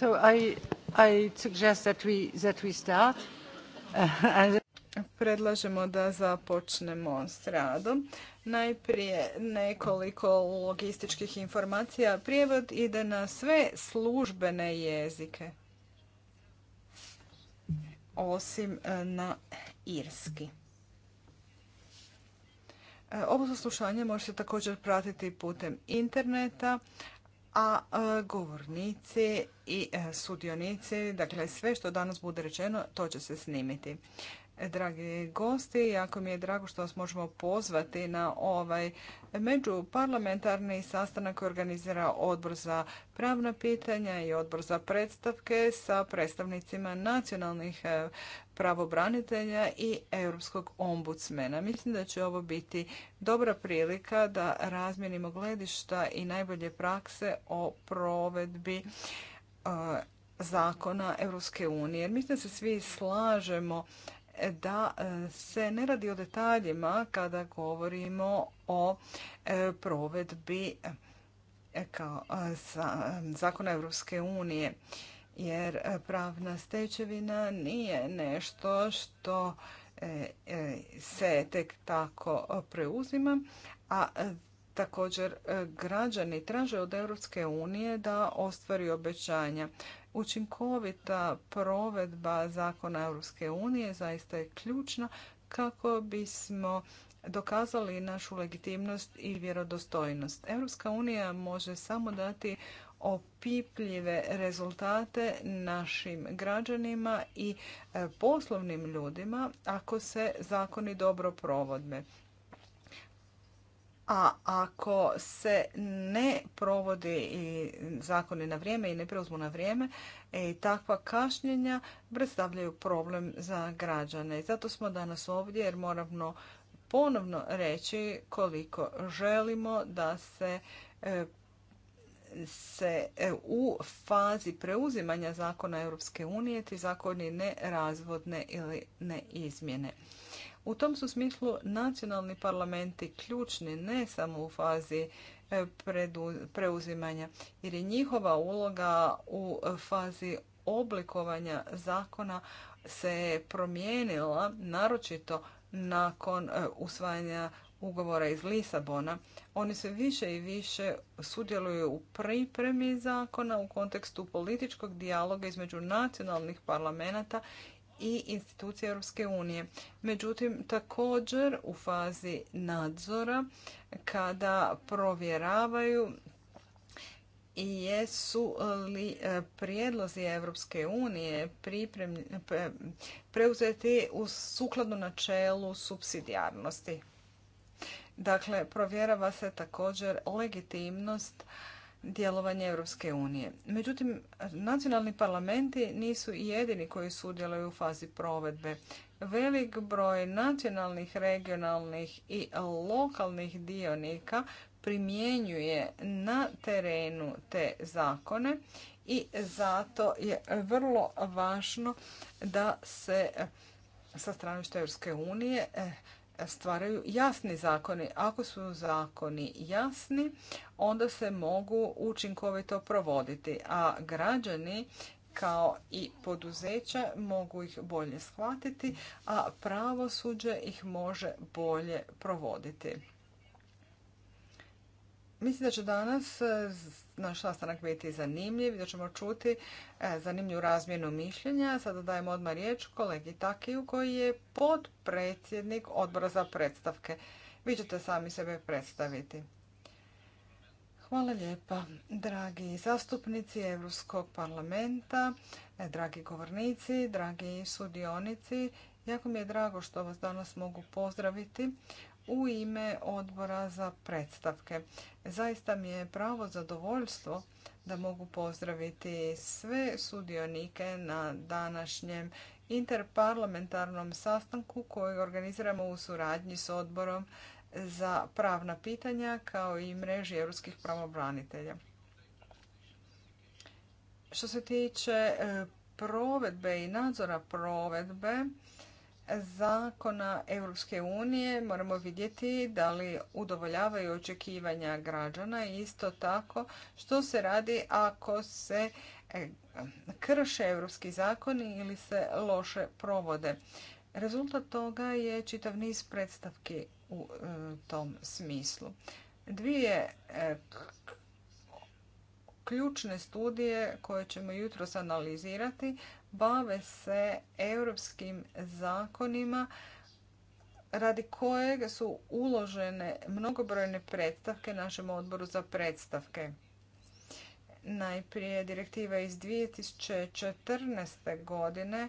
Predlažemo da započnemo s radom. Najprije nekoliko logističkih informacija. Prijevod ide na sve službene jezike, osim e, na irski. E, ovo zaslušanje možete također pratiti putem interneta, a e, govornici i e, sudionici, dakle sve što danas bude rečeno, to će se snimiti. Dragi gosti, jako mi je drago što vas možemo pozvati na ovaj međuparlamentarni sastanak koji organizira Odbor za pravna pitanja i Odbor za predstavke sa predstavnicima nacionalnih e, pravobranitelja i europskog ombudsmena. Mislim da će ovo biti dobra prilika da razmijenimo gledišta i najbolje prakse o provedbi e, zakona Europske unije. Mislim da se svi slažemo da e, se ne radi o detaljima kada govorimo o e, provedbi zakona Europske unije jer e, pravna stečevina nije nešto što e, e, se tek tako preuzima, a također građani traže od Europske unije da ostvari obećanja. Učinkovita provedba zakona Europske unije zaista je ključna kako bismo dokazali našu legitimnost i vjerodostojnost. Europska unija može samo dati opipljive rezultate našim građanima i e, poslovnim ljudima ako se zakoni dobro provodme. A ako se ne provodi i zakoni na vrijeme i ne preuzmu na vrijeme, i e, takva kašnjenja predstavljaju problem za građane. I zato smo danas ovdje jer moramo ponovno reći koliko želimo da se e, se e, u fazi preuzimanja zakona Europske unije ti zakoni ne razvodne ili ne izmjene. U tom su smislu nacionalni parlamenti ključni ne samo u fazi e, preuzimanja jer je njihova uloga u fazi oblikovanja zakona se promijenila naročito nakon e, usvajanja ugovora iz Lisabona, oni se više i više sudjeluju u pripremi zakona u kontekstu političkog dijaloga između nacionalnih parlamenta i institucije Europske unije. Međutim, također u fazi nadzora kada provjeravaju i jesu li e, prijedlozi Europske unije e, preuzeti u sukladno načelu subsidijarnosti. Dakle, provjerava se također legitimnost djelovanja Europske unije. Međutim, nacionalni parlamenti nisu jedini koji sudjeluju u fazi provedbe. Velik broj nacionalnih, regionalnih i lokalnih dionika primjenjuje na terenu te zakone i zato je vrlo važno da se sa straništa Europske unije eh, stvaraju jasni zakoni. Ako su zakoni jasni, onda se mogu učinkovito provoditi, a građani kao i poduzeća mogu ih bolje shvatiti, a pravosuđe ih može bolje provoditi. Mislim da će danas e, naš sastanak biti zanimljiv, da ćemo čuti e, zanimljivu razmjenu mišljenja. Sada dajem odmah riječ kolegi Takiju koji je podpredsjednik odbora za predstavke. Vi ćete sami sebe predstaviti. Hvala lijepa, dragi zastupnici Europskog parlamenta, e, dragi govornici, dragi sudionici Jako mi je drago što vas danas mogu pozdraviti u ime odbora za predstavke. Zaista mi je pravo zadovoljstvo da mogu pozdraviti sve sudionike na današnjem interparlamentarnom sastanku koji organiziramo u suradnji s odborom za pravna pitanja kao i mreži europskih pravobranitelja. Što se tiče e, provedbe i nadzora provedbe, zakona Europske unije moramo vidjeti da li udovoljavaju očekivanja građana i isto tako što se radi ako se e, krše europski zakoni ili se loše provode. Rezultat toga je čitav niz predstavki u e, tom smislu. Dvije e, ključne studije koje ćemo jutros analizirati bave se europskim zakonima radi kojeg su uložene mnogobrojne predstavke našem odboru za predstavke. Najprije direktiva iz 2014. godine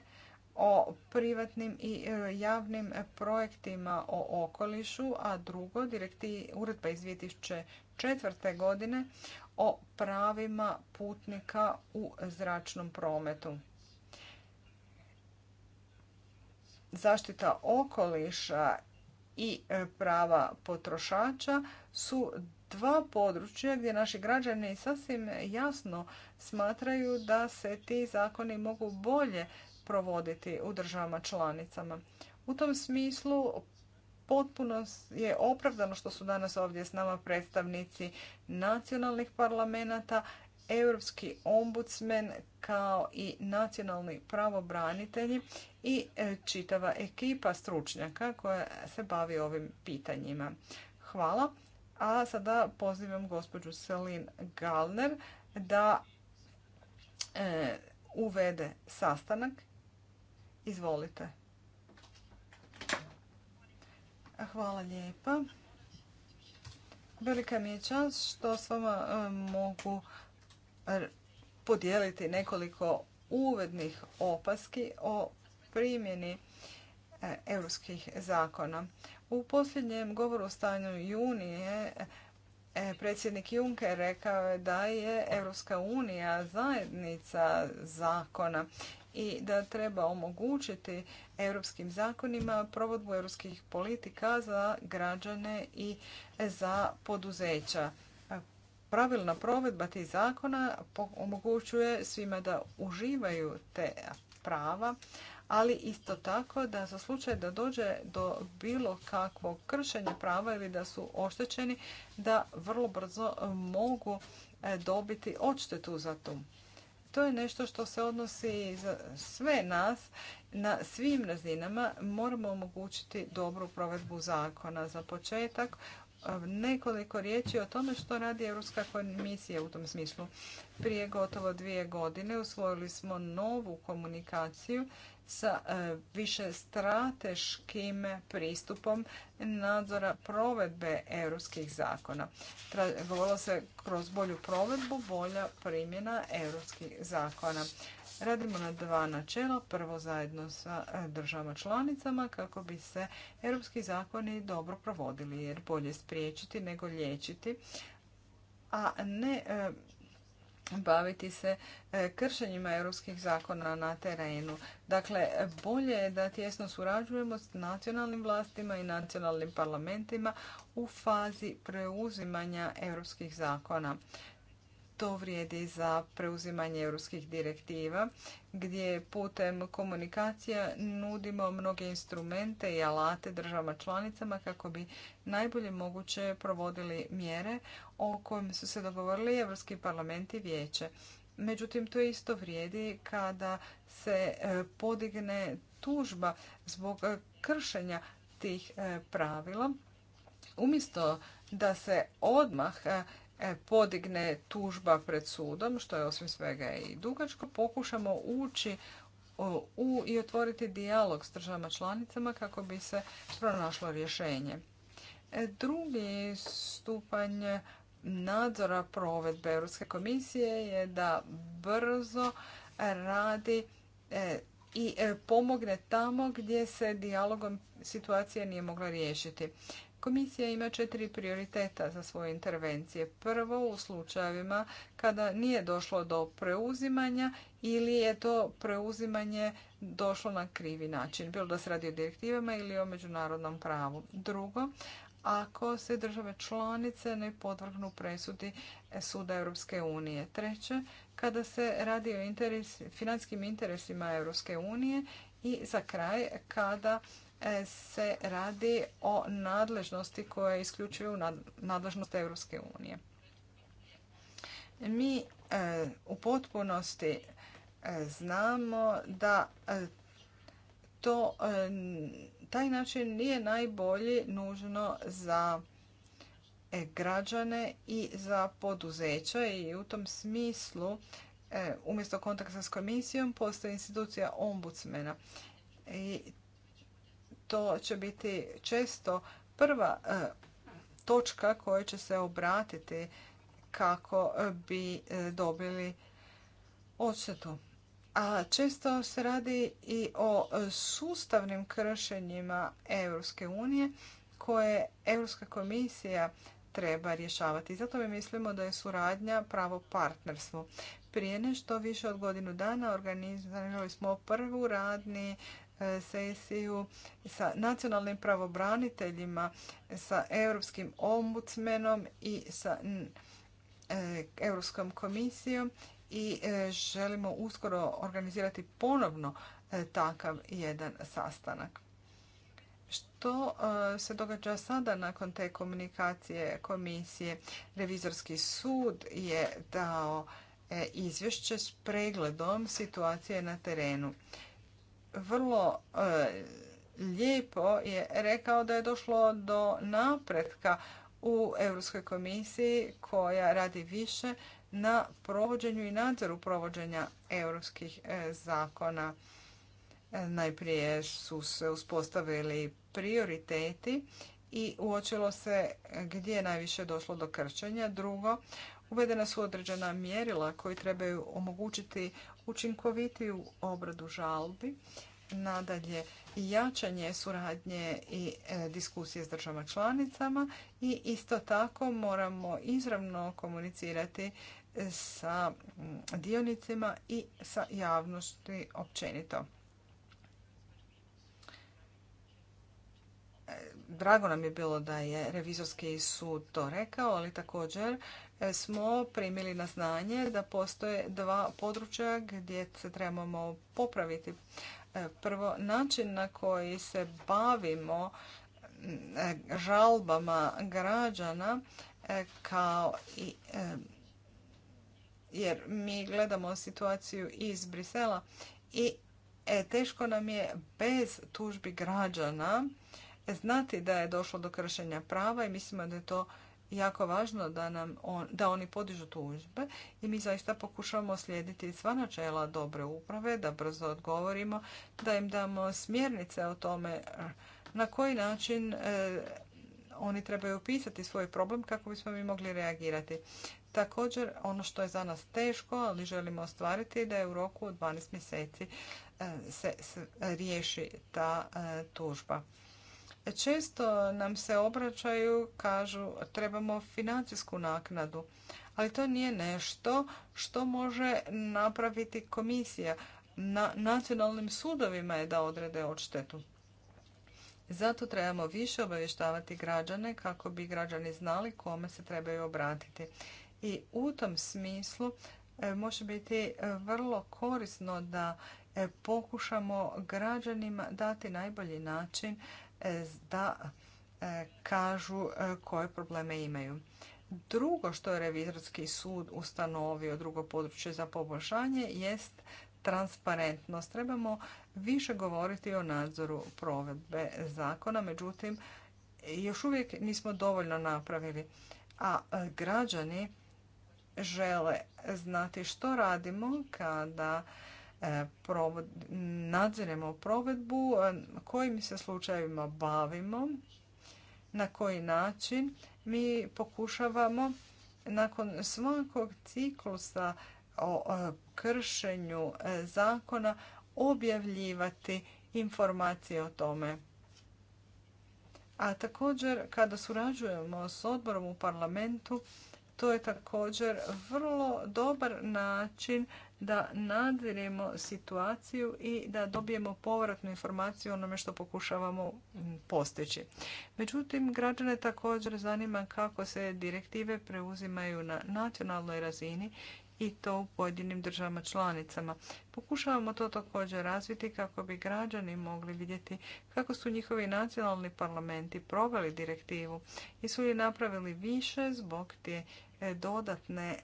o privatnim i e, javnim projektima o okolišu, a drugo uredba iz 2004. godine o pravima putnika u zračnom prometu. zaštita okoliša i e, prava potrošača su dva područja gdje naši građani sasvim jasno smatraju da se ti zakoni mogu bolje provoditi u državama članicama. U tom smislu potpuno je opravdano što su danas ovdje s nama predstavnici nacionalnih parlamenata europski ombudsman kao i nacionalni pravobranitelji i e, čitava ekipa stručnjaka koja se bavi ovim pitanjima. Hvala. A sada pozivam gospođu Selin Galner da e, uvede sastanak. Izvolite. Hvala lijepa. Velika mi je čast što s vama e, mogu podijeliti nekoliko uvednih opaski o primjeni e, europskih zakona. U posljednjem govoru o stanju Junije e, predsjednik Juncker rekao je da je Europska unija zajednica zakona i da treba omogućiti europskim zakonima provodbu europskih politika za građane i za poduzeća pravilna provedba tih zakona omogućuje svima da uživaju te prava, ali isto tako da za slučaj da dođe do bilo kakvog kršenja prava ili da su oštećeni, da vrlo brzo e, mogu e, dobiti odštetu za to. To je nešto što se odnosi za sve nas na svim razinama. Moramo omogućiti dobru provedbu zakona. Za početak nekoliko riječi o tome što radi Europska komisija u tom smislu. Prije gotovo dvije godine usvojili smo novu komunikaciju sa e, više strateškim pristupom nadzora provedbe europskih zakona. Govorilo se kroz bolju provedbu, bolja primjena europskih zakona. Radimo na dva načela, prvo zajedno sa e, državama članicama kako bi se europski zakoni dobro provodili jer bolje spriječiti nego liječiti, a ne e, baviti se e, kršenjima europskih zakona na terenu. Dakle, bolje je da tjesno surađujemo s nacionalnim vlastima i nacionalnim parlamentima u fazi preuzimanja europskih zakona. To vrijedi za preuzimanje europskih direktiva gdje putem komunikacija nudimo mnoge instrumente i alate državama članicama kako bi najbolje moguće provodili mjere o kojim su se dogovorili Europski parlament i vijeće. Međutim, to isto vrijedi kada se e, podigne tužba zbog kršenja tih e, pravila. Umjesto da se odmah e, E, podigne tužba pred sudom, što je osim svega i dugačko, pokušamo ući u i otvoriti dijalog s državama članicama kako bi se pronašlo rješenje. E, drugi stupanj nadzora provedbe Europske komisije je da brzo radi e, i pomogne tamo gdje se dijalogom situacija nije mogla riješiti. Komisija ima četiri prioriteta za svoje intervencije. Prvo, u slučajevima kada nije došlo do preuzimanja ili je to preuzimanje došlo na krivi način, bilo da se radi o direktivama ili o međunarodnom pravu. Drugo, ako se države članice ne podvrgnu presudi Suda Europske unije. Treće, kada se radi o interes, financijskim interesima Europske unije i za kraj kada se radi o nadležnosti koja isključuju nadležnost Europske unije. Mi e, u potpunosti e, znamo da e, to taj način nije najbolji nužno za građane i za poduzeća i u tom smislu umjesto kontakta s komisijom postoji institucija ombudsmena. I to će biti često prva e, točka koja će se obratiti kako e, bi e, dobili odštetu. A često se radi i o sustavnim kršenjima Europske unije koje Europska komisija treba rješavati. Zato mi mislimo da je suradnja pravo partnerstvo. Prije nešto više od godinu dana organizirali smo prvu radni E, sesiju sa nacionalnim pravobraniteljima, sa europskim ombudsmenom i sa e, Europskom komisijom i e, želimo uskoro organizirati ponovno takav jedan sastanak. Što se događa sada nakon te komunikacije komisije? Revizorski sud je dao izvješće s pregledom situacije na terenu vrlo e, lijepo je rekao da je došlo do napretka u Europskoj komisiji koja radi više na provođenju i nadzoru provođenja europskih e, zakona. E, najprije su se uspostavili prioriteti i uočilo se gdje je najviše došlo do krčenja. Drugo, uvedena su određena mjerila koji trebaju omogućiti učinkovitiju obradu žalbi, nadalje jačanje suradnje i e, diskusije s državama članicama i isto tako moramo izravno komunicirati sa mm, dionicima i sa javnosti općenito. E, drago nam je bilo da je revizorski sud to rekao, ali također smo primili na znanje da postoje dva područja gdje se trebamo popraviti. E, prvo, način na koji se bavimo e, žalbama građana e, kao i jer mi gledamo situaciju iz Brisela i teško nam je bez tužbi građana znati da je došlo do kršenja prava i mislimo da je to jako važno da, nam on, da oni podižu tužbe i mi zaista pokušavamo slijediti sva načela dobre uprave, da brzo odgovorimo, da im damo smjernice o tome eh, na koji način eh, oni trebaju pisati svoj problem kako bismo mi mogli reagirati. Također, ono što je za nas teško, ali želimo ostvariti, da je u roku od 12 mjeseci eh, se riješi ta tužba. Često nam se obraćaju, kažu trebamo financijsku naknadu, ali to nije nešto što može napraviti komisija. Na nacionalnim sudovima je da odrede odštetu. Zato trebamo više obavještavati građane kako bi građani znali kome se trebaju obratiti. I u tom smislu e, može biti vrlo korisno da e, pokušamo građanima dati najbolji način da e, kažu e, koje probleme imaju. Drugo što je revizorski sud ustanovio, drugo područje za poboljšanje, jest transparentnost. Trebamo više govoriti o nadzoru provedbe zakona, međutim, još uvijek nismo dovoljno napravili. A e, građani žele znati što radimo kada E, provod, nadziremo provedbu, e, kojim se slučajevima bavimo, na koji način. Mi pokušavamo nakon svakog ciklusa o kršenju e, zakona objavljivati informacije o tome. A također kada surađujemo s odborom u parlamentu to je također vrlo dobar način da nadziremo situaciju i da dobijemo povratnu informaciju o onome što pokušavamo postići. Međutim, građane također zanima kako se direktive preuzimaju na nacionalnoj razini i to u pojedinim državama članicama. Pokušavamo to također razviti kako bi građani mogli vidjeti kako su njihovi nacionalni parlamenti proveli direktivu i su li napravili više zbog te e, dodatne e,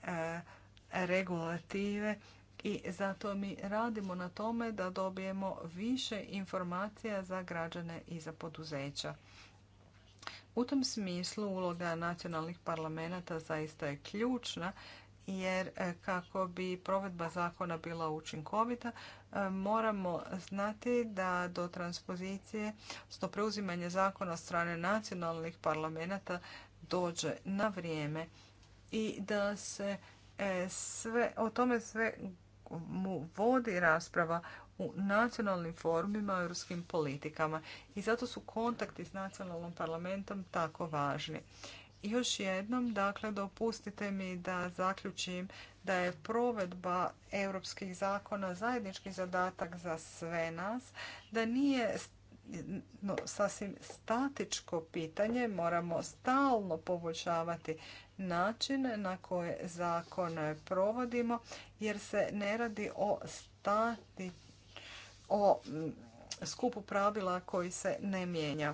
regulative i zato mi radimo na tome da dobijemo više informacija za građane i za poduzeća. U tom smislu uloga nacionalnih parlamenta zaista je ključna jer e, kako bi provedba zakona bila učinkovita, e, moramo znati da do transpozicije, sto preuzimanje zakona od strane nacionalnih parlamenta dođe na vrijeme i da se e, sve, o tome sve vodi rasprava u nacionalnim formima u europskim politikama i zato su kontakti s nacionalnom parlamentom tako važni. Još jednom, dakle, dopustite mi da zaključim da je provedba europskih zakona zajednički zadatak za sve nas, da nije no, sasvim statičko pitanje, moramo stalno poboljšavati način na koje zakon provodimo, jer se ne radi o stati, o mm, skupu pravila koji se ne mijenja.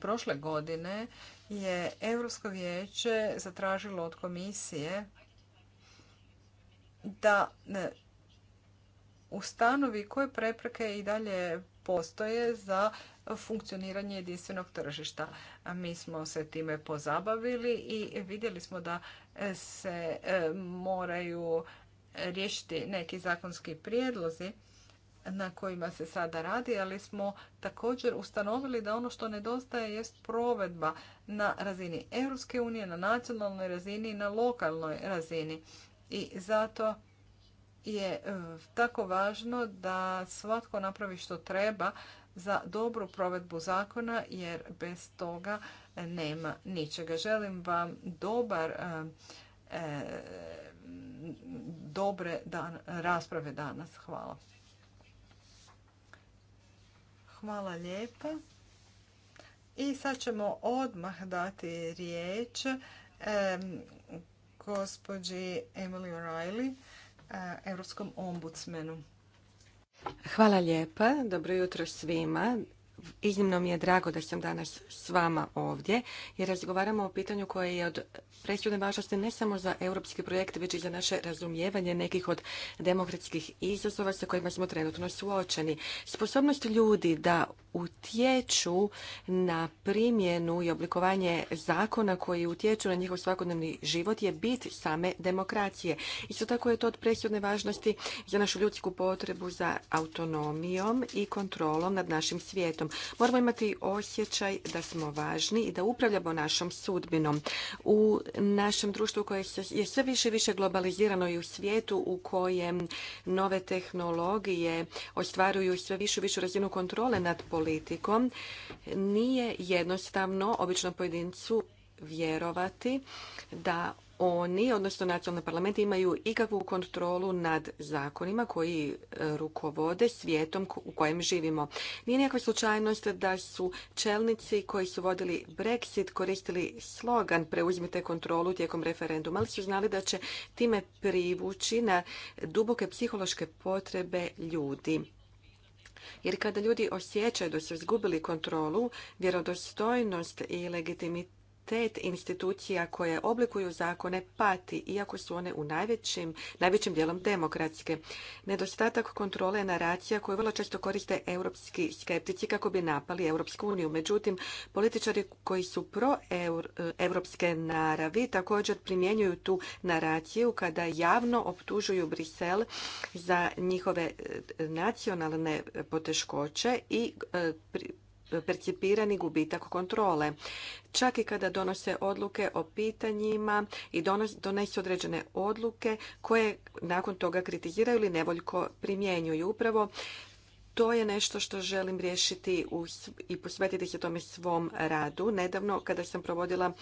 Prošle godine je Europsko vijeće zatražilo od komisije da ustanovi koje prepreke i dalje postoje za funkcioniranje jedinstvenog tržišta. Mi smo se time pozabavili i vidjeli smo da se e, moraju riješiti neki zakonski prijedlozi na kojima se sada radi, ali smo također ustanovili da ono što nedostaje jest provedba na razini Europske unije, na nacionalnoj razini i na lokalnoj razini. I zato je e, tako važno da svatko napravi što treba za dobru provedbu zakona, jer bez toga nema ničega. Želim vam dobar e, e, dobre dan, rasprave danas. Hvala. Hvala lijepa. I sad ćemo odmah dati riječ gospođi Emily O'Reilly, eh, europskom ombudsmenu. Hvala lijepa. Dobro jutro svima. Iznimno mi je drago da sam danas s vama ovdje jer razgovaramo o pitanju koje je od presudne važnosti ne samo za europski projekte već i za naše razumijevanje nekih od demokratskih izazova sa kojima smo trenutno suočeni. Sposobnost ljudi da utječu na primjenu i oblikovanje zakona koji utječu na njihov svakodnevni život je bit same demokracije. Isto tako je to od presudne važnosti za našu ljudsku potrebu za autonomijom i kontrolom nad našim svijetom. Moramo imati osjećaj da smo važni i da upravljamo našom sudbinom. U našem društvu koje je sve više i više globalizirano i u svijetu u kojem nove tehnologije ostvaruju sve više i višu razinu kontrole nad politikom. Nije jednostavno običnom pojedincu vjerovati da oni, odnosno nacionalni parlamenti, imaju ikakvu kontrolu nad zakonima koji e, rukovode svijetom u kojem živimo. Nije nikakva slučajnost da su čelnici koji su vodili Brexit koristili slogan preuzmite kontrolu tijekom referenduma, ali su znali da će time privući na duboke psihološke potrebe ljudi. Jer kada ljudi osjećaju da su izgubili kontrolu, vjerodostojnost i legitimitet kredibilitet institucija koje oblikuju zakone pati, iako su one u najvećim, dijelom demokratske. Nedostatak kontrole je naracija koju vrlo često koriste europski skeptici kako bi napali Europsku uniju. Međutim, političari koji su pro-evropske naravi također primjenjuju tu naraciju kada javno optužuju Brisel za njihove e, nacionalne poteškoće i e, percipirani gubitak kontrole. Čak i kada donose odluke o pitanjima i donese određene odluke koje nakon toga kritiziraju ili nevoljko primjenjuju. Upravo to je nešto što želim riješiti i posvetiti se tome svom radu. Nedavno, kada sam provodila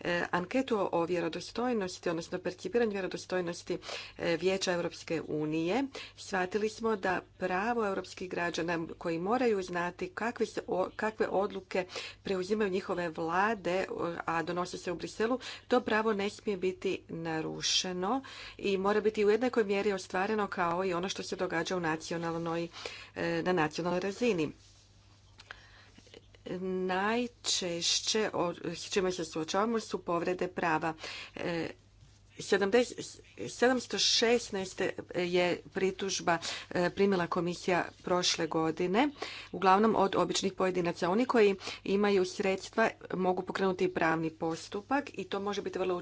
e, anketu o vjerodostojnosti, odnosno percipiranju vjerodostojnosti e, Vijeća Europske unije, shvatili smo da pravo europskih građana koji moraju znati kakve, kakve odluke preuzimaju njihove vlade, a donose se u Briselu, to pravo ne smije biti narušeno i mora biti u jednakoj mjeri ostvareno kao i ono što se događa u nacionalnoj E, na nacionalnoj razini. Najčešće, čime se suočavamo, su povrede prava e, 716. je pritužba e, primila komisija prošle godine, uglavnom od običnih pojedinaca. Oni koji imaju sredstva mogu pokrenuti pravni postupak i to može biti vrlo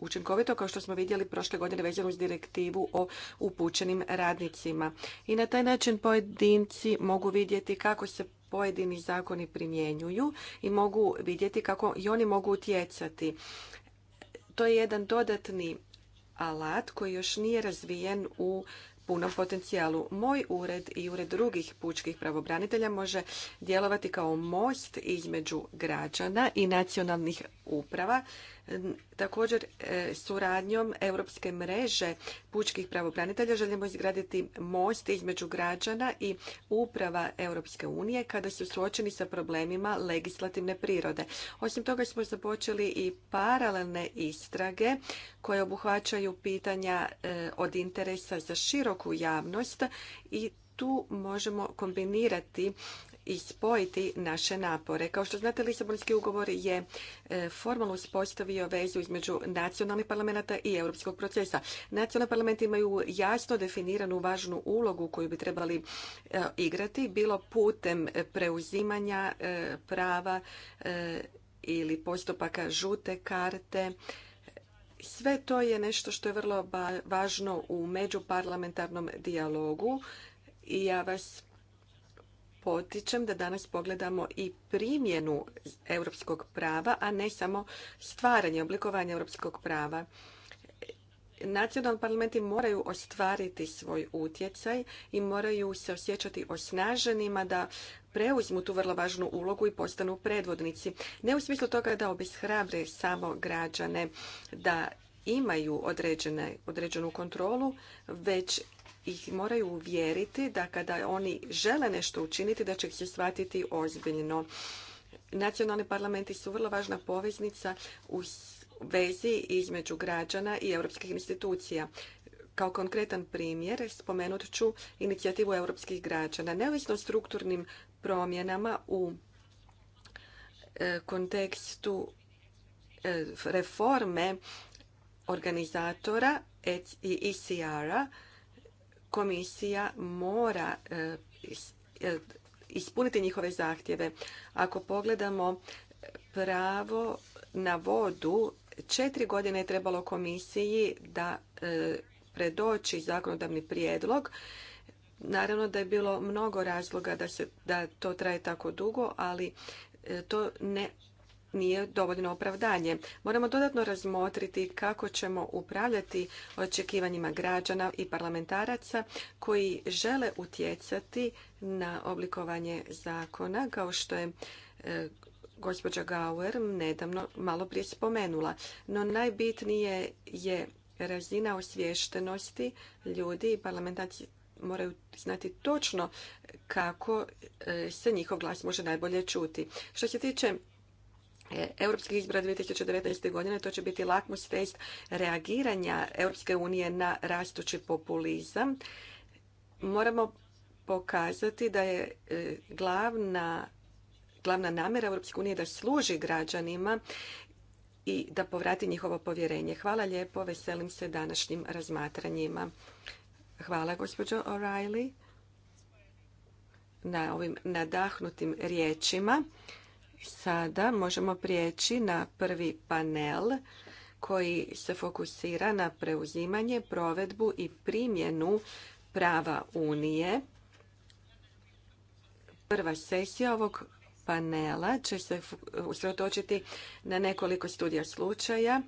učinkovito, kao što smo vidjeli prošle godine vezano uz direktivu o upućenim radnicima. I na taj način pojedinci mogu vidjeti kako se pojedini zakoni primjenjuju i mogu vidjeti kako i oni mogu utjecati to je jedan dodatni alat koji još nije razvijen u punom potencijalu. Moj ured i ured drugih pučkih pravobranitelja može djelovati kao most između građana i nacionalnih uprava Također, e, suradnjom Europske mreže pučkih pravobranitelja želimo izgraditi most između građana i uprava Europske unije kada su suočeni sa problemima legislativne prirode. Osim toga smo započeli i paralelne istrage koje obuhvaćaju pitanja e, od interesa za široku javnost i tu možemo kombinirati i spojiti naše napore. Kao što znate, Lisabonski ugovor je e, formalno uspostavio vezu između nacionalnih parlamenta i europskog procesa. Nacionalni parlamenti imaju jasno definiranu važnu ulogu koju bi trebali e, igrati, bilo putem preuzimanja e, prava ili postupaka žute karte, sve to je nešto što je vrlo važno u međuparlamentarnom dijalogu i ja vas potičem da danas pogledamo i primjenu europskog prava, a ne samo stvaranje, oblikovanje europskog prava. Nacionalni parlamenti moraju ostvariti svoj utjecaj i moraju se osjećati osnaženima da preuzmu tu vrlo važnu ulogu i postanu predvodnici. Ne u smislu toga da obishrabre samo građane da imaju određenu kontrolu, već ih moraju uvjeriti da kada oni žele nešto učiniti, da će ih se shvatiti ozbiljno. Nacionalni parlamenti su vrlo važna poveznica u vezi između građana i europskih institucija. Kao konkretan primjer spomenut ću inicijativu europskih građana. Neovisno strukturnim promjenama u e, kontekstu e, reforme organizatora i ECR-a, komisija mora e, e, ispuniti njihove zahtjeve. Ako pogledamo pravo na vodu, četiri godine je trebalo komisiji da e, predoći zakonodavni prijedlog. Naravno da je bilo mnogo razloga da, se, da to traje tako dugo, ali to ne nije dovoljno opravdanje. Moramo dodatno razmotriti kako ćemo upravljati očekivanjima građana i parlamentaraca koji žele utjecati na oblikovanje zakona kao što je e, gospođa Gauer nedavno malo prije spomenula. No najbitnije je razina osviještenosti ljudi i parlamentarci moraju znati točno kako e, se njihov glas može najbolje čuti. Što se tiče europskih izbora 2019. godine. To će biti lakmus test reagiranja Europske unije na rastući populizam. Moramo pokazati da je e, glavna, glavna namjera Europske unije da služi građanima i da povrati njihovo povjerenje. Hvala lijepo, veselim se današnjim razmatranjima. Hvala gospođo O'Reilly na ovim nadahnutim riječima. Sada možemo prijeći na prvi panel koji se fokusira na preuzimanje, provedbu i primjenu prava Unije. Prva sesija ovog panela će se usredotočiti na nekoliko studija slučaja.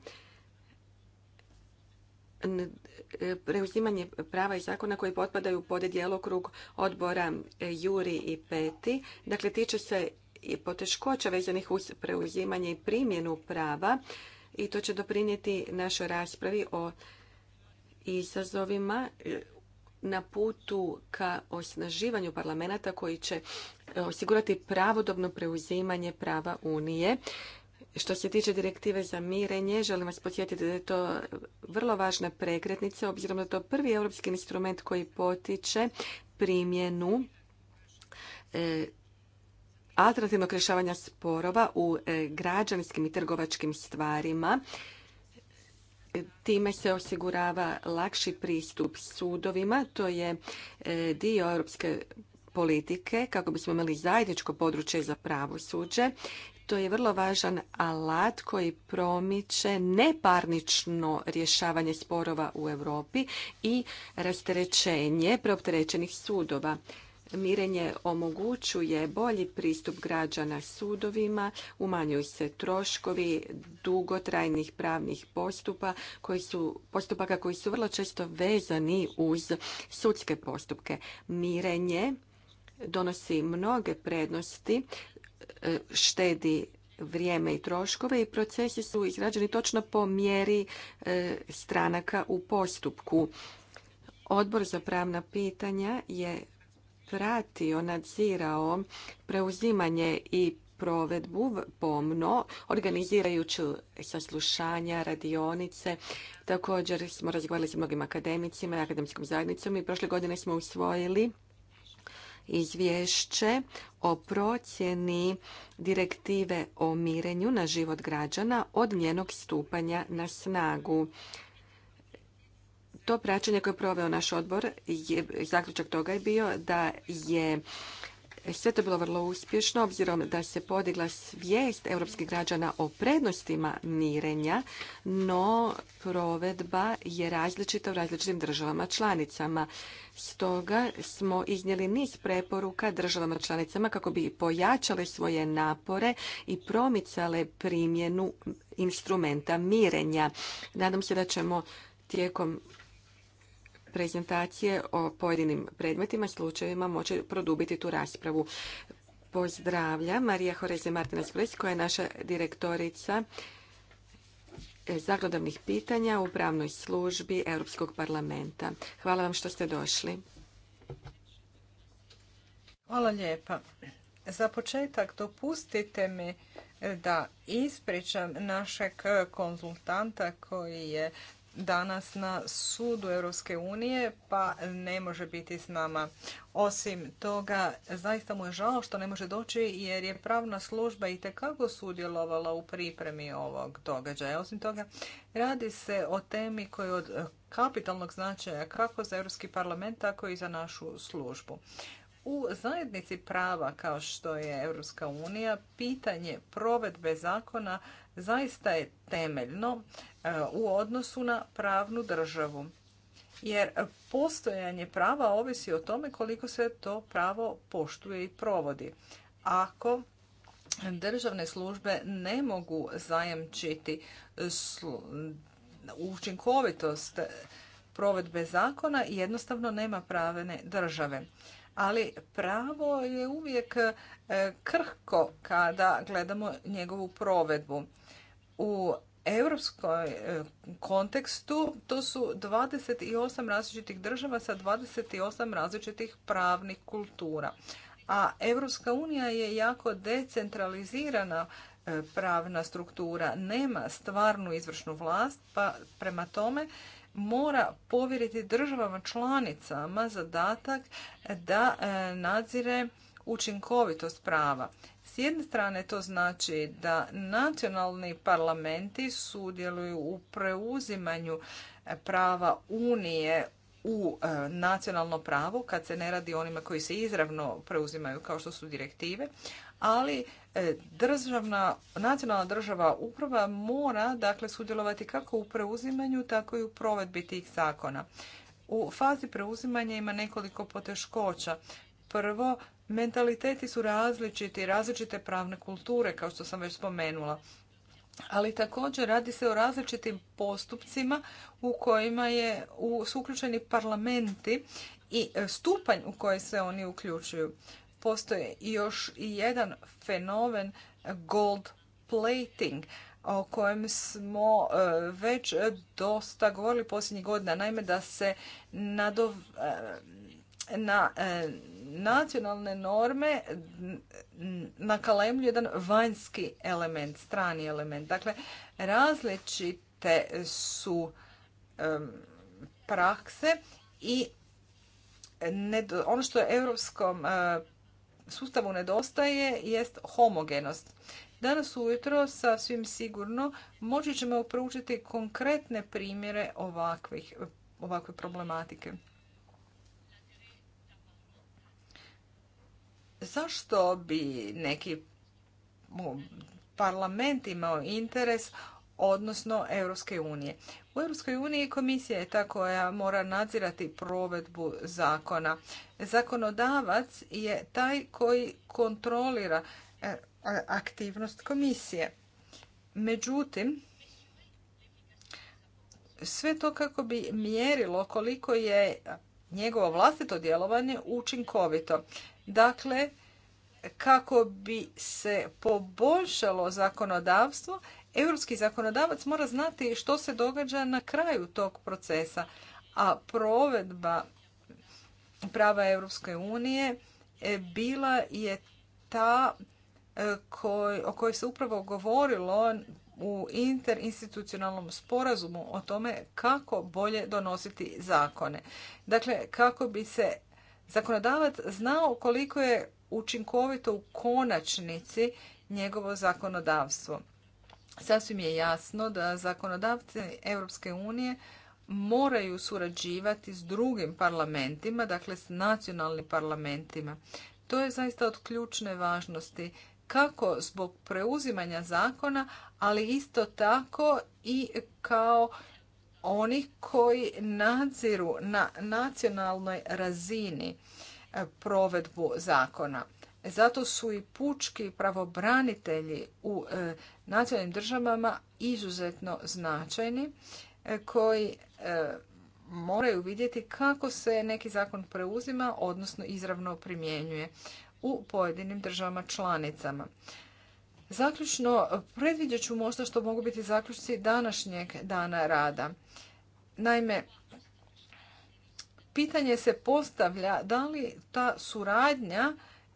E, preuzimanje prava i zakona koji potpadaju pod djelokrug odbora e, Juri i Peti. Dakle, tiče se i poteškoća vezanih uz preuzimanje i primjenu prava i to će doprinijeti našoj raspravi o izazovima e, na putu ka osnaživanju parlamenta koji će e, osigurati pravodobno preuzimanje prava Unije. Što se tiče direktive za mirenje, želim vas podsjetiti da je to vrlo važna prekretnica, obzirom da je to prvi europski instrument koji potiče primjenu e, alternativnog rješavanja sporova u e, građanskim i trgovačkim stvarima. Time se osigurava lakši pristup sudovima. To je e, dio europske politike kako bismo imali zajedničko područje za pravosuđe. To je vrlo važan alat koji promiče neparnično rješavanje sporova u Europi i rasterećenje preopterećenih sudova. Mirenje omogućuje bolji pristup građana sudovima, umanjuju se troškovi dugotrajnih pravnih postupa koji su, postupaka koji su vrlo često vezani uz sudske postupke. Mirenje donosi mnoge prednosti, e, štedi vrijeme i troškove i procesi su izrađeni točno po mjeri e, stranaka u postupku. Odbor za pravna pitanja je pratio, nadzirao preuzimanje i provedbu pomno, organizirajući saslušanja, radionice. Također smo razgovarali sa mnogim akademicima i akademskom zajednicom i prošle godine smo usvojili izvješće o procjeni direktive o mirenju na život građana od njenog stupanja na snagu to praćenje koje je proveo naš odbor, je, zaključak toga je bio da je sve to bilo vrlo uspješno, obzirom da se podigla svijest europskih građana o prednostima mirenja, no provedba je različita u različitim državama članicama. Stoga smo iznijeli niz preporuka državama članicama kako bi pojačale svoje napore i promicale primjenu instrumenta mirenja. Nadam se da ćemo tijekom prezentacije o pojedinim predmetima, i slučajevima moći produbiti tu raspravu. Pozdravljam Marija Horeze Martinez Prez, koja je naša direktorica e, zaglodavnih pitanja u pravnoj službi Europskog parlamenta. Hvala vam što ste došli. Hvala lijepa. Za početak dopustite mi da ispričam našeg konzultanta koji je danas na sudu Europske unije pa ne može biti s nama. Osim toga, zaista mu je žao što ne može doći jer je pravna služba i tekako sudjelovala u pripremi ovog događaja. Osim toga, radi se o temi koja je od kapitalnog značaja kako za Europski parlament, tako i za našu službu. U zajednici prava kao što je Europska unija, pitanje provedbe zakona zaista je temeljno e, u odnosu na pravnu državu. Jer postojanje prava ovisi o tome koliko se to pravo poštuje i provodi. Ako državne službe ne mogu zajamčiti učinkovitost provedbe zakona, jednostavno nema pravene države ali pravo je uvijek e, krhko kada gledamo njegovu provedbu. U europskom e, kontekstu to su 28 različitih država sa 28 različitih pravnih kultura. A Europska unija je jako decentralizirana e, pravna struktura, nema stvarnu izvršnu vlast, pa prema tome mora povjeriti državama članicama zadatak da e, nadzire učinkovitost prava. S jedne strane to znači da nacionalni parlamenti sudjeluju u preuzimanju e, prava Unije u e, nacionalno pravo kad se ne radi o onima koji se izravno preuzimaju kao što su direktive, ali e, državna, nacionalna država uprava mora dakle sudjelovati kako u preuzimanju, tako i u provedbi tih zakona. U fazi preuzimanja ima nekoliko poteškoća. Prvo, mentaliteti su različiti, različite pravne kulture, kao što sam već spomenula. Ali također radi se o različitim postupcima u kojima je, u, su uključeni parlamenti i e, stupanj u koji se oni uključuju postoje još i jedan fenomen gold plating o kojem smo e, već dosta govorili posljednjih godina. Naime, da se e, na e, nacionalne norme nakalemlju jedan vanjski element, strani element. Dakle, različite su prakse i ono što je europskom sustavu nedostaje jest homogenost. Danas ujutro svim sigurno moći ćemo proučiti konkretne primjere ovakvih, ovakve problematike. Zašto bi neki parlament imao interes odnosno Europske unije. U Europskoj uniji komisija je ta koja mora nadzirati provedbu zakona. Zakonodavac je taj koji kontrolira e, aktivnost komisije. Međutim, sve to kako bi mjerilo koliko je njegovo vlastito djelovanje učinkovito. Dakle, kako bi se poboljšalo zakonodavstvo, Europski zakonodavac mora znati što se događa na kraju tog procesa, a provedba prava Europske unije e, bila je ta e, o kojoj se upravo govorilo u interinstitucionalnom sporazumu o tome kako bolje donositi zakone. Dakle, kako bi se zakonodavac znao koliko je učinkovito u konačnici njegovo zakonodavstvo. Sasvim je jasno da zakonodavci Europske unije moraju surađivati s drugim parlamentima, dakle s nacionalnim parlamentima. To je zaista od ključne važnosti kako zbog preuzimanja zakona, ali isto tako i kao oni koji nadziru na nacionalnoj razini e, provedbu zakona. Zato su i pučki pravobranitelji u e, nacionalnim državama izuzetno značajni e, koji e, moraju vidjeti kako se neki zakon preuzima, odnosno izravno primjenjuje u pojedinim državama članicama. Zaključno, predvidjet ću možda što mogu biti zaključci današnjeg dana rada. Naime, pitanje se postavlja da li ta suradnja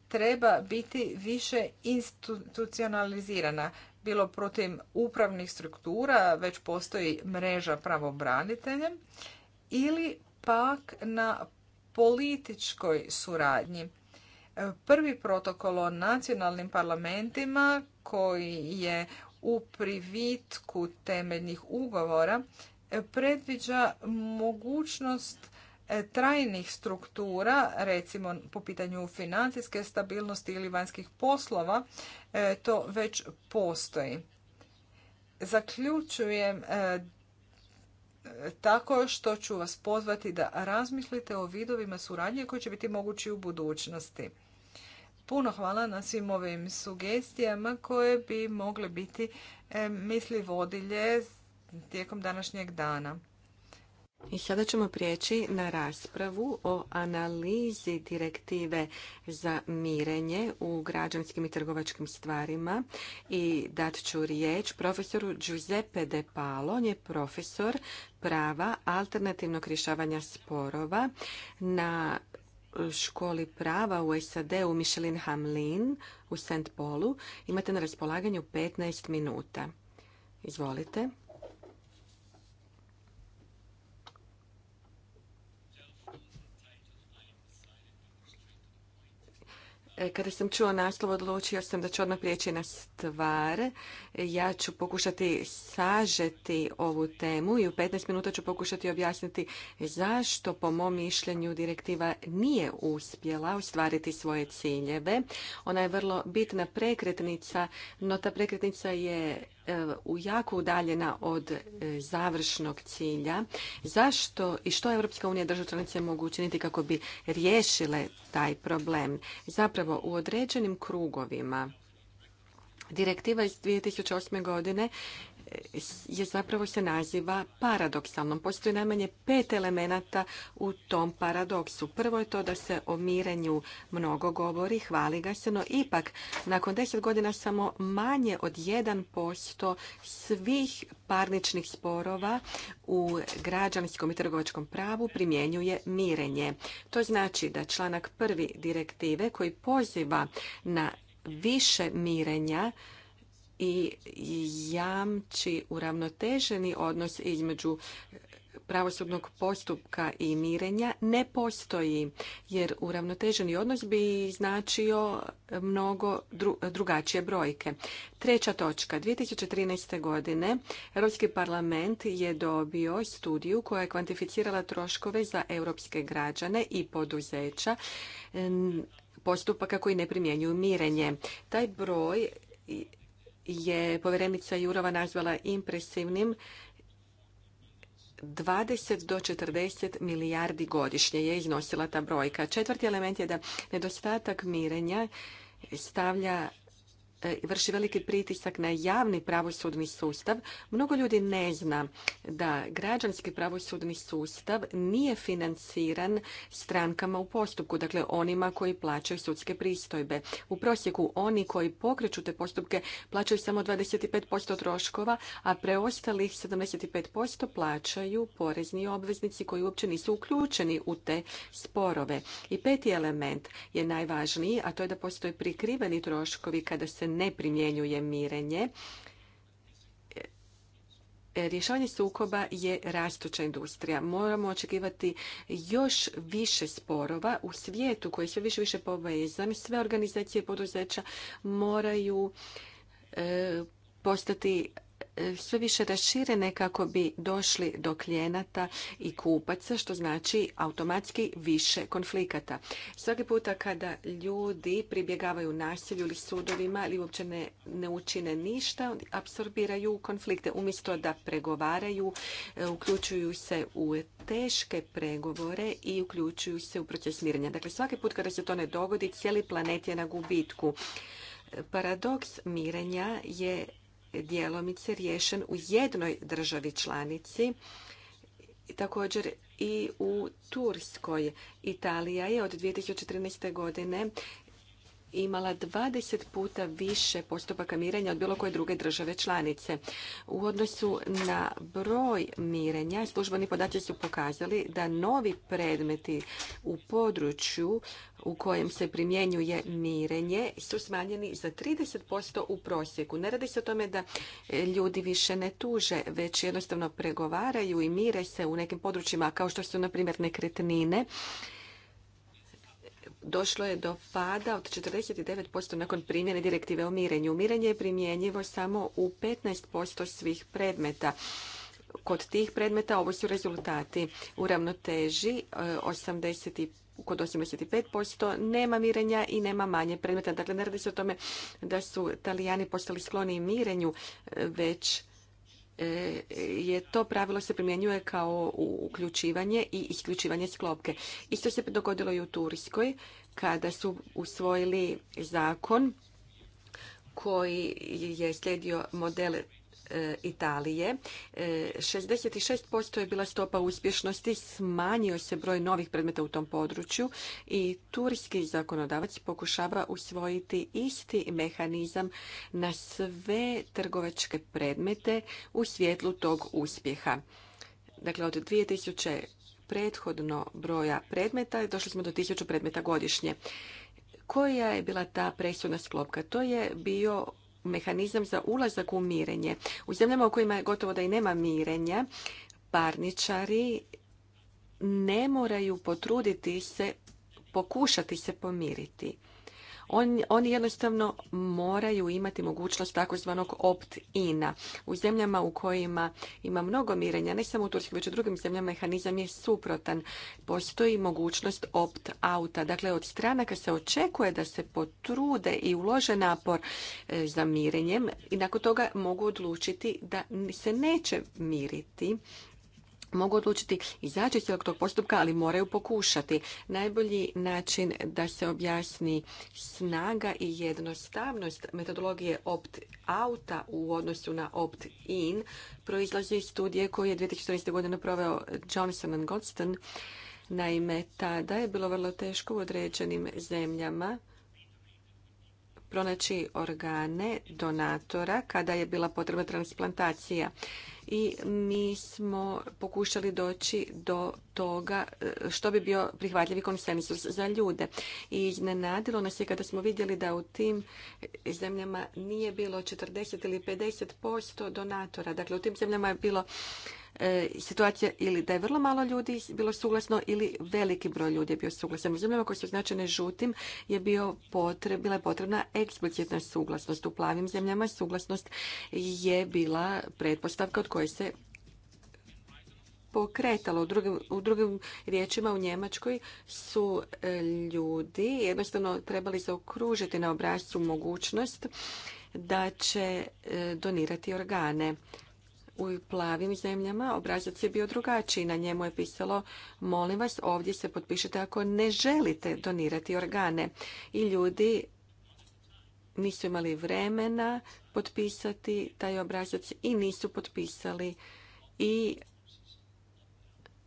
treba biti više institucionalizirana bilo protiv upravnih struktura, već postoji mreža pravobranitelja, ili pak na političkoj suradnji. Prvi protokol o nacionalnim parlamentima koji je u privitku temeljnih ugovora predviđa mogućnost E, trajnih struktura, recimo po pitanju financijske stabilnosti ili vanjskih poslova, e, to već postoji. Zaključujem e, tako što ću vas pozvati da razmislite o vidovima suradnje koji će biti mogući u budućnosti. Puno hvala na svim ovim sugestijama koje bi mogle biti misli vodilje tijekom današnjeg dana. I sada ćemo prijeći na raspravu o analizi direktive za mirenje u građanskim i trgovačkim stvarima i dat ću riječ profesoru Giuseppe De Palo, on je profesor prava alternativnog rješavanja sporova na školi prava u SAD u Michelin Hamlin u St. Paulu. Imate na raspolaganju 15 minuta. Izvolite. E, kada sam čuo naslov, odlučio sam da ću odmah prijeći na stvar. Ja ću pokušati sažeti ovu temu i u 15 minuta ću pokušati objasniti zašto, po mom mišljenju, direktiva nije uspjela ostvariti svoje ciljeve. Ona je vrlo bitna prekretnica, no ta prekretnica je E, jako udaljena od e, završnog cilja. Zašto i što Europska unija država članice mogu učiniti kako bi riješile taj problem? Zapravo u određenim krugovima Direktiva iz 2008. godine je zapravo se naziva paradoksalnom. Postoji najmanje pet elemenata u tom paradoksu. Prvo je to da se o mirenju mnogo govori, hvali ga se, no ipak nakon deset godina samo manje od jedan posto svih parničnih sporova u građanskom i trgovačkom pravu primjenjuje mirenje. To znači da članak prvi direktive koji poziva na više mirenja i jamči uravnoteženi odnos između pravosudnog postupka i mirenja ne postoji, jer uravnoteženi odnos bi značio mnogo drugačije brojke. Treća točka. 2013. godine Europski parlament je dobio studiju koja je kvantificirala troškove za europske građane i poduzeća postupaka koji ne primjenjuju mirenje. Taj broj je povjerenica Jurova nazvala impresivnim 20 do 40 milijardi godišnje je iznosila ta brojka. Četvrti element je da nedostatak mirenja stavlja E, vrši veliki pritisak na javni pravosudni sustav. Mnogo ljudi ne zna da građanski pravosudni sustav nije financiran strankama u postupku, dakle onima koji plaćaju sudske pristojbe. U prosjeku oni koji pokreću te postupke plaćaju samo 25% troškova, a preostalih 75% plaćaju porezni obveznici koji uopće nisu uključeni u te sporove. I peti element je najvažniji, a to je da postoje prikriveni troškovi kada se ne primjenjuje mirenje. Rješavanje sukoba je rastuća industrija. Moramo očekivati još više sporova u svijetu koji je sve više više povezan. Sve organizacije poduzeća moraju e, postati sve više raširene kako bi došli do klijenata i kupaca, što znači automatski više konflikata. Svaki puta kada ljudi pribjegavaju nasilju ili sudovima ili uopće ne, učine ništa, apsorbiraju konflikte. Umjesto da pregovaraju, e, uključuju se u teške pregovore i uključuju se u proces mirenja. Dakle, svaki put kada se to ne dogodi, cijeli planet je na gubitku. Paradoks mirenja je djelomice riješen u jednoj državi članici, također i u Turskoj. Italija je od 2013. godine imala 20 puta više postupaka mirenja od bilo koje druge države članice. U odnosu na broj mirenja, službeni podaci su pokazali da novi predmeti u području u kojem se primjenjuje mirenje su smanjeni za 30% u prosjeku. Ne radi se o tome da e, ljudi više ne tuže, već jednostavno pregovaraju i mire se u nekim područjima kao što su, na primjer, nekretnine došlo je do pada od 49% nakon primjene direktive o mirenju. Mirenje je primjenjivo samo u 15% svih predmeta. Kod tih predmeta ovo su rezultati u ravnoteži 85 eh, kod 85% nema mirenja i nema manje predmeta. Dakle, ne radi se o tome da su Talijani postali skloni mirenju, eh, već E, je to pravilo se primjenjuje kao uključivanje i isključivanje sklopke. Isto se dogodilo i u Turskoj kada su usvojili zakon koji je slijedio model Italije. 66% e, je bila stopa uspješnosti, smanjio se broj novih predmeta u tom području i turski zakonodavac pokušava usvojiti isti mehanizam na sve trgovačke predmete u svjetlu tog uspjeha. Dakle, od 2000 prethodno broja predmeta došli smo do 1000 predmeta godišnje. Koja je bila ta presudna sklopka? To je bio mehanizam za ulazak u mirenje. U zemljama u kojima je gotovo da i nema mirenja, parničari ne moraju potruditi se, pokušati se pomiriti oni jednostavno moraju imati mogućnost takozvanog opt-ina. U zemljama u kojima ima mnogo mirenja, ne samo u Turskoj, već u drugim zemljama mehanizam je suprotan. Postoji mogućnost opt-outa. Dakle, od stranaka se očekuje da se potrude i ulože napor e, za mirenjem i nakon toga mogu odlučiti da se neće miriti mogu odlučiti izaći iz tog postupka, ali moraju pokušati. Najbolji način da se objasni snaga i jednostavnost metodologije opt-outa u odnosu na opt-in proizlazi iz studije koju je 2014. godine proveo Johnson and Godston. Naime, tada je bilo vrlo teško u određenim zemljama pronaći organe donatora kada je bila potrebna transplantacija i mi smo pokušali doći do toga e, što bi bio prihvatljivi konsensus za ljude. I iznenadilo nas je kada smo vidjeli da u tim zemljama nije bilo 40 ili 50% donatora. Dakle, u tim zemljama je bilo E, situacija ili da je vrlo malo ljudi bilo suglasno ili veliki broj ljudi je bio suglasan. U zemljama koje su označene žutim je bio bila je potrebna eksplicitna suglasnost. U plavim zemljama suglasnost je bila pretpostavka od koje se pokretalo. U drugim, u riječima u Njemačkoj su e, ljudi jednostavno trebali zaokružiti na obrazcu mogućnost da će e, donirati organe u plavim zemljama obrazac je bio drugačiji. Na njemu je pisalo, molim vas, ovdje se potpišete ako ne želite donirati organe. I ljudi nisu imali vremena potpisati taj obrazac i nisu potpisali i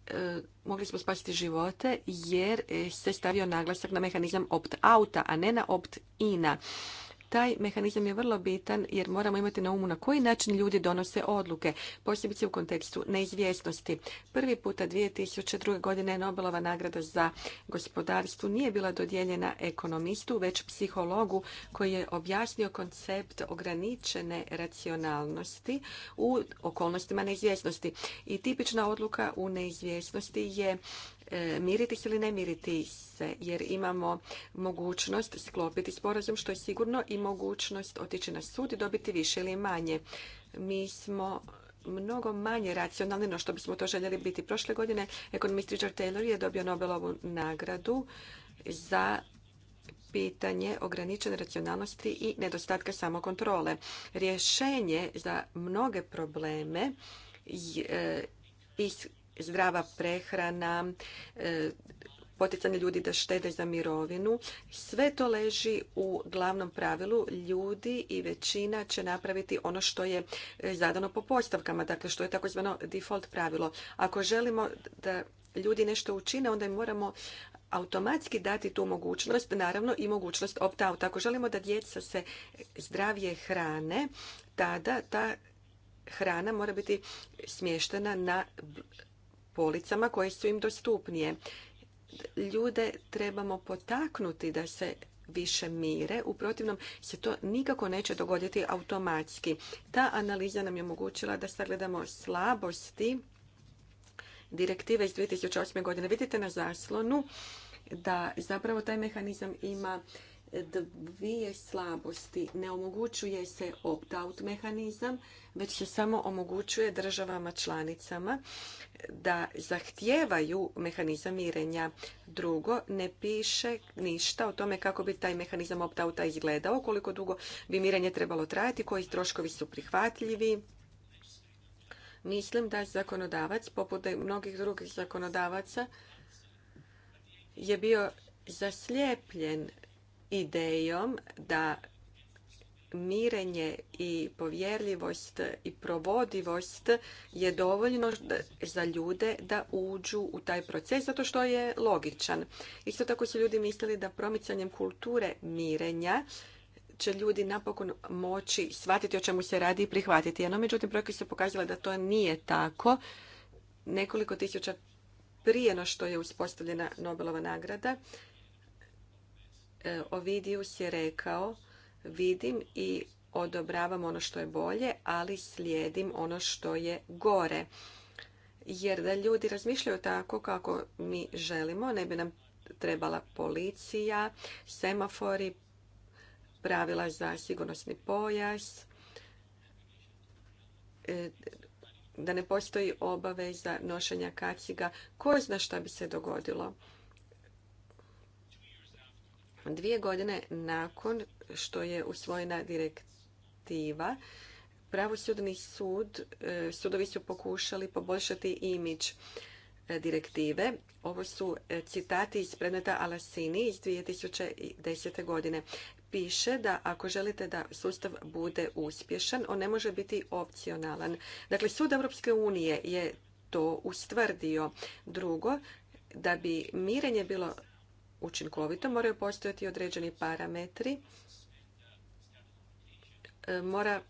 e, mogli smo spasiti živote jer se stavio naglasak na mehanizam opt-outa, a ne na opt-ina. Taj mehanizam je vrlo bitan jer moramo imati na umu na koji način ljudi donose odluke, posebice u kontekstu neizvjesnosti. Prvi puta 2002. godine Nobelova nagrada za gospodarstvo nije bila dodijeljena ekonomistu, već psihologu koji je objasnio koncept ograničene racionalnosti u okolnostima neizvjesnosti. I tipična odluka u neizvjesnosti je se ili ne miriti se, jer imamo mogućnost sklopiti sporazum, što je sigurno, i mogućnost otići na sud i dobiti više ili manje. Mi smo mnogo manje racionalni no što bismo to željeli biti. Prošle godine ekonomist Richard Taylor je dobio Nobelovu nagradu za pitanje ograničene racionalnosti i nedostatka samokontrole. Rješenje za mnoge probleme e, iz zdrava prehrana, e, poticanje ljudi da štede za mirovinu. Sve to leži u glavnom pravilu. Ljudi i većina će napraviti ono što je e, zadano po postavkama, dakle što je takozvano default pravilo. Ako želimo da ljudi nešto učine, onda im moramo automatski dati tu mogućnost, naravno i mogućnost opt-out. Ako želimo da djeca se zdravije hrane, tada ta hrana mora biti smještena na policama koje su im dostupnije. Ljude trebamo potaknuti da se više mire, u protivnom se to nikako neće dogoditi automatski. Ta analiza nam je omogućila da sagledamo slabosti direktive iz 2008. godine. Vidite na zaslonu da zapravo taj mehanizam ima dvije slabosti. Ne omogućuje se opt-out mehanizam, već se samo omogućuje državama članicama da zahtijevaju mehanizam mirenja. Drugo, ne piše ništa o tome kako bi taj mehanizam opt-outa izgledao, koliko dugo bi mirenje trebalo trajati, koji troškovi su prihvatljivi. Mislim da zakonodavac, poput mnogih drugih zakonodavaca, je bio zaslijepljen idejom da mirenje i povjerljivost i provodivost je dovoljno za ljude da uđu u taj proces zato što je logičan. Isto tako su ljudi mislili da promicanjem kulture mirenja će ljudi napokon moći shvatiti o čemu se radi i prihvatiti. No, međutim, brojke su pokazale da to nije tako. Nekoliko tisuća prije no što je uspostavljena Nobelova nagrada, Ovidius je rekao, vidim i odobravam ono što je bolje, ali slijedim ono što je gore. Jer da ljudi razmišljaju tako kako mi želimo, ne bi nam trebala policija, semafori, pravila za sigurnosni pojas, e, da ne postoji obaveza nošenja kaciga. Ko zna šta bi se dogodilo? Dvije godine nakon što je usvojena direktiva, pravosudni sud, e, sudovi su pokušali poboljšati imidž e, direktive. Ovo su e, citati iz predmeta Alasini iz 2010. godine. Piše da ako želite da sustav bude uspješan, on ne može biti opcionalan. Dakle, Sud Europske unije je to ustvrdio. Drugo, da bi mirenje bilo učinkovito, moraju postojati određeni parametri. E, mora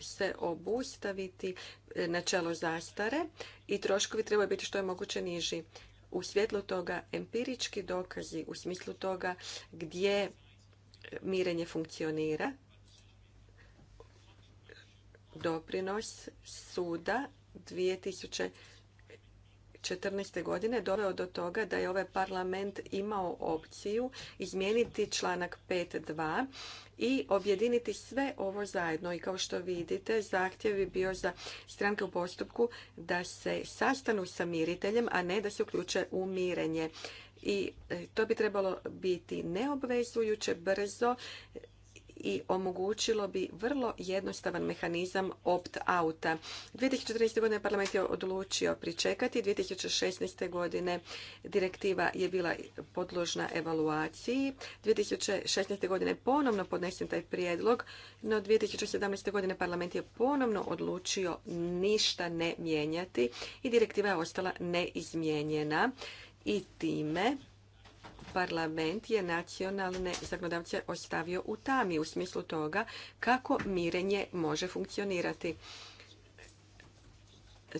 se obustaviti e, načelo zastare i troškovi trebaju biti što je moguće niži. U svjetlu toga empirički dokazi, u smislu toga gdje e, mirenje funkcionira, doprinos suda 2000 2014. godine doveo do toga da je ovaj parlament imao opciju izmijeniti članak 5.2 i objediniti sve ovo zajedno. I kao što vidite, zahtjev je bio za stranke u postupku da se sastanu sa miriteljem, a ne da se uključe u mirenje i e, to bi trebalo biti neobvezujuće, brzo, i omogućilo bi vrlo jednostavan mehanizam opt-outa. 2014. godine parlament je odlučio pričekati, 2016. godine direktiva je bila podložna evaluaciji, 2016. godine ponovno podnesen taj prijedlog, no 2017. godine parlament je ponovno odlučio ništa ne mijenjati i direktiva je ostala neizmijenjena i time parlament je nacionalne zakonodavce ostavio u tami u smislu toga kako mirenje može funkcionirati.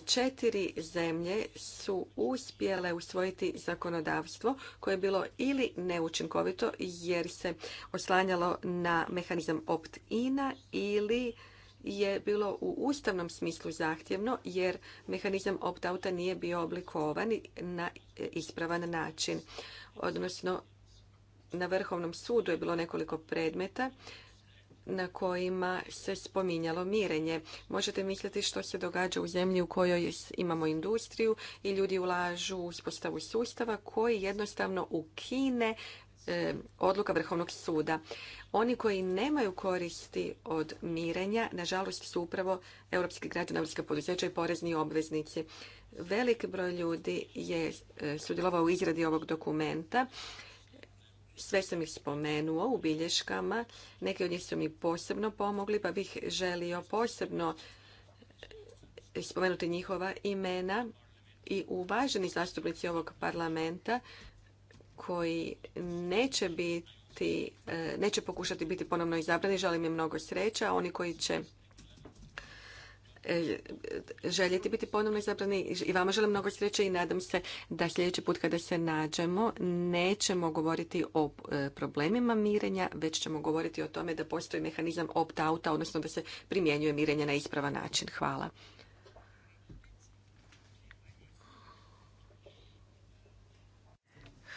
Četiri zemlje su uspjele usvojiti zakonodavstvo koje je bilo ili neučinkovito jer se oslanjalo na mehanizam opt-ina ili je bilo u ustavnom smislu zahtjevno jer mehanizam opt-outa nije bio oblikovan na ispravan način odnosno na Vrhovnom sudu je bilo nekoliko predmeta na kojima se spominjalo mirenje. Možete misliti što se događa u zemlji u kojoj imamo industriju i ljudi ulažu u uspostavu sustava koji jednostavno ukine e, odluka Vrhovnog suda. Oni koji nemaju koristi od mirenja, nažalost, su upravo europski građani, poduzeća i porezni obveznici. Velik broj ljudi je e, sudjelovao u izradi ovog dokumenta. Sve sam ih spomenuo u bilješkama. Neki od njih su mi posebno pomogli, pa bih želio posebno e, spomenuti njihova imena i uvaženi zastupnici ovog parlamenta koji neće biti, e, neće pokušati biti ponovno izabrani. Želim im mnogo sreća. Oni koji će E, željeti biti ponovno izabrani i vama želim mnogo sreće i nadam se da sljedeći put kada se nađemo nećemo govoriti o e, problemima mirenja, već ćemo govoriti o tome da postoji mehanizam opt-outa, odnosno da se primjenjuje mirenje na ispravan način. Hvala.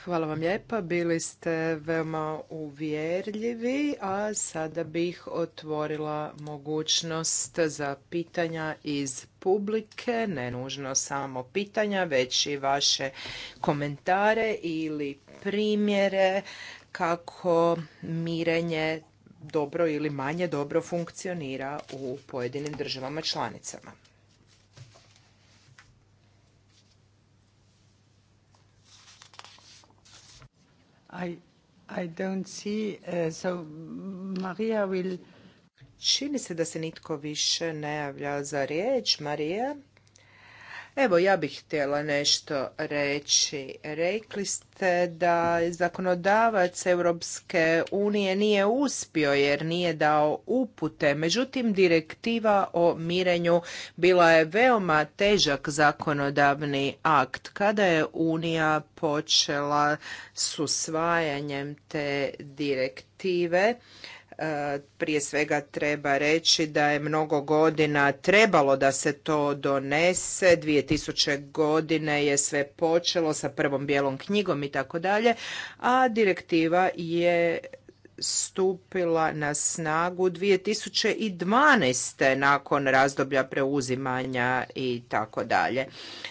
Hvala vam lijepa, bili ste veoma uvjerljivi, a sada bih otvorila mogućnost za pitanja iz publike, ne nužno samo pitanja, već i vaše komentare ili primjere kako mirenje dobro ili manje dobro funkcionira u pojedinim državama članicama. I, don't see, uh, so will... Čini se da se nitko više ne javlja za riječ. Marija? Evo, ja bih htjela nešto reći. Rekli ste da zakonodavac Europske unije nije uspio jer nije dao upute. Međutim, direktiva o mirenju bila je veoma težak zakonodavni akt kada je Unija počela s usvajanjem te direktive prije svega treba reći da je mnogo godina trebalo da se to donese. 2000 godine je sve počelo sa prvom bijelom knjigom i tako dalje, a direktiva je stupila na snagu 2012. nakon razdoblja preuzimanja i tako dalje.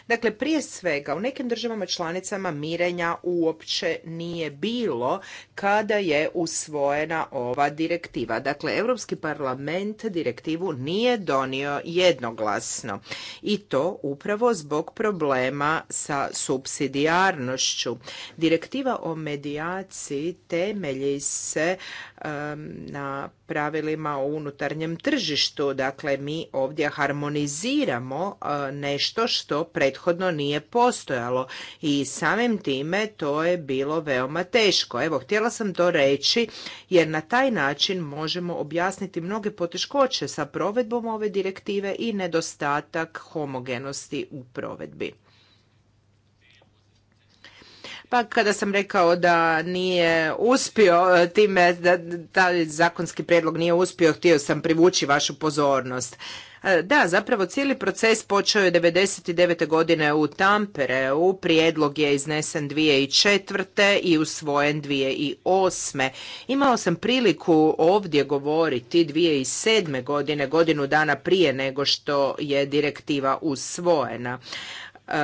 Dakle, prije svega u nekim državama članicama mirenja uopće nije bilo kada je usvojena ova direktiva. Dakle, Europski parlament direktivu nije donio jednoglasno i to upravo zbog problema sa subsidijarnošću. Direktiva o medijaciji temelji se na pravilima o unutarnjem tržištu. Dakle, mi ovdje harmoniziramo e, nešto što prethodno nije postojalo i samim time to je bilo veoma teško. Evo, htjela sam to reći jer na taj način možemo objasniti mnoge poteškoće sa provedbom ove direktive i nedostatak homogenosti u provedbi. Pa kada sam rekao da nije uspio e, time, da taj zakonski prijedlog nije uspio, htio sam privući vašu pozornost. E, da, zapravo cijeli proces počeo je 99. godine u Tampereu, prijedlog je iznesen 2004. i usvojen 2008. Imao sam priliku ovdje govoriti 2007. godine, godinu dana prije nego što je direktiva usvojena. E,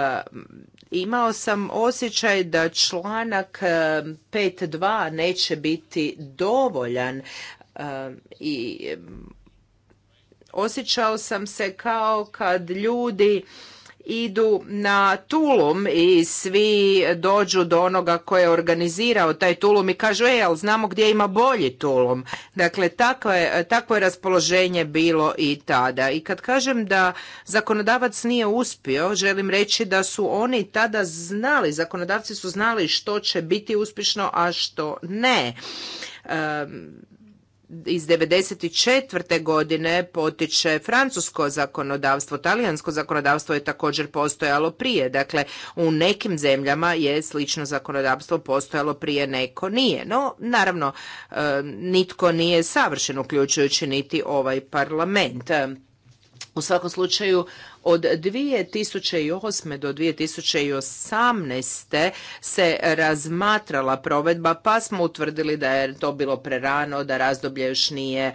imao sam osjećaj da članak 5.2 e, neće biti dovoljan e, i osjećao sam se kao kad ljudi idu na Tulum i svi dođu do onoga koji je organizirao taj Tulum i kažu, e, ali znamo gdje ima bolji Tulum. Dakle, takvo je, je raspoloženje bilo i tada. I kad kažem da zakonodavac nije uspio, želim reći da su oni tada znali, zakonodavci su znali što će biti uspješno, a što ne. Ehm, iz 94. godine potiče francusko zakonodavstvo, talijansko zakonodavstvo je također postojalo prije. Dakle, u nekim zemljama je slično zakonodavstvo postojalo prije, neko nije. No, naravno, e, nitko nije savršen, uključujući niti ovaj parlament. U svakom slučaju od 2008. do 2018. se razmatrala provedba pa smo utvrdili da je to bilo prerano, da razdoblje još nije, e,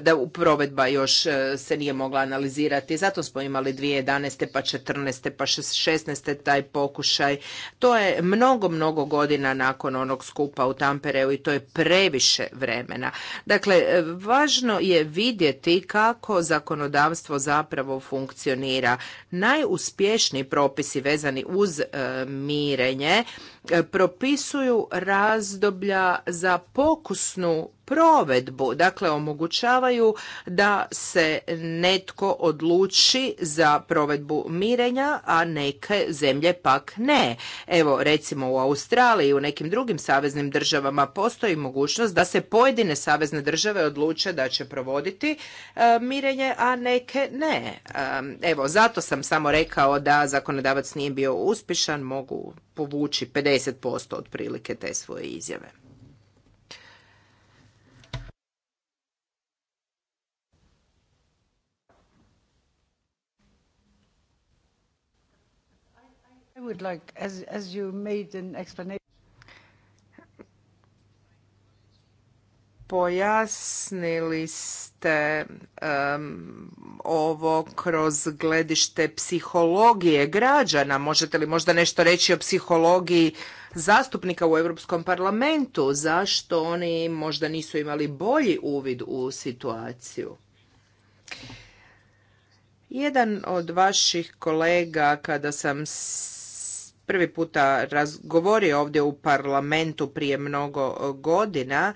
da provedba još e, se nije mogla analizirati. Zato smo imali 2011. pa 14. pa 2016. taj pokušaj. To je mnogo, mnogo godina nakon onog skupa u Tampereu i to je previše vremena. Dakle, e, važno je vidjeti kako zakonodavstvo zapravo funkcionira mira. Najuspješniji propisi vezani uz e, mirenje E, propisuju razdoblja za pokusnu provedbu, dakle omogućavaju da se netko odluči za provedbu mirenja, a neke zemlje pak ne. Evo recimo u Australiji i u nekim drugim saveznim državama postoji mogućnost da se pojedine savezne države odluče da će provoditi e, mirenje, a neke ne. E, evo zato sam samo rekao da zakonodavac nije bio uspješan, mogu povući 50% otprilike te svoje izjave. I would like, as, as you made an explanation... pojasnili ste ovo kroz gledište psihologije građana. Možete li možda nešto reći o psihologiji zastupnika u Europskom parlamentu? Zašto oni možda nisu imali bolji uvid u situaciju? Jedan od vaših kolega kada sam prvi puta govorio ovdje u parlamentu prije mnogo godina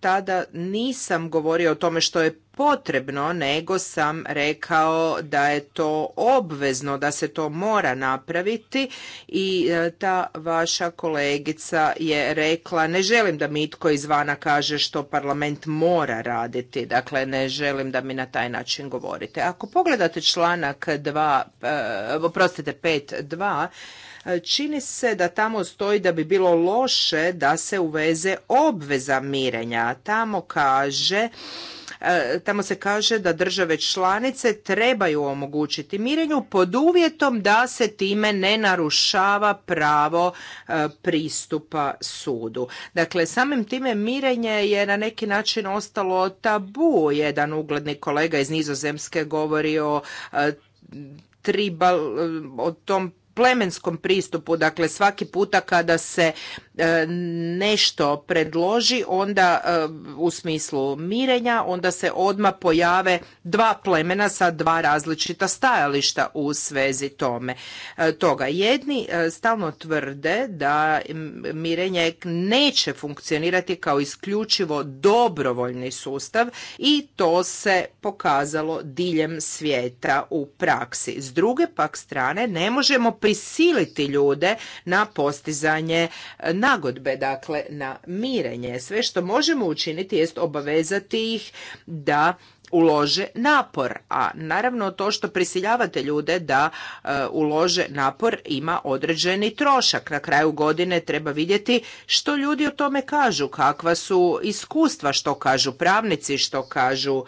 tada nisam govorio o tome što je potrebno, nego sam rekao da je to obvezno, da se to mora napraviti i e, ta vaša kolegica je rekla ne želim da mi itko izvana kaže što parlament mora raditi, dakle ne želim da mi na taj način govorite. Ako pogledate članak 2, e, oprostite 5.2, Čini se da tamo stoji da bi bilo loše da se uveze obveza mirenja. Tamo kaže e, tamo se kaže da države članice trebaju omogućiti mirenju pod uvjetom da se time ne narušava pravo e, pristupa sudu. Dakle, samim time mirenje je na neki način ostalo tabu. Jedan ugledni kolega iz Nizozemske govori o e, o tom plemenskom pristupu, dakle svaki puta kada se e, nešto predloži, onda e, u smislu mirenja, onda se odma pojave dva plemena sa dva različita stajališta u svezi tome. E, toga jedni stalno tvrde da mirenje neće funkcionirati kao isključivo dobrovoljni sustav i to se pokazalo diljem svijeta u praksi. S druge pak strane ne možemo prisiliti ljude na postizanje e, nagodbe, dakle na mirenje. Sve što možemo učiniti jest obavezati ih da ulože napor, a naravno to što prisiljavate ljude da e, ulože napor ima određeni trošak. Na kraju godine treba vidjeti što ljudi o tome kažu, kakva su iskustva, što kažu pravnici, što kažu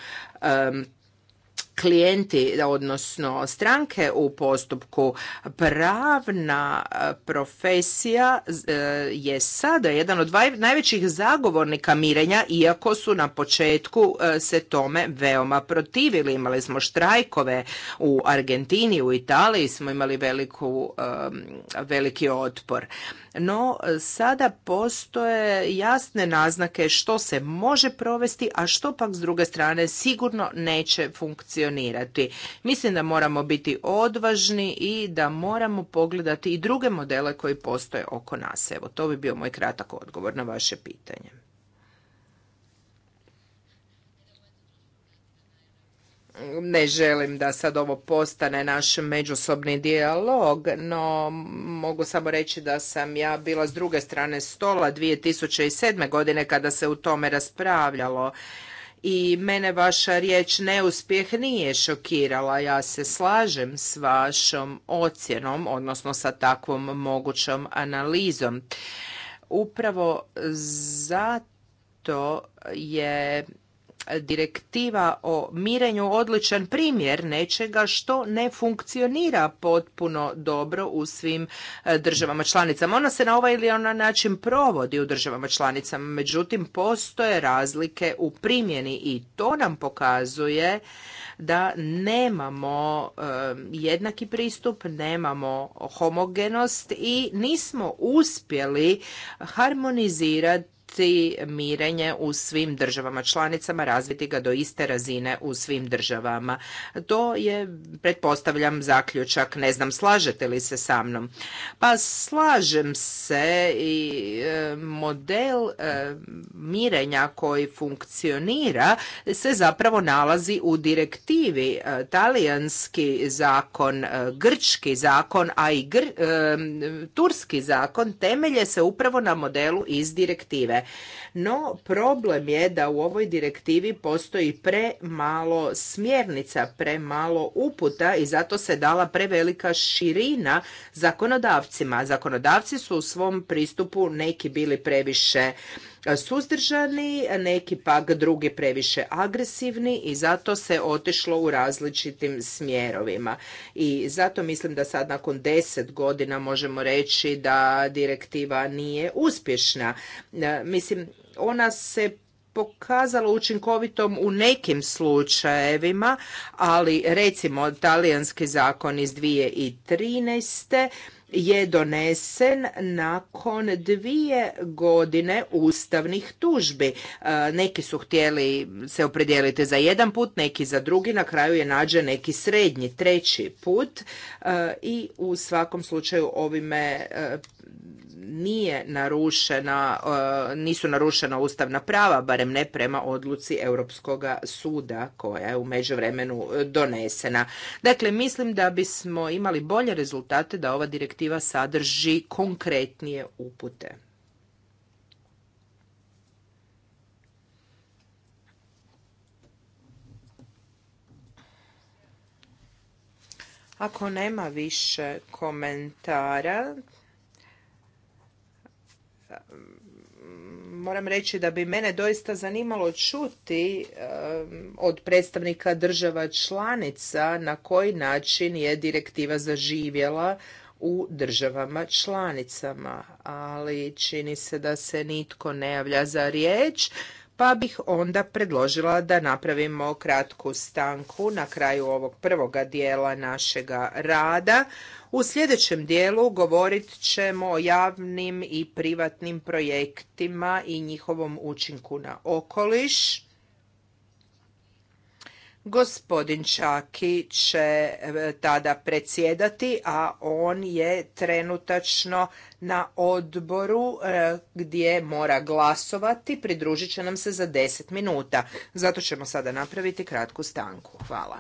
klijenti, odnosno stranke u postupku, pravna e, profesija e, je sada jedan od najvećih zagovornika mirenja, iako su na početku e, se tome veoma protivili. Imali smo štrajkove u Argentini, u Italiji smo imali veliku, veliki otpor no sada postoje jasne naznake što se može provesti, a što pak s druge strane sigurno neće funkcionirati. Mislim da moramo biti odvažni i da moramo pogledati i druge modele koji postoje oko nas. Evo, to bi bio moj kratak odgovor na vaše pitanje. ne želim da sad ovo postane naš međusobni dijalog, no mogu samo reći da sam ja bila s druge strane stola 2007. godine kada se u tome raspravljalo i mene vaša riječ neuspjeh nije šokirala. Ja se slažem s vašom ocjenom, odnosno sa takvom mogućom analizom. Upravo zato je direktiva o mirenju odličan primjer nečega što ne funkcionira potpuno dobro u svim e, državama članicama. Ona se na ovaj ili onaj način provodi u državama članicama, međutim postoje razlike u primjeni i to nam pokazuje da nemamo e, jednaki pristup, nemamo homogenost i nismo uspjeli harmonizirati mirenje u svim državama članicama, razviti ga do iste razine u svim državama. To je, pretpostavljam, zaključak. Ne znam, slažete li se sa mnom? Pa slažem se i e, model e, mirenja koji funkcionira se zapravo nalazi u direktivi. E, talijanski zakon, grčki zakon, a i turski zakon temelje se upravo na modelu iz direktive. No, problem je da u ovoj direktivi postoji premalo smjernica, premalo uputa i zato se dala prevelika širina zakonodavcima. Zakonodavci su u svom pristupu neki bili previše suzdržani, neki pak drugi previše agresivni i zato se otišlo u različitim smjerovima. I zato mislim da sad nakon deset godina možemo reći da direktiva nije uspješna. E, mislim, ona se pokazalo učinkovitom u nekim slučajevima, ali recimo talijanski zakon iz 2013 je donesen nakon dvije godine ustavnih tužbi. E, neki su htjeli se opredijeliti za jedan put, neki za drugi, na kraju je nađen neki srednji, treći put e, i u svakom slučaju ovime e, nije narušena, e, nisu narušena ustavna prava, barem ne prema odluci Europskog suda koja je u međuvremenu e, donesena. Dakle, mislim da bismo imali bolje rezultate da ova direktiva sadrži konkretnije upute. Ako nema više komentara, moram reći da bi mene doista zanimalo čuti od predstavnika država članica na koji način je direktiva zaživjela u državama članicama, ali čini se da se nitko ne javlja za riječ pa bih onda predložila da napravimo kratku stanku na kraju ovog prvoga dijela našega rada. U sljedećem dijelu govorit ćemo o javnim i privatnim projektima i njihovom učinku na okoliš. Gospodin Čaki će e, tada predsjedati, a on je trenutačno na odboru e, gdje mora glasovati. Pridružit će nam se za 10 minuta. Zato ćemo sada napraviti kratku stanku. Hvala.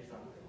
eksaktn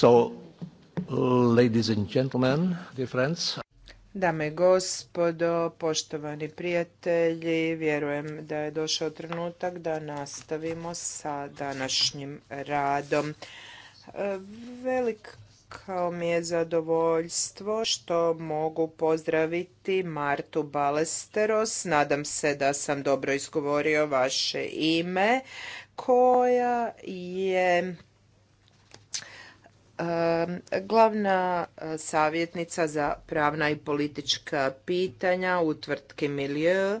So, uh, Dame i gospodo, poštovani prijatelji, vjerujem da je došao trenutak da nastavimo sa današnjim radom. Veliko mi je zadovoljstvo što mogu pozdraviti Martu Balesteros. Nadam se da sam dobro izgovorio vaše ime, koja je glavna e, savjetnica za pravna i politička pitanja u tvrtki Milieu, e,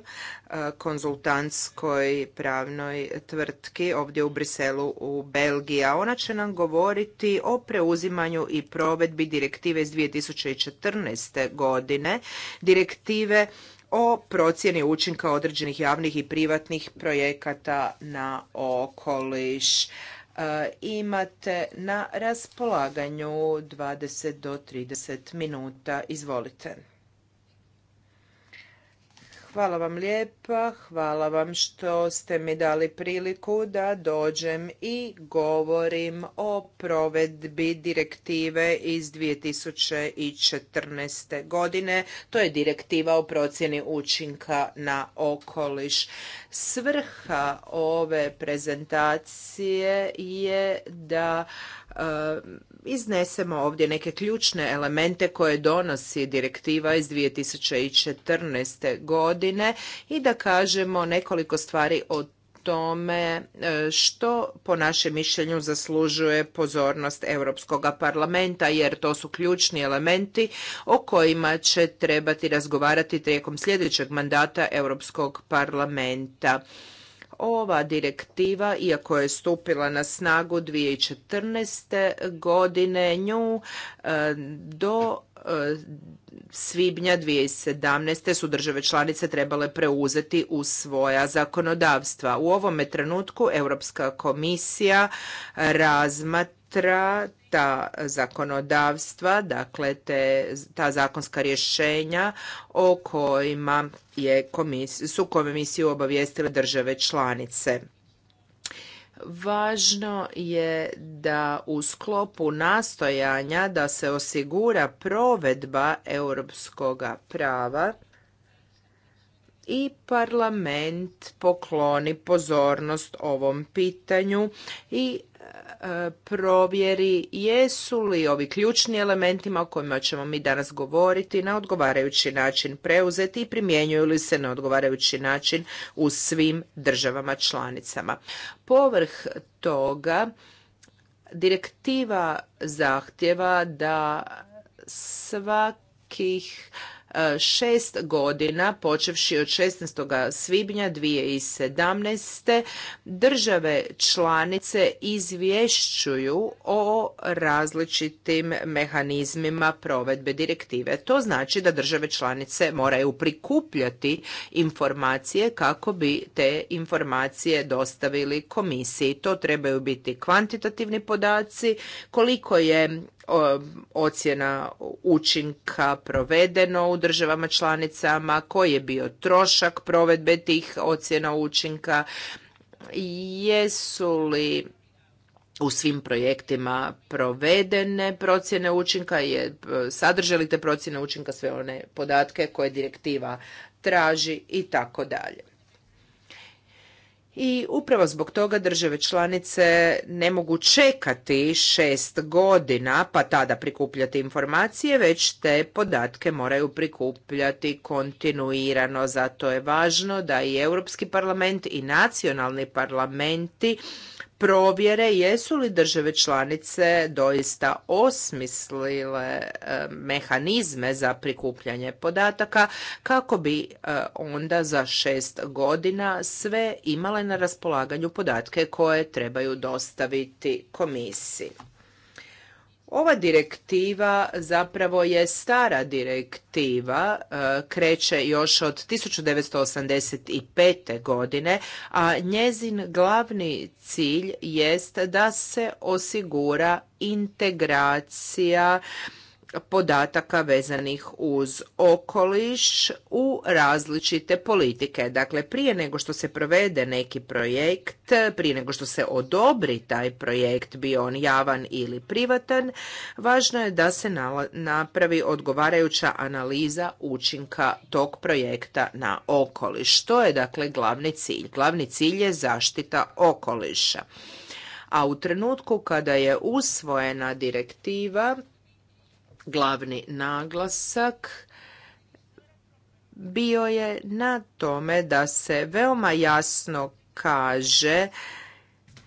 konzultantskoj pravnoj tvrtki ovdje u Briselu u Belgiji. ona će nam govoriti o preuzimanju i provedbi direktive iz 2014. godine, direktive o procjeni učinka određenih javnih i privatnih projekata na okoliš. E, imate na raspolaganju 20 do 30 minuta. Izvolite. Hvala vam lijepa, hvala vam što ste mi dali priliku da dođem i govorim o provedbi direktive iz 2014. godine. To je direktiva o procjeni učinka na okoliš. Svrha ove prezentacije je da iznesemo ovdje neke ključne elemente koje donosi direktiva iz 2014. godine i da kažemo nekoliko stvari o tome e, što po našem mišljenju zaslužuje pozornost Europskog parlamenta jer to su ključni elementi o kojima će trebati razgovarati tijekom sljedećeg mandata Europskog parlamenta. Ova direktiva, iako je stupila na snagu 2014. godine, nju e, do e, svibnja 2017. su države članice trebale preuzeti u svoja zakonodavstva. U ovome trenutku Europska komisija razmatra ta zakonodavstva, dakle te, ta zakonska rješenja o kojima je su komisiju obavijestile države članice. Važno je da u sklopu nastojanja da se osigura provedba europskoga prava i parlament pokloni pozornost ovom pitanju i E, provjeri jesu li ovi ključni elementima o kojima ćemo mi danas govoriti na odgovarajući način preuzeti i primjenjuju li se na odgovarajući način u svim državama članicama. Povrh toga direktiva zahtjeva da svakih šest godina, počevši od 16. svibnja 2017. države članice izvješćuju o različitim mehanizmima provedbe direktive. To znači da države članice moraju prikupljati informacije kako bi te informacije dostavili komisiji. To trebaju biti kvantitativni podaci, koliko je ocjena učinka provedeno u državama članicama, koji je bio trošak provedbe tih ocjena učinka, jesu li u svim projektima provedene procjene učinka, je, sadržali te procjene učinka sve one podatke koje direktiva traži i tako dalje i upravo zbog toga države članice ne mogu čekati šest godina pa tada prikupljati informacije, već te podatke moraju prikupljati kontinuirano. Zato je važno da i Europski parlament i nacionalni parlamenti provjere jesu li države članice doista osmislile e, mehanizme za prikupljanje podataka kako bi e, onda za šest godina sve imale na raspolaganju podatke koje trebaju dostaviti komisiji. Ova direktiva zapravo je stara direktiva, e, kreće još od 1985. godine, a njezin glavni cilj jest da se osigura integracija podataka vezanih uz okoliš u različite politike. Dakle, prije nego što se provede neki projekt, prije nego što se odobri taj projekt, bio on javan ili privatan, važno je da se napravi odgovarajuća analiza učinka tog projekta na okoliš. To je dakle glavni cilj. Glavni cilj je zaštita okoliša. A u trenutku kada je usvojena direktiva, glavni naglasak bio je na tome da se veoma jasno kaže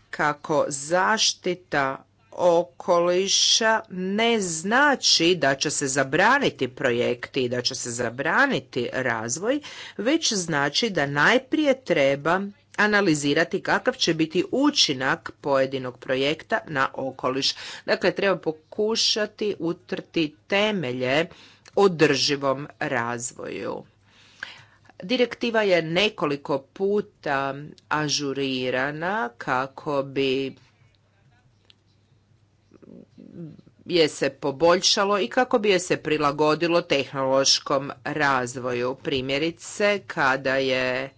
kako zaštita okoliša ne znači da će se zabraniti projekti i da će se zabraniti razvoj, već znači da najprije treba analizirati kakav će biti učinak pojedinog projekta na okoliš. Dakle, treba pokušati utrti temelje održivom razvoju. Direktiva je nekoliko puta ažurirana kako bi je se poboljšalo i kako bi je se prilagodilo tehnološkom razvoju. Primjerice, kada je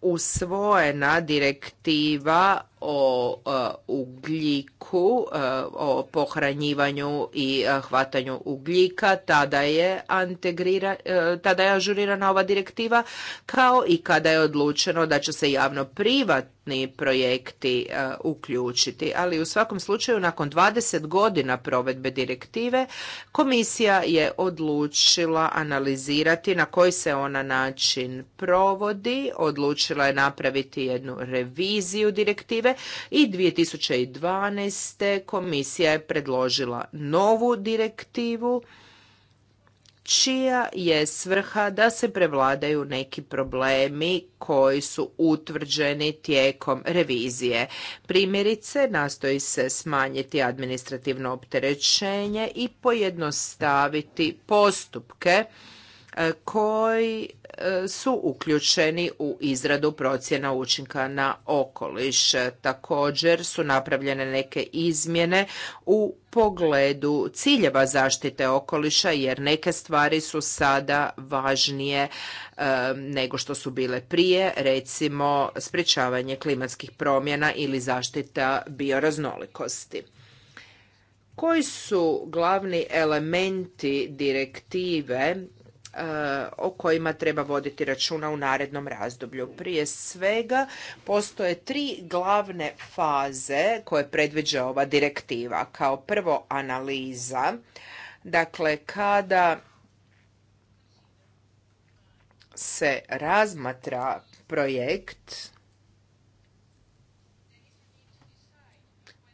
usvojena direktiva o e, ugljiku, e, o pohranjivanju i e, hvatanju ugljika, tada je, tada je ažurirana ova direktiva, kao i kada je odlučeno da će se javno privatni projekti uključiti. Ali u svakom slučaju, nakon 20 godina provedbe direktive, komisija je odlučila analizirati na koji se ona način provodi, odlučila je napraviti jednu reviziju direktive, i 2012. komisija je predložila novu direktivu čija je svrha da se prevladaju neki problemi koji su utvrđeni tijekom revizije. Primjerice, nastoji se smanjiti administrativno opterećenje i pojednostaviti postupke e, koji su uključeni u izradu procjena učinka na okoliš. Također su napravljene neke izmjene u pogledu ciljeva zaštite okoliša jer neke stvari su sada važnije e, nego što su bile prije, recimo sprječavanje klimatskih promjena ili zaštita bioraznolikosti. Koji su glavni elementi direktive o kojima treba voditi računa u narednom razdoblju. Prije svega postoje tri glavne faze koje predviđa ova direktiva. Kao prvo analiza, dakle kada se razmatra projekt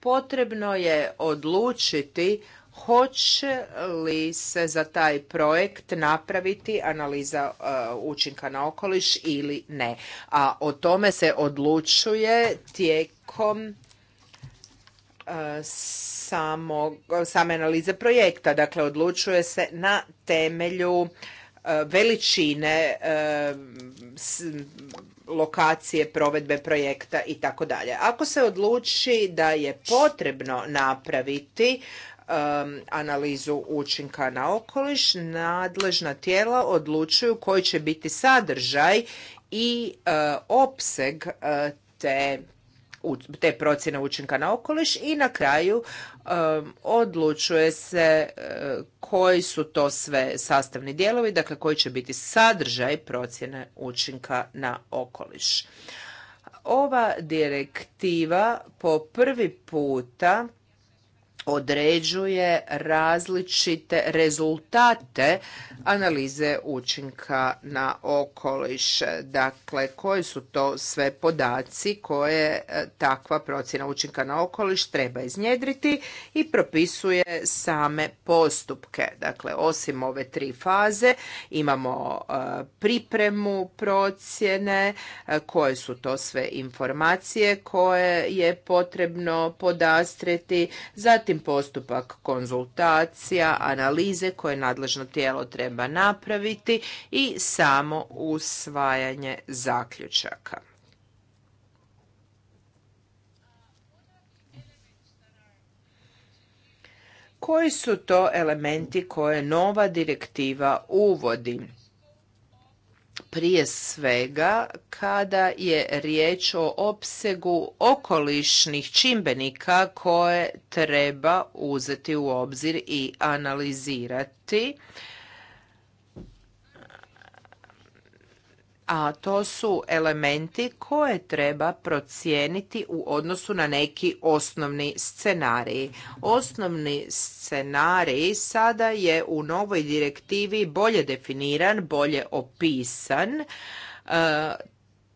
potrebno je odlučiti Hoće li se za taj projekt napraviti analiza e, učinka na okoliš ili ne? A o tome se odlučuje tijekom e, same analize projekta. Dakle, odlučuje se na temelju e, veličine lokacije provedbe projekta i tako dalje. Ako se odluči da je potrebno napraviti Um, analizu učinka na okoliš, nadležna tijela odlučuju koji će biti sadržaj i uh, opseg uh, te te procjene učinka na okoliš i na kraju um, odlučuje se uh, koji su to sve sastavni dijelovi, dakle koji će biti sadržaj procjene učinka na okoliš. Ova direktiva po prvi puta određuje različite rezultate analize učinka na okoliš. Dakle, koji su to sve podaci koje e, takva procjena učinka na okoliš treba iznjedriti i propisuje same postupke. Dakle, osim ove tri faze imamo e, pripremu procjene, e, koje su to sve informacije koje je potrebno podastreti, zatim postupak konzultacija, analize koje nadležno tijelo treba napraviti i samo usvajanje zaključaka. Koji su to elementi koje nova direktiva uvodi? prije svega kada je riječ o opsegu okolišnih čimbenika koje treba uzeti u obzir i analizirati a to su elementi koje treba procijeniti u odnosu na neki osnovni scenarij. Osnovni scenarij sada je u novoj direktivi bolje definiran, bolje opisan. E,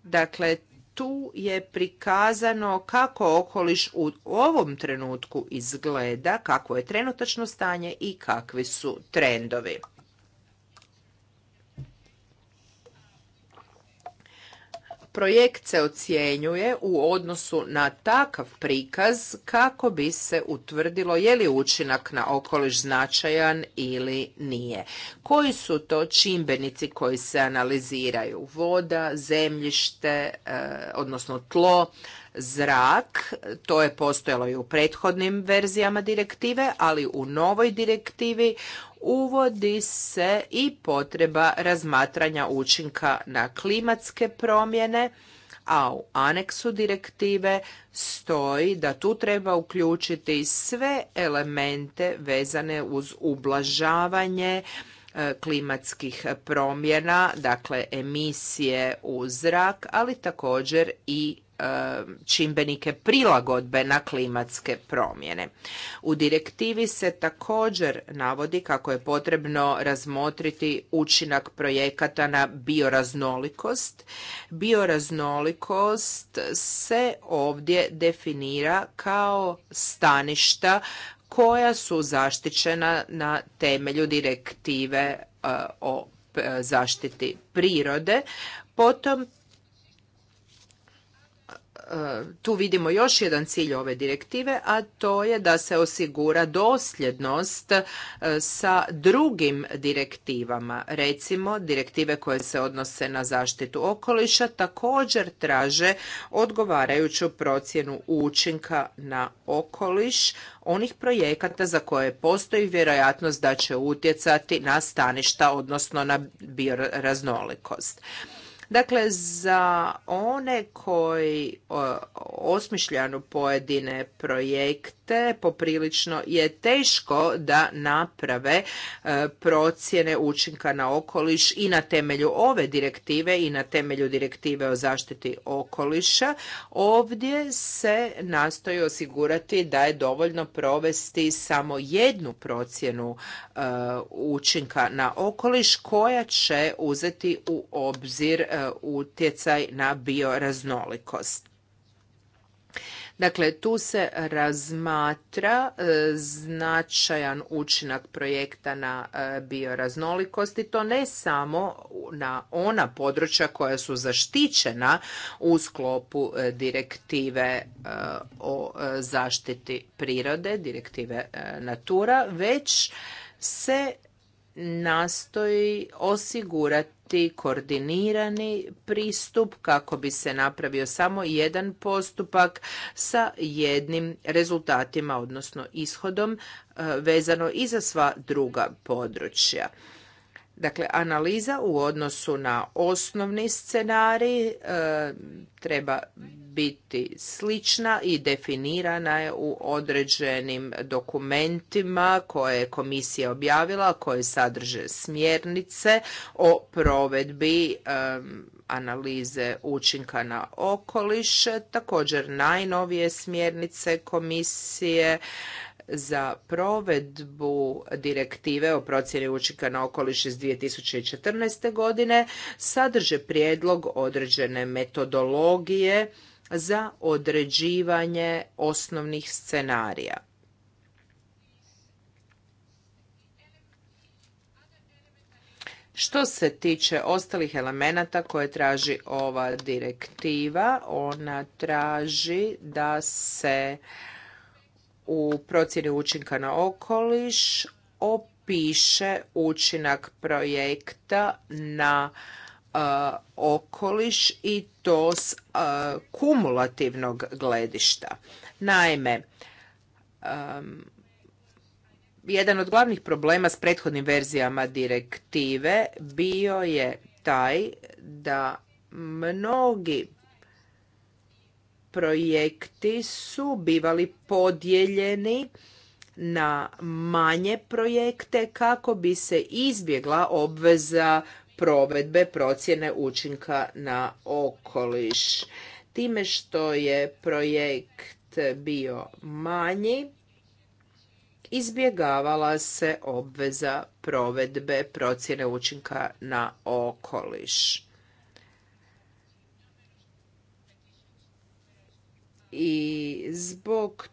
dakle, tu je prikazano kako okoliš u ovom trenutku izgleda, kako je trenutačno stanje i kakvi su trendovi. projekt se ocjenjuje u odnosu na takav prikaz kako bi se utvrdilo je li učinak na okoliš značajan ili nije. Koji su to čimbenici koji se analiziraju? Voda, zemljište, e, odnosno tlo, zrak, to je postojalo i u prethodnim verzijama direktive, ali u novoj direktivi uvodi se i potreba razmatranja učinka na klimatske promjene, a u aneksu direktive stoji da tu treba uključiti sve elemente vezane uz ublažavanje e, klimatskih promjena, dakle emisije u zrak, ali također i čimbenike prilagodbe na klimatske promjene. U direktivi se također navodi kako je potrebno razmotriti učinak projekata na bioraznolikost. Bioraznolikost se ovdje definira kao staništa koja su zaštićena na temelju direktive e, o e, zaštiti prirode. Potom tu vidimo još jedan cilj ove direktive, a to je da se osigura dosljednost e, sa drugim direktivama. Recimo, direktive koje se odnose na zaštitu okoliša također traže odgovarajuću procjenu učinka na okoliš onih projekata za koje postoji vjerojatnost da će utjecati na staništa, odnosno na bioraznolikost. Dakle, za one koji osmišljano pojedine projekte te poprilično je teško da naprave e, procjene učinka na okoliš i na temelju ove direktive i na temelju direktive o zaštiti okoliša. Ovdje se nastoji osigurati da je dovoljno provesti samo jednu procjenu e, učinka na okoliš koja će uzeti u obzir e, utjecaj na bioraznolikost. Dakle, tu se razmatra e, značajan učinak projekta na e, bioraznolikost i to ne samo na ona područja koja su zaštićena u sklopu e, direktive o zaštiti prirode, direktive Natura, već se nastoji osigurati koordinirani pristup kako bi se napravio samo jedan postupak sa jednim rezultatima, odnosno ishodom e, vezano i za sva druga područja. Dakle, analiza u odnosu na osnovni scenarij e, treba biti slična i definirana je u određenim dokumentima koje je komisija objavila, koje sadrže smjernice o provedbi e, analize učinka na okoliš, također najnovije smjernice komisije za provedbu direktive o procjeni učinka na okoliš iz 2014. godine sadrže prijedlog određene metodologije za određivanje osnovnih scenarija. Što se tiče ostalih elemenata koje traži ova direktiva, ona traži da se u procjeni učinka na okoliš opiše učinak projekta na e, okoliš i to s e, kumulativnog gledišta. Naime, jedan od glavnih problema s prethodnim verzijama direktive bio je taj da mnogi projekti su bivali podijeljeni na manje projekte kako bi se izbjegla obveza provedbe procjene učinka na okoliš. Time što je projekt bio manji, izbjegavala se obveza provedbe procjene učinka na okoliš. i zbog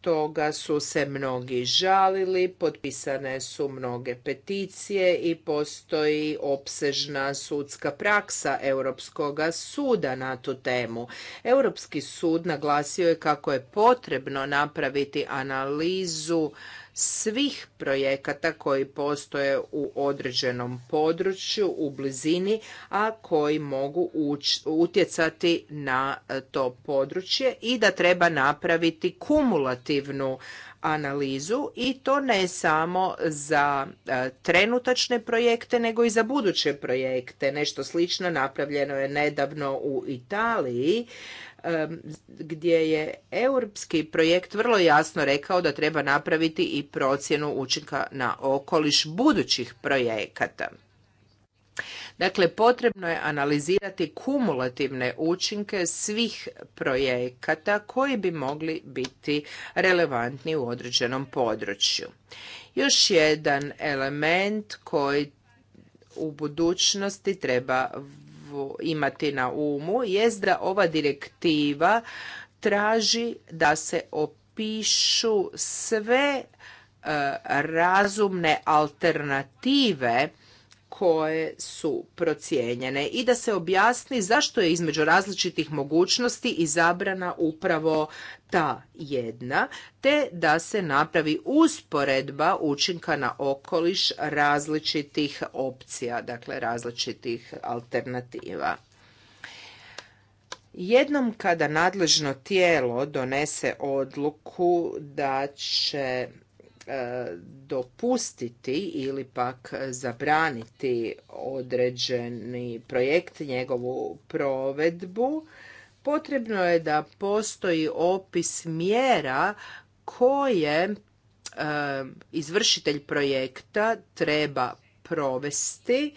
toga su se mnogi žalili, potpisane su mnoge peticije i postoji opsežna sudska praksa Europskog suda na tu temu. Europski sud naglasio je kako je potrebno napraviti analizu svih projekata koji postoje u određenom području, u blizini, a koji mogu utjecati na e, to područje i da treba napraviti kumulativnu analizu i to ne samo za e, trenutačne projekte nego i za buduće projekte. Nešto slično napravljeno je nedavno u Italiji gdje je europski projekt vrlo jasno rekao da treba napraviti i procjenu učinka na okoliš budućih projekata. Dakle, potrebno je analizirati kumulativne učinke svih projekata koji bi mogli biti relevantni u određenom području. Još jedan element koji u budućnosti treba imati na umu je da ova direktiva traži da se opišu sve e, razumne alternative koje su procijenjene i da se objasni zašto je između različitih mogućnosti izabrana upravo ta jedna, te da se napravi usporedba učinka na okoliš različitih opcija, dakle različitih alternativa. Jednom kada nadležno tijelo donese odluku da će E, dopustiti ili pak zabraniti određeni projekt, njegovu provedbu, potrebno je da postoji opis mjera koje e, izvršitelj projekta treba provesti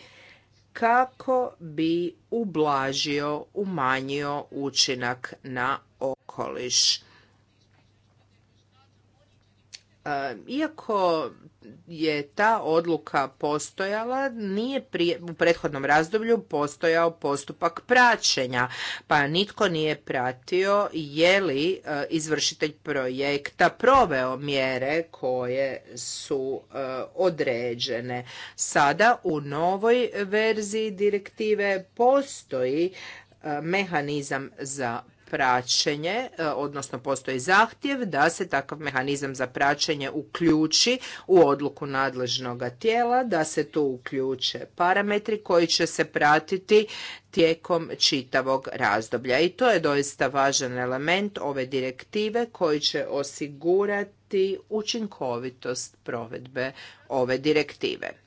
kako bi ublažio, umanjio učinak na okoliš. E, iako je ta odluka postojala, nije u prethodnom razdoblju postojao postupak praćenja, pa nitko nije pratio je li e, izvršitelj projekta proveo mjere koje su e, određene. Sada u novoj verziji direktive postoji mehanizam za praćenje, e, odnosno postoji zahtjev da se takav mehanizam za praćenje uključi u odluku nadležnog tijela, da se tu uključe parametri koji će se pratiti tijekom čitavog razdoblja. I to je doista važan element ove direktive koji će osigurati učinkovitost provedbe ove direktive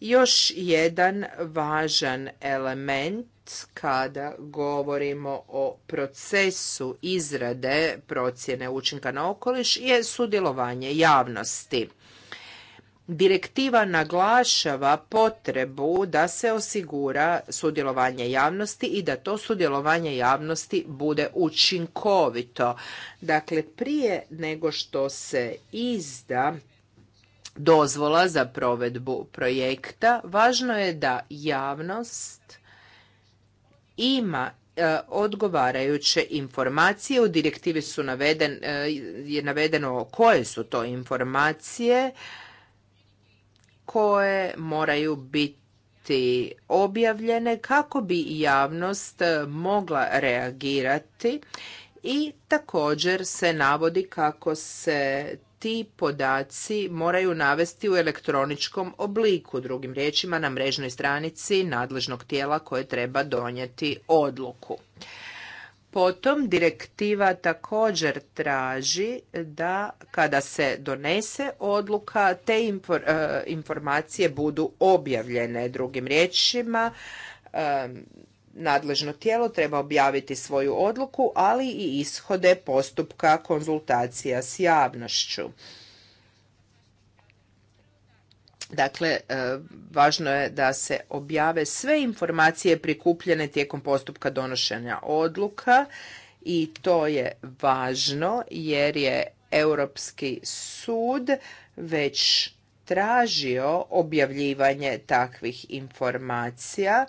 još jedan važan element kada govorimo o procesu izrade procjene učinka na okoliš je sudjelovanje javnosti. Direktiva naglašava potrebu da se osigura sudjelovanje javnosti i da to sudjelovanje javnosti bude učinkovito. Dakle prije nego što se izda dozvola za provedbu projekta, važno je da javnost ima e, odgovarajuće informacije. U direktivi su naveden, e, je navedeno koje su to informacije koje moraju biti objavljene kako bi javnost e, mogla reagirati i također se navodi kako se ti podaci moraju navesti u elektroničkom obliku, drugim riječima na mrežnoj stranici nadležnog tijela koje treba donijeti odluku. Potom direktiva također traži da kada se donese odluka te e, informacije budu objavljene drugim riječima e, nadležno tijelo treba objaviti svoju odluku, ali i ishode postupka konzultacija s javnošću. Dakle, e, važno je da se objave sve informacije prikupljene tijekom postupka donošenja odluka i to je važno jer je Europski sud već tražio objavljivanje takvih informacija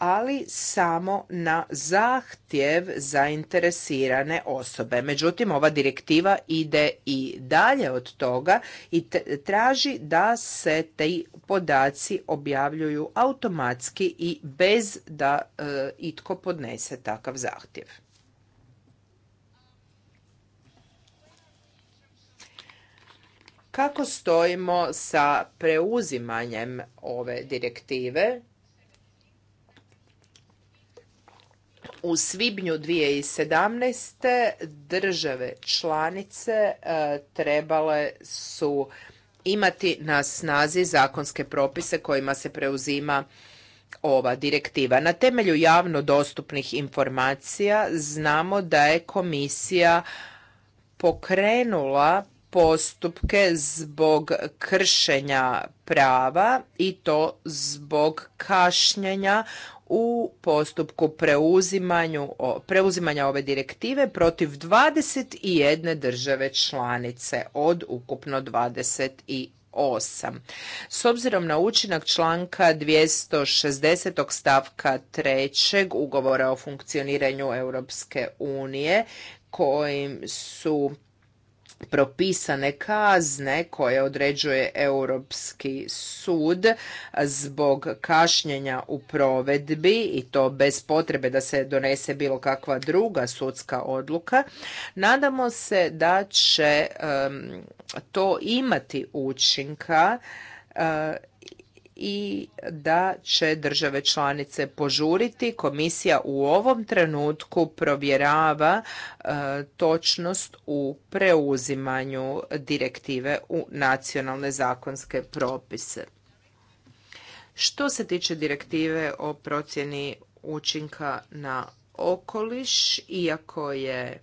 ali samo na zahtjev zainteresirane osobe. Međutim, ova direktiva ide i dalje od toga i traži da se ti podaci objavljuju automatski i bez da e, itko podnese takav zahtjev. Kako stojimo sa preuzimanjem ove direktive? U svibnju 2017. države članice e, trebale su imati na snazi zakonske propise kojima se preuzima ova direktiva. Na temelju javno dostupnih informacija znamo da je komisija pokrenula postupke zbog kršenja prava i to zbog kašnjenja u postupku preuzimanja ove direktive protiv 21 države članice od ukupno 28. S obzirom na učinak članka 260. stavka 3. ugovora o funkcioniranju Europske unije kojim su propisane kazne koje određuje Europski sud zbog kašnjenja u provedbi i to bez potrebe da se donese bilo kakva druga sudska odluka. Nadamo se da će to imati učinka i da će države članice požuriti. Komisija u ovom trenutku provjerava e, točnost u preuzimanju direktive u nacionalne zakonske propise. Što se tiče direktive o procjeni učinka na okoliš, iako je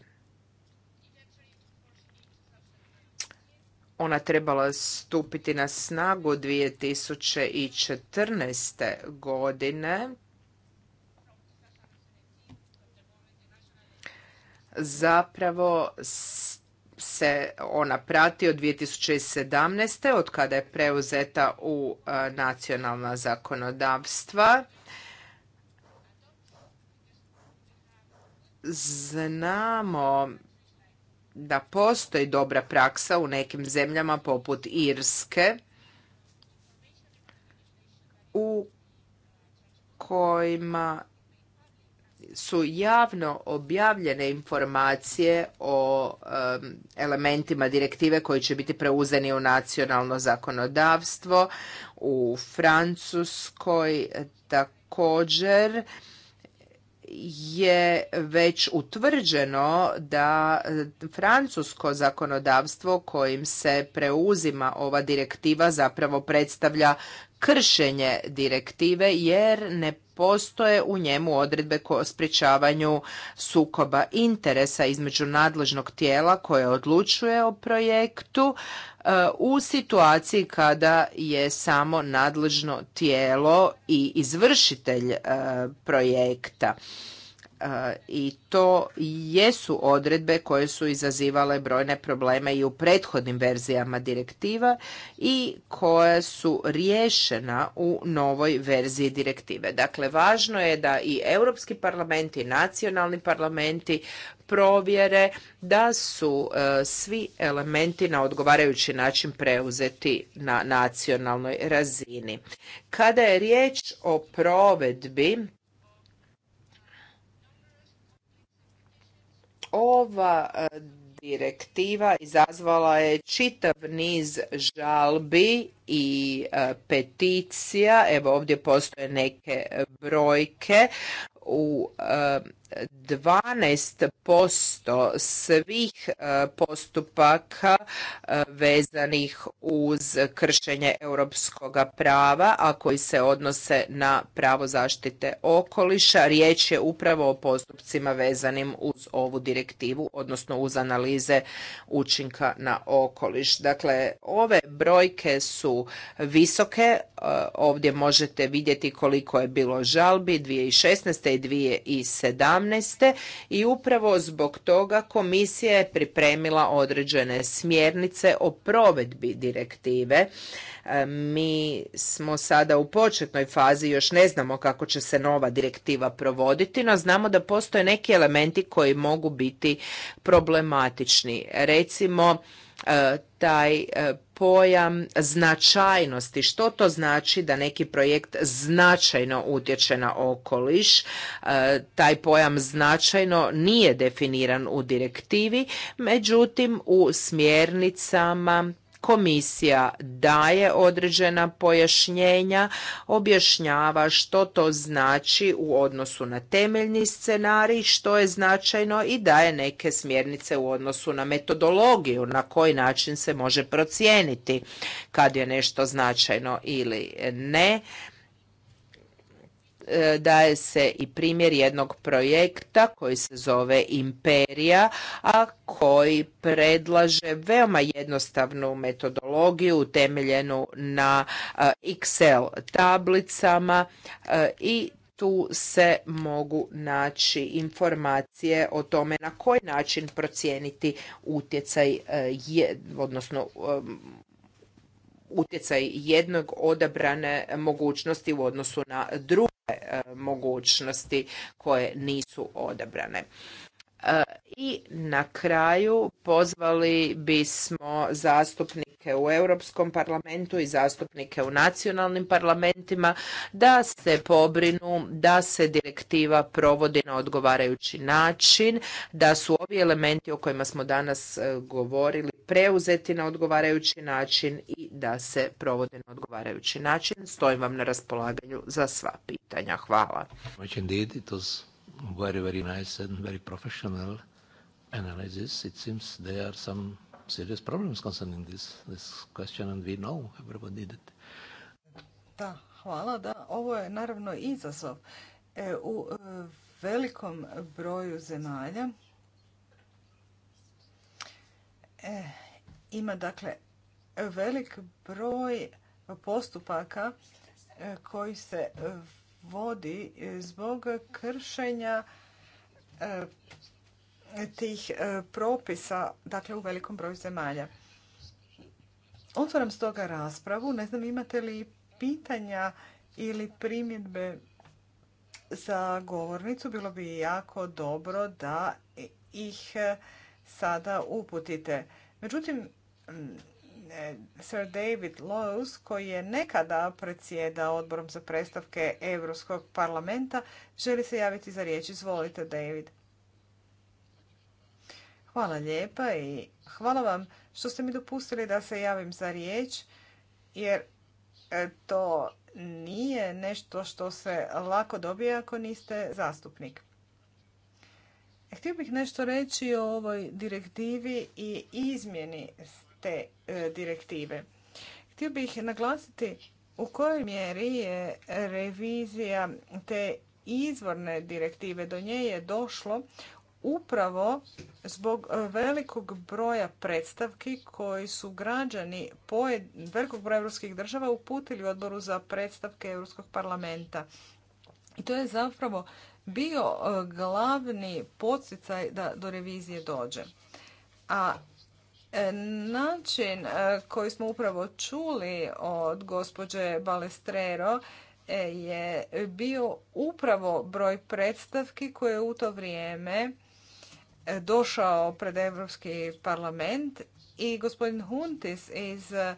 ona trebala stupiti na snagu 2014. godine. Zapravo se ona prati od 2017. od kada je preuzeta u e, nacionalna zakonodavstva. Znamo da postoji dobra praksa u nekim zemljama poput Irske u kojima su javno objavljene informacije o elementima direktive koji će biti preuzeni u nacionalno zakonodavstvo u Francuskoj također je već utvrđeno da francusko zakonodavstvo kojim se preuzima ova direktiva zapravo predstavlja kršenje direktive jer ne postoje u njemu odredbe o sprječavanju sukoba interesa između nadležnog tijela koje odlučuje o projektu e, u situaciji kada je samo nadležno tijelo i izvršitelj e, projekta. E, i to jesu odredbe koje su izazivale brojne probleme i u prethodnim verzijama direktiva i koja su riješena u novoj verziji direktive. Dakle, važno je da i Europski parlament i nacionalni parlamenti provjere da su e, svi elementi na odgovarajući način preuzeti na nacionalnoj razini. Kada je riječ o provedbi Ova e, direktiva izazvala je čitav niz žalbi i e, peticija. Evo ovdje postoje neke brojke u e, 12% svih e, postupaka e, vezanih uz kršenje europskog prava, a koji se odnose na pravo zaštite okoliša. Riječ je upravo o postupcima vezanim uz ovu direktivu, odnosno uz analize učinka na okoliš. Dakle, ove brojke su visoke. E, ovdje možete vidjeti koliko je bilo žalbi 2016. i 2017 2017. i upravo zbog toga komisija je pripremila određene smjernice o provedbi direktive. E, mi smo sada u početnoj fazi, još ne znamo kako će se nova direktiva provoditi, no znamo da postoje neki elementi koji mogu biti problematični. Recimo, e, taj e, pojam značajnosti. Što to znači da neki projekt značajno utječe na okoliš? E, taj pojam značajno nije definiran u direktivi, međutim u smjernicama komisija daje određena pojašnjenja, objašnjava što to znači u odnosu na temeljni scenarij, što je značajno i daje neke smjernice u odnosu na metodologiju, na koji način se može procijeniti kad je nešto značajno ili ne. E, daje se i primjer jednog projekta koji se zove Imperija, a koji predlaže veoma jednostavnu metodologiju utemeljenu na e, Excel tablicama e, i tu se mogu naći informacije o tome na koji način procijeniti utjecaj odnosno utjecaj jednog odabrane mogućnosti u odnosu na drugu mogućnosti koje nisu odabrane. E, I na kraju pozvali bismo zastupnike zastupnike u Europskom parlamentu i zastupnike u nacionalnim parlamentima da se pobrinu da se direktiva provodi na odgovarajući način, da su ovi elementi o kojima smo danas e, govorili preuzeti na odgovarajući način i da se provode na odgovarajući način. Stojim vam na raspolaganju za sva pitanja. Hvala. Very, very nice very professional analysis. It seems there are some serious problems concerning this, this question and we know everybody did it. Da, hvala. Da, ovo je naravno izazov e, u e, velikom broju zemalja. E, ima dakle velik broj postupaka e, koji se vodi e, zbog kršenja tih e, propisa, dakle u velikom broju zemalja. Otvaram stoga raspravu. Ne znam imate li pitanja ili primjedbe za govornicu. Bilo bi jako dobro da ih e, sada uputite. Međutim, e, Sir David Lowes, koji je nekada predsjeda odborom za predstavke Europskog parlamenta, želi se javiti za riječ. Izvolite, David. Hvala lijepa i hvala vam što ste mi dopustili da se javim za riječ, jer e, to nije nešto što se lako dobije ako niste zastupnik. Htio bih nešto reći o ovoj direktivi i izmjeni te e, direktive. Htio bih naglasiti u kojoj mjeri je revizija te izvorne direktive do nje je došlo upravo zbog e, velikog broja predstavki koji su građani velikog broja europskih država uputili odboru za predstavke Europskog parlamenta. I to je zapravo bio e, glavni podsjecaj da do revizije dođe. A e, način koji smo upravo čuli od gospođe Balestrero je bio upravo broj predstavki koje u to vrijeme došao pred Europski parlament i gospodin Huntis iz eh,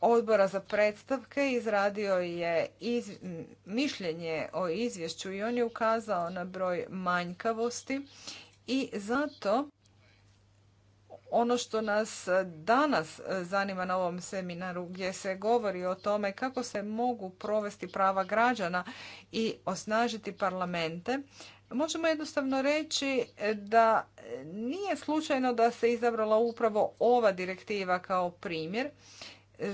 odbora za predstavke izradio je mišljenje o izvješću i on je ukazao na broj manjkavosti i zato ono što nas danas zanima na ovom seminaru gdje se govori o tome kako se mogu provesti prava građana i osnažiti parlamente, možemo jednostavno reći da nije slučajno da se izabrala upravo ova direktiva kao primjer,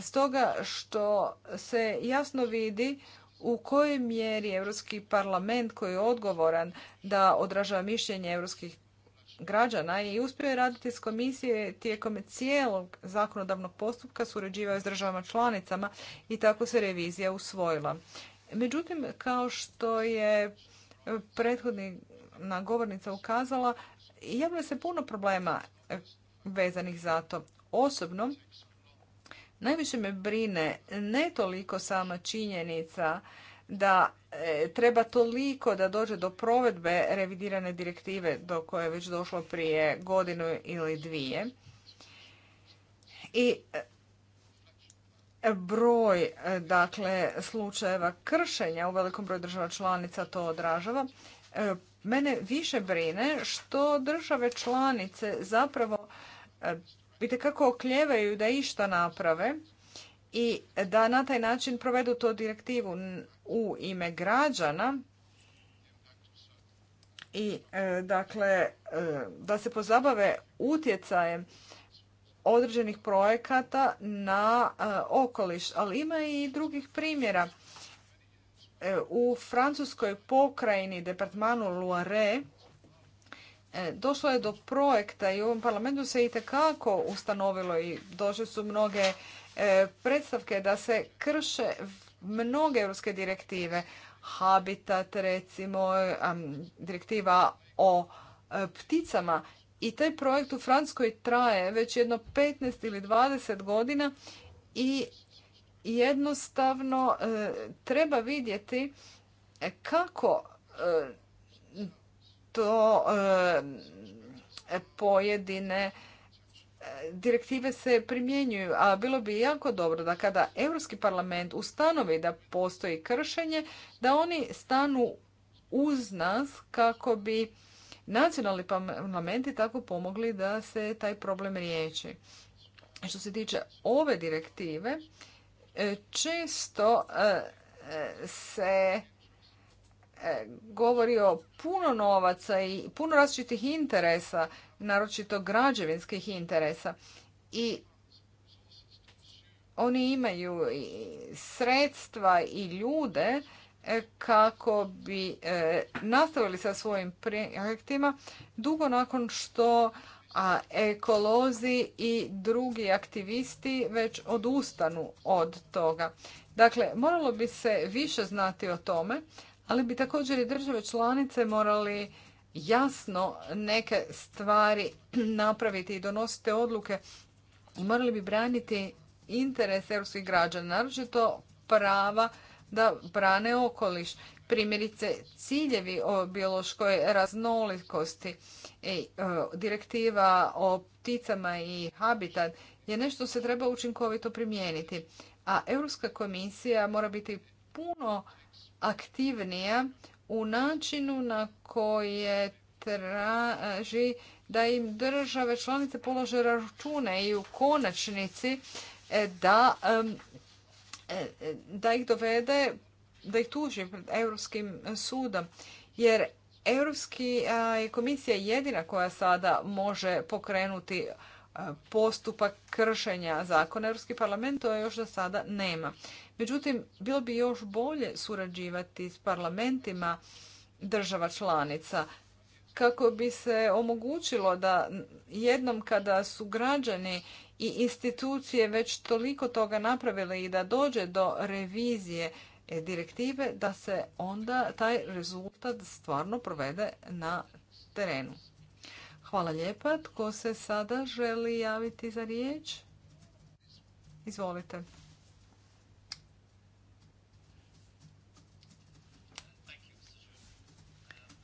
stoga što se jasno vidi u kojoj mjeri Europski parlament koji je odgovoran da odražava mišljenje europskih građana i uspio je raditi s komisije tijekom cijelog zakonodavnog postupka, surađivao s državama članicama i tako se revizija usvojila. Međutim, kao što je Prethodna govornica ukazala, javlja se puno problema vezanih za to. Osobno, najviše me brine ne toliko sama činjenica da e, treba toliko da dođe do provedbe revidirane direktive do koje je već došlo prije godinu ili dvije. I e, broj e, dakle, slučajeva kršenja u velikom broju država članica to odražava. E, mene više brine što države članice zapravo e, kako okljevaju da išta naprave i da na taj način provedu to direktivu u ime građana i dakle da se pozabave utjecajem određenih projekata na e, okoliš, ali ima i drugih primjera. E, u francuskoj pokrajini departmanu Loire e, došlo je do projekta i u ovom parlamentu se i tekako ustanovilo i došle su mnoge predstavke da se krše mnoge europske direktive. Habitat, recimo, direktiva o pticama i taj projekt u Francuskoj traje već jedno 15 ili 20 godina i jednostavno e, treba vidjeti kako e, to e, pojedine direktive se primjenjuju, a bilo bi jako dobro da kada Europski parlament ustanovi da postoji kršenje, da oni stanu uz nas kako bi nacionalni parlamenti tako pomogli da se taj problem riječi. Što se tiče ove direktive, e, često e, e, se govori o puno novaca i puno različitih interesa, naročito građevinskih interesa. I oni imaju i sredstva i ljude E, kako bi e, nastavili sa svojim projektima dugo nakon što ekolozi i drugi aktivisti već odustanu od toga. Dakle, moralo bi se više znati o tome, ali bi također i države članice morali jasno neke stvari napraviti i donositi odluke i morali bi braniti interes europskih građana, naročito prava da brane okoliš. Primjerice, ciljevi o biološkoj raznolikosti, e, e, direktiva o pticama i habitat je nešto se treba učinkovito primijeniti. A Europska komisija mora biti puno aktivnija u načinu na koje traži da im države članice polože račune i u konačnici e, da E, e, da ih dovede, da ih tuži pred Europskim sudom. Jer je komisija jedina koja sada može pokrenuti postupak kršenja zakona. Europski parlament to još do sada nema. Međutim, bilo bi još bolje surađivati s parlamentima država članica kako bi se omogućilo da jednom kada su građani i institucije već toliko toga napravile i da dođe do revizije e, direktive da se onda taj rezultat stvarno provede na terenu. Hvala lijepa. Tko se sada želi javiti za riječ? Izvolite.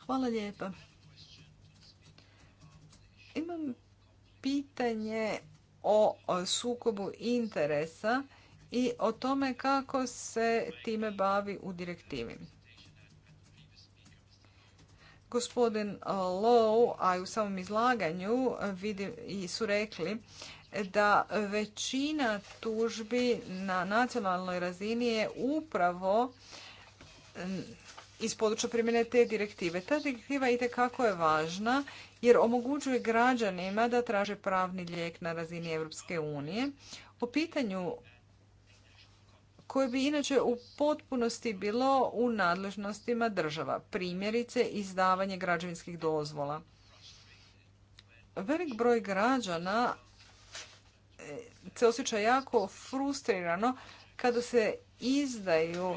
Hvala lijepa. Imam pitanje o sukobu interesa i o tome kako se time bavi u direktivi. Gospodin e, Lowe, a i u samom izlaganju i su rekli da većina tužbi na nacionalnoj razini je upravo iz područja primjene te direktive. Ta direktiva kako je važna jer omogućuje građanima da traže pravni lijek na razini Europske unije po pitanju koje bi inače u potpunosti bilo u nadležnostima država, primjerice izdavanje građevinskih dozvola. Velik broj građana e, se osjeća jako frustrirano kada se izdaju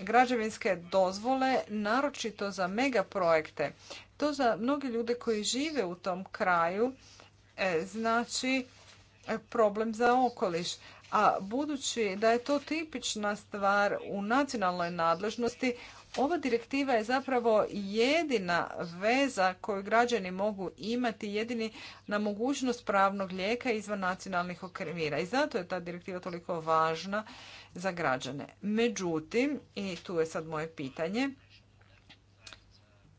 građevinske dozvole, naročito za megaprojekte. To za mnoge ljude koji žive u tom kraju e, znači e, problem za okoliš. A budući da je to tipična stvar u nacionalnoj nadležnosti, ova direktiva je zapravo jedina veza koju građani mogu imati, jedini na mogućnost pravnog lijeka izvan nacionalnih okrivira I zato je ta direktiva toliko važna za građane. Međutim, i tu je sad moje pitanje,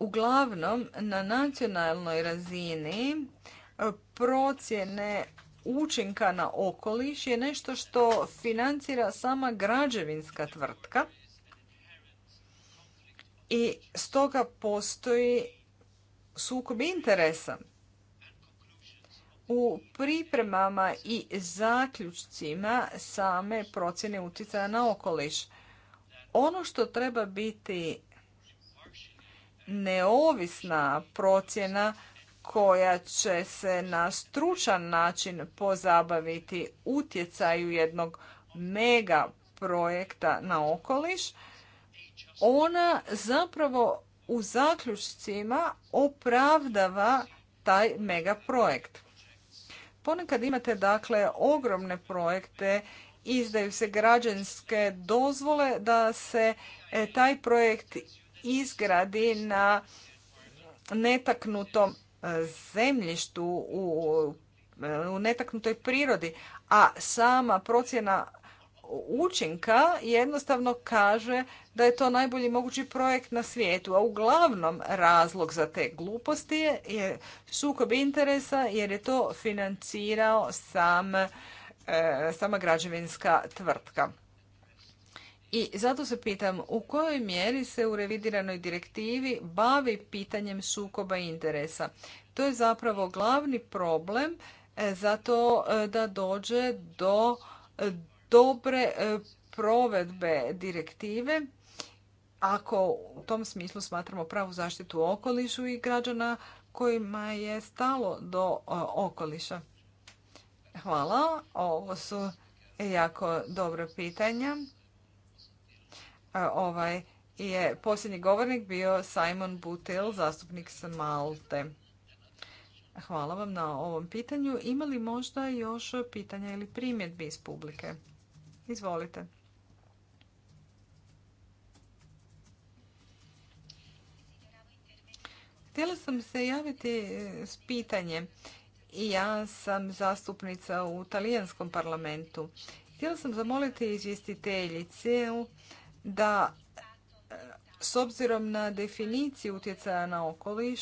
Uglavnom, na nacionalnoj razini e, procjene učinka na okoliš je nešto što financira sama građevinska tvrtka i stoga postoji sukob interesa. U pripremama i zaključcima same procjene utjecaja na okoliš ono što treba biti neovisna procjena koja će se na stručan način pozabaviti utjecaju jednog mega projekta na okoliš, ona zapravo u zaključcima opravdava taj mega projekt. Ponekad imate dakle ogromne projekte, izdaju se građanske dozvole da se e, taj projekt izgradi na netaknutom e, zemljištu u, netaknutoj prirodi, a sama procjena učinka jednostavno kaže da je to najbolji mogući projekt na svijetu, a uglavnom razlog za te gluposti je, sukob interesa jer je to financirao e, sama građevinska tvrtka. I zato se pitam u kojoj mjeri se u revidiranoj direktivi bavi pitanjem sukoba interesa. To je zapravo glavni problem e, zato e, da dođe do e, dobre provedbe direktive ako u tom smislu smatramo pravu zaštitu okolišu i građana kojima je stalo do okoliša. Hvala, ovo su jako dobra pitanja ovaj je posljednji govornik bio Simon Butel, zastupnik sa Malte. Hvala vam na ovom pitanju. Ima li možda još pitanja ili primjedbi iz publike? Izvolite. Htjela sam se javiti e, s pitanjem. Ja sam zastupnica u talijanskom parlamentu. Htjela sam zamoliti izvjestiteljice da eh, s obzirom na definiciju utjecaja na okoliš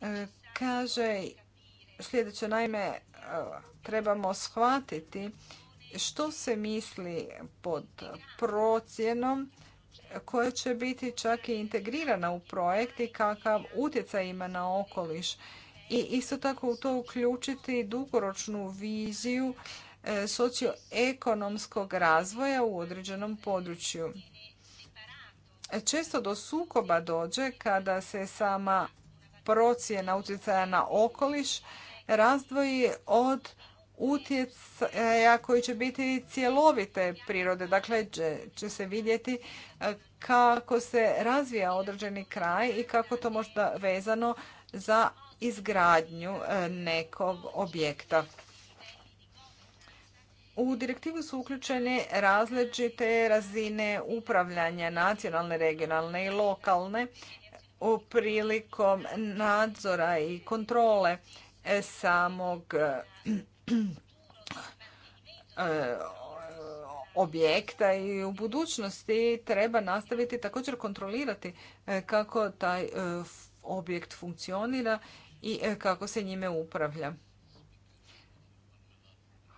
eh, kaže sljedeće naime eh, trebamo shvatiti što se misli pod procjenom koja će biti čak i integrirana u projekt i kakav utjecaj ima na okoliš. I isto tako u to uključiti dugoročnu viziju E, socioekonomskog razvoja u određenom području. E, često do sukoba dođe kada se sama procjena utjecaja na okoliš razdvoji od utjecaja koji će biti cjelovite prirode. Dakle, će se vidjeti e, kako se razvija određeni kraj i kako to možda vezano za izgradnju nekog objekta. U direktivu su uključene različite razine upravljanja nacionalne, regionalne i lokalne u prilikom nadzora i kontrole e, samog e, objekta i u budućnosti treba nastaviti također kontrolirati e, kako taj objekt funkcionira i kako se njime upravlja.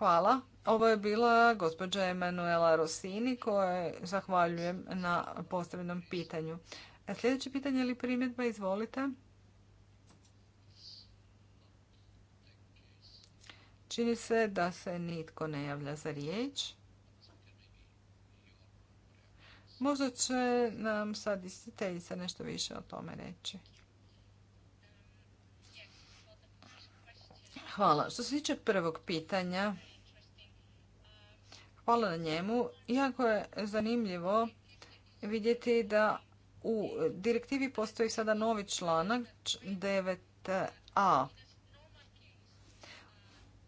Hvala. Ovo je bila gospođa Emanuela Rosini koje zahvaljujem na postavljenom pitanju. E, sljedeće pitanje ili primjedba, izvolite. Čini se da se nitko ne javlja za riječ. Možda će nam sad istiteljica nešto više o tome reći. Hvala. Što se tiče prvog pitanja, Hvala na njemu. Iako je zanimljivo vidjeti da u direktivi postoji sada novi članak 9a.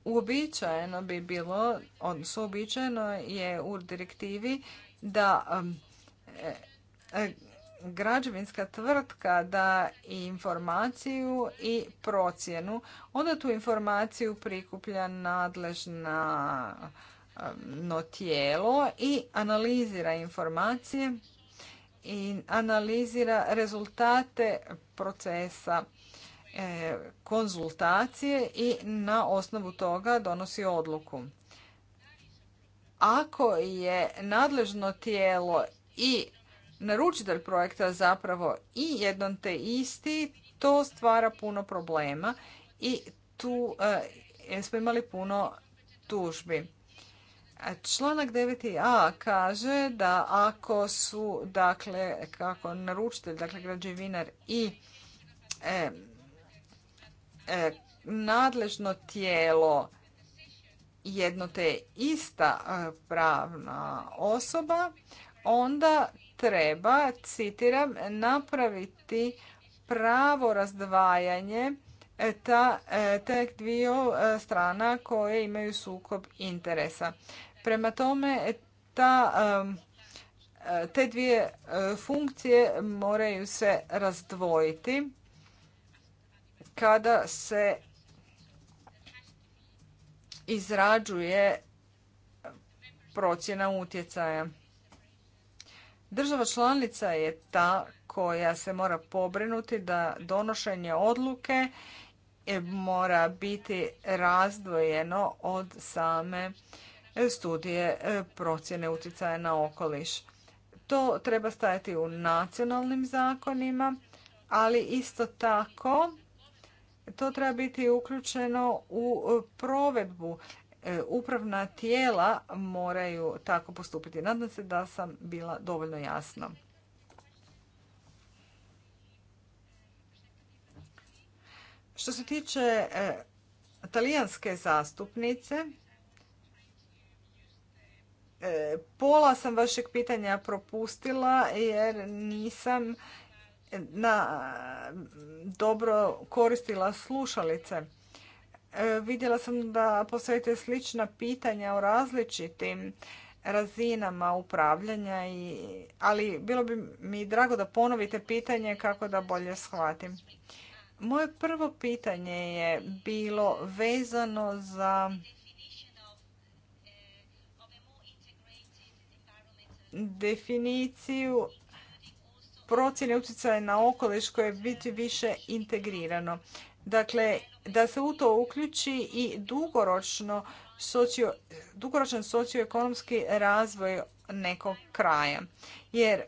Uobičajeno bi bilo, odnosno uobičajeno je u direktivi da um, e, e, građevinska tvrtka da informaciju i procjenu. Onda tu informaciju prikuplja nadležna tijelo i analizira informacije i analizira rezultate procesa e, konzultacije i na osnovu toga donosi odluku. Ako je nadležno tijelo i naručitelj projekta zapravo i jedan te isti, to stvara puno problema i tu e, smo imali puno tužbi. Članak 9a kaže da ako su, dakle, kako naručitelj, dakle, građevinar i e, e, nadležno tijelo jedno te ista e, pravna osoba, onda treba, citiram, napraviti pravo razdvajanje ta, tek dvije strana koje imaju sukob interesa. Prema tome, ta, te dvije e, funkcije moraju se razdvojiti kada se izrađuje procjena utjecaja. Država članica je ta koja se mora pobrinuti da donošenje odluke e, mora biti razdvojeno od same studije e, procjene utjecaja na okoliš. To treba stajati u nacionalnim zakonima, ali isto tako to treba biti uključeno u provedbu. E, upravna tijela moraju tako postupiti. Nadam se da sam bila dovoljno jasna. Što se tiče e, talijanske zastupnice, E, pola sam vašeg pitanja propustila jer nisam na dobro koristila slušalice. E, vidjela sam da postavite slična pitanja o različitim razinama upravljanja, i, ali bilo bi mi drago da ponovite pitanje kako da bolje shvatim. Moje prvo pitanje je bilo vezano za definiciju procjene utjecaja na okoliš koje je biti više integrirano. Dakle, da se u to uključi i dugoročno socio, dugoročan socioekonomski razvoj nekog kraja. Jer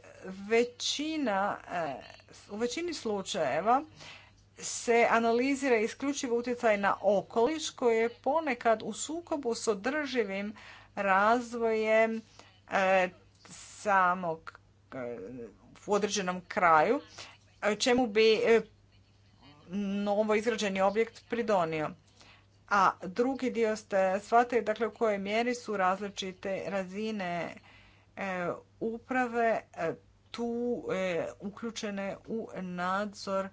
većina, e, u većini slučajeva se analizira isključivo utjecaj na okoliš koji je ponekad u sukobu s održivim razvojem e, samog e, u određenom kraju, e, čemu bi e, novo izrađeni objekt pridonio. A drugi dio ste shvatili dakle, u kojoj mjeri su različite razine uprave tu uključene u nadzor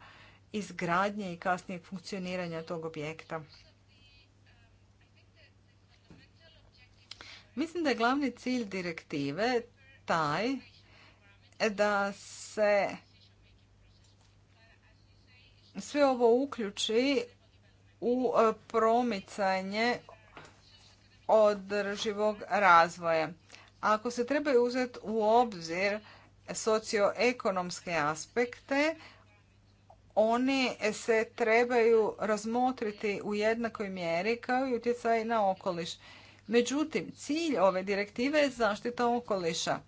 izgradnje i kasnijeg funkcioniranja tog objekta. Mislim da je glavni cilj direktive taj da se sve ovo uključi u e, promicanje održivog razvoja. Ako se trebaju uzeti u obzir socioekonomske aspekte, oni se trebaju razmotriti u jednakoj mjeri kao i utjecaj na okoliš. Međutim, cilj ove direktive je zaštita okoliša.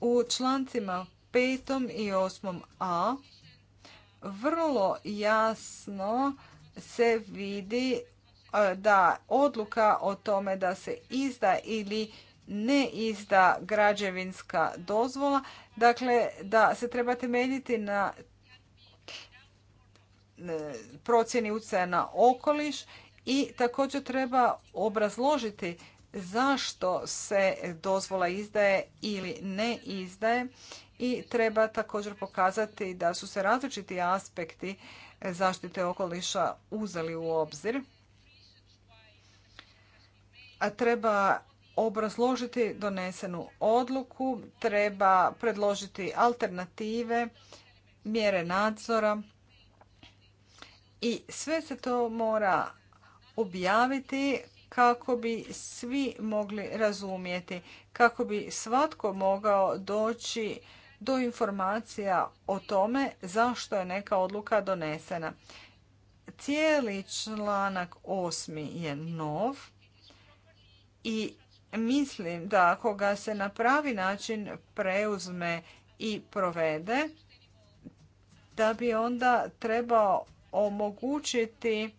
U člancima 5. i 8. a vrlo jasno se vidi e, da odluka o tome da se izda ili ne izda građevinska dozvola, dakle da se treba temeljiti na e, procjeni utjecaja na okoliš i također treba obrazložiti zašto se dozvola izdaje ili ne izdaje i treba također pokazati da su se različiti aspekti zaštite okoliša uzeli u obzir. A treba obrazložiti donesenu odluku, treba predložiti alternative, mjere nadzora i sve se to mora objaviti kako bi svi mogli razumjeti, kako bi svatko mogao doći do informacija o tome zašto je neka odluka donesena. Cijeli članak osmi je nov i mislim da ako ga se na pravi način preuzme i provede, da bi onda trebao omogućiti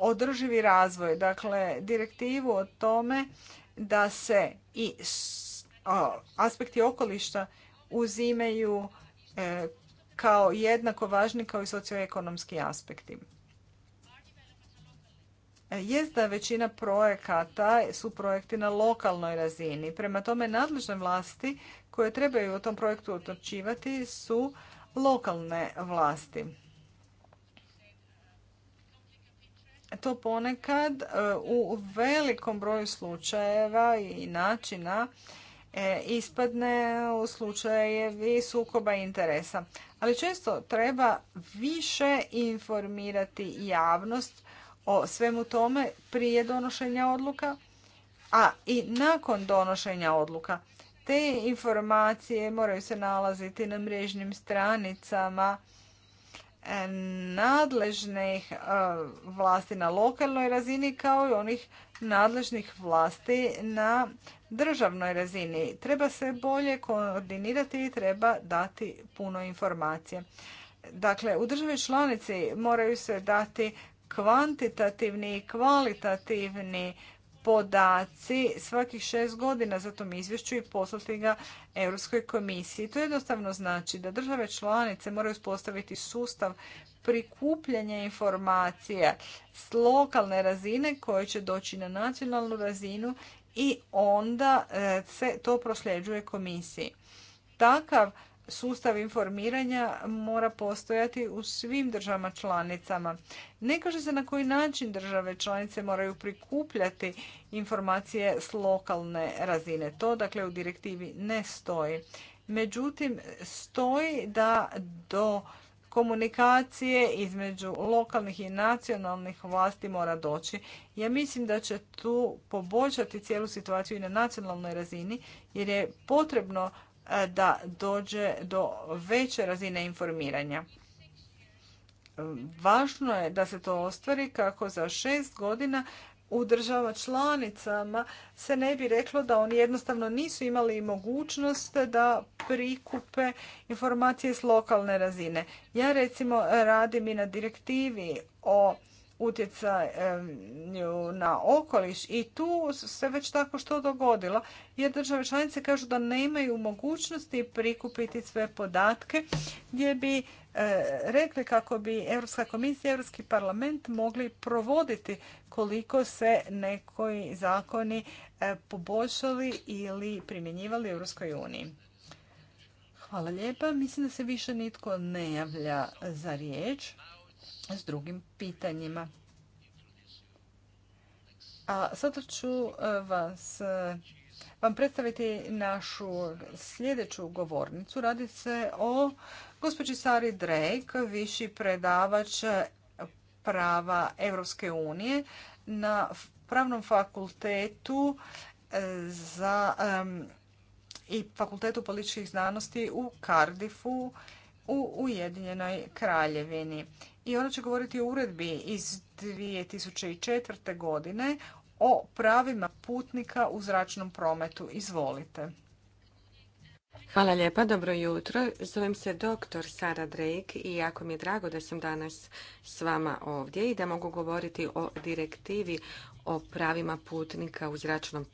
održivi razvoj, dakle direktivu o tome da se i aspekti okolišta uzimaju e, kao jednako važni kao i socioekonomski aspekti. E, jest da većina projekata su projekti na lokalnoj razini. Prema tome, nadležne vlasti koje trebaju o tom projektu odlučivati su lokalne vlasti. to ponekad e, u velikom broju slučajeva i načina e, ispadne u slučajevi sukoba interesa. Ali često treba više informirati javnost o svemu tome prije donošenja odluka, a i nakon donošenja odluka. Te informacije moraju se nalaziti na mrežnim stranicama E, nadležnih e, vlasti na lokalnoj razini kao i onih nadležnih vlasti na državnoj razini. Treba se bolje koordinirati i treba dati puno informacije. Dakle, u državi članici moraju se dati kvantitativni i kvalitativni podaci svakih šest godina za tom izvješću i poslati ga Europskoj komisiji. To jednostavno znači da države članice moraju uspostaviti sustav prikupljanja informacija s lokalne razine koje će doći na nacionalnu razinu i onda e, se to prosljeđuje komisiji. Takav sustav informiranja mora postojati u svim državama članicama. Ne kaže se na koji način države članice moraju prikupljati informacije s lokalne razine. To dakle u direktivi ne stoji. Međutim, stoji da do komunikacije između lokalnih i nacionalnih vlasti mora doći. Ja mislim da će tu poboljšati cijelu situaciju i na nacionalnoj razini jer je potrebno da dođe do veće razine informiranja. Važno je da se to ostvari kako za šest godina u država članicama se ne bi reklo da oni jednostavno nisu imali mogućnost da prikupe informacije s lokalne razine. Ja recimo radim i na direktivi o utjecaju e, na okoliš i tu se već tako što dogodilo jer države članice kažu da nemaju mogućnosti prikupiti sve podatke gdje bi e, rekli kako bi Europska komisija i Europski parlament mogli provoditi koliko se neki zakoni e, poboljšali ili primjenjivali u Europskoj uniji. Hvala lijepa. Mislim da se više nitko ne javlja za riječ s drugim pitanjima. A sada ću e, vas e, vam predstaviti našu sljedeću govornicu. Radi se o gospođi Sari Drake, viši predavač prava Europske unije na pravnom fakultetu e, za i fakultetu političkih znanosti u Cardiffu u Ujedinjenoj Kraljevini i ona će govoriti o uredbi iz 2004. godine o pravima putnika u zračnom prometu. Izvolite. Hvala lijepa, dobro jutro. Zovem se doktor Sara Drake i jako mi je drago da sam danas s vama ovdje i da mogu govoriti o direktivi o pravima putnika u zračnom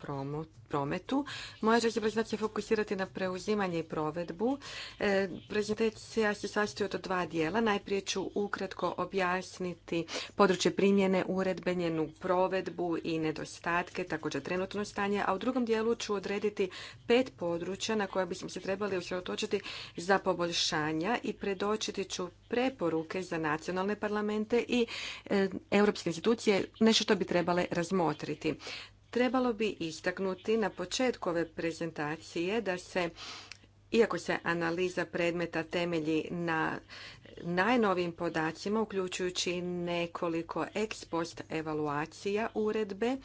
prometu. Moja će se prezentacija fokusirati na preuzimanje i provedbu. E, prezentacija se sastoji od dva dijela. Najprije ću ukratko objasniti područje primjene uredbe, njenu provedbu i nedostatke, također trenutno stanje, a u drugom dijelu ću odrediti pet područja na koja bismo se trebali usredotočiti za poboljšanja i predočiti ću preporuke za nacionalne parlamente i e, europske institucije, nešto što bi trebale razvijati razmotriti. Trebalo bi istaknuti na početku ove prezentacije da se iako se analiza predmeta temelji na najnovijim podacima, uključujući nekoliko ex post evaluacija uredbe,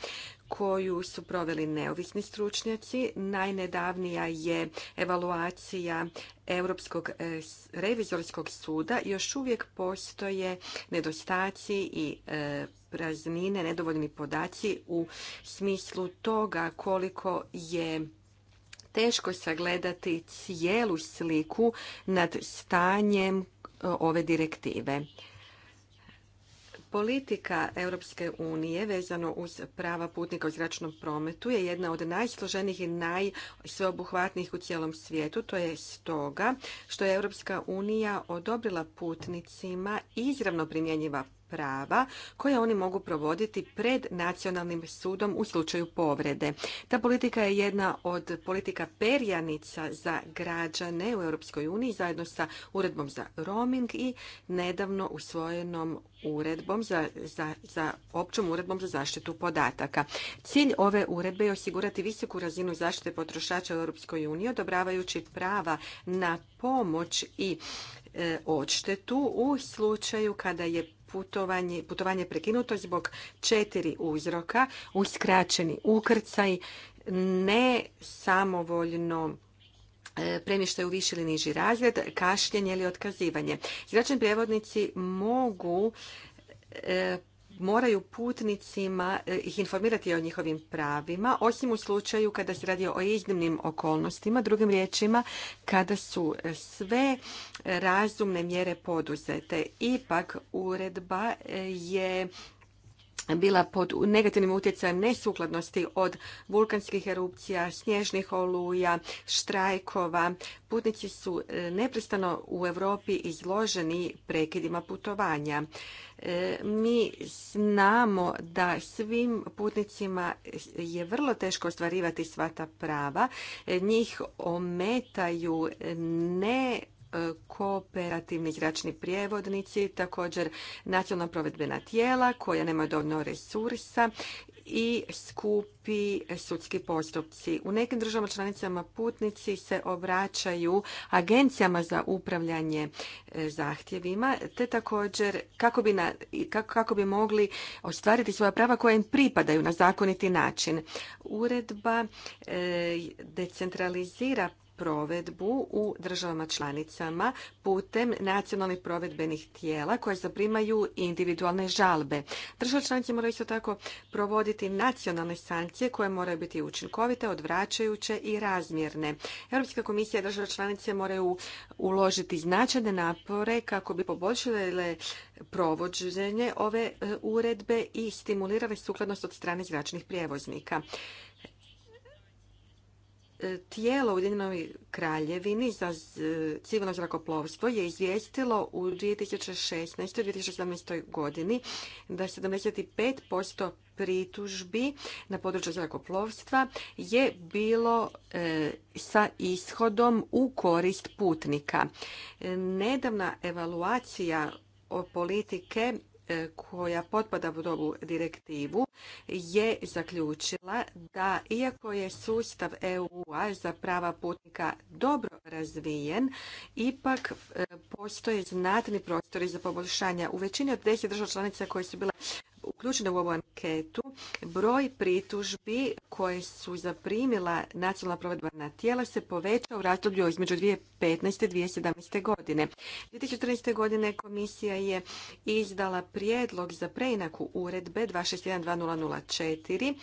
koju su proveli neovisni stručnjaci. Najnedavnija je evaluacija Europskog eh, revizorskog suda. Još uvijek postoje nedostaci i eh, praznine, nedovoljni podaci u smislu toga koliko je teško sagledati cijelu sliku nad stanjem eh, ove direktive. Politika Europske unije vezano uz prava putnika u zračnom prometu je jedna od najsloženijih i najsveobuhvatnijih u cijelom svijetu. To je stoga što je Europska unija odobrila putnicima izravno primjenjiva prava koje oni mogu provoditi pred nacionalnim sudom u slučaju povrede. Ta politika je jedna od politika perjanica za građane u Europskoj uniji zajedno sa uredbom za roaming i nedavno usvojenom uredbom za, za, za općom uredbom za zaštitu podataka. Cilj ove uredbe je osigurati visoku razinu zaštite potrošača u Europskoj uniji odobravajući prava na pomoć i e, odštetu u slučaju kada je putovanje, prekinuto zbog četiri uzroka, uskraćeni ukrcaj, ne samovoljno e, premještaj u viši ili niži razred, kašnjenje ili otkazivanje. Zračni prijevodnici mogu e, moraju putnicima e, ih informirati o njihovim pravima, osim u slučaju kada se radi o iznimnim okolnostima, drugim riječima, kada su e, sve razumne mjere poduzete. Ipak uredba e, je bila pod negativnim utjecajem nesukladnosti od vulkanskih erupcija, snježnih oluja, štrajkova. Putnici su e, neprestano u Europi izloženi prekidima putovanja. E, mi znamo da svim putnicima je vrlo teško ostvarivati sva ta prava. E, njih ometaju ne kooperativni zračni prijevodnici, također nacionalna provedbena tijela koja nemaju dovoljno resursa i skupi sudski postupci. U nekim državama članicama putnici se obraćaju agencijama za upravljanje e, zahtjevima, te također kako bi, na, kako bi mogli ostvariti svoja prava koja im pripadaju na zakoniti način. Uredba e, decentralizira provedbu u državama članicama putem nacionalnih provedbenih tijela koje zaprimaju individualne žalbe. Države članice moraju isto tako provoditi nacionalne sankcije koje moraju biti učinkovite, odvraćajuće i razmjerne. Europska komisija i države članice moraju uložiti značajne napore kako bi poboljšale provođenje ove e, uredbe i stimulirale sukladnost od strane zračnih prijevoznika. Tijelo u Ujedinjenoj kraljevini za civilno zrakoplovstvo je izvijestilo u 2016. i 2017. godini da 75% pritužbi na području zrakoplovstva je bilo e, sa ishodom u korist putnika. Nedavna evaluacija politike E, koja potpada u ovu direktivu je zaključila da iako je sustav EU-a za prava putnika dobro razvijen, ipak e, postoje znatni prostori za poboljšanja. U većini od 10 država članica koje su bile uključene u ovu anketu broj pritužbi koje su zaprimila nacionalna provedbena tijela se povećao u razdoblju između 2015. i 2017. godine. 2014. godine komisija je izdala prijedlog za preinaku uredbe 2612004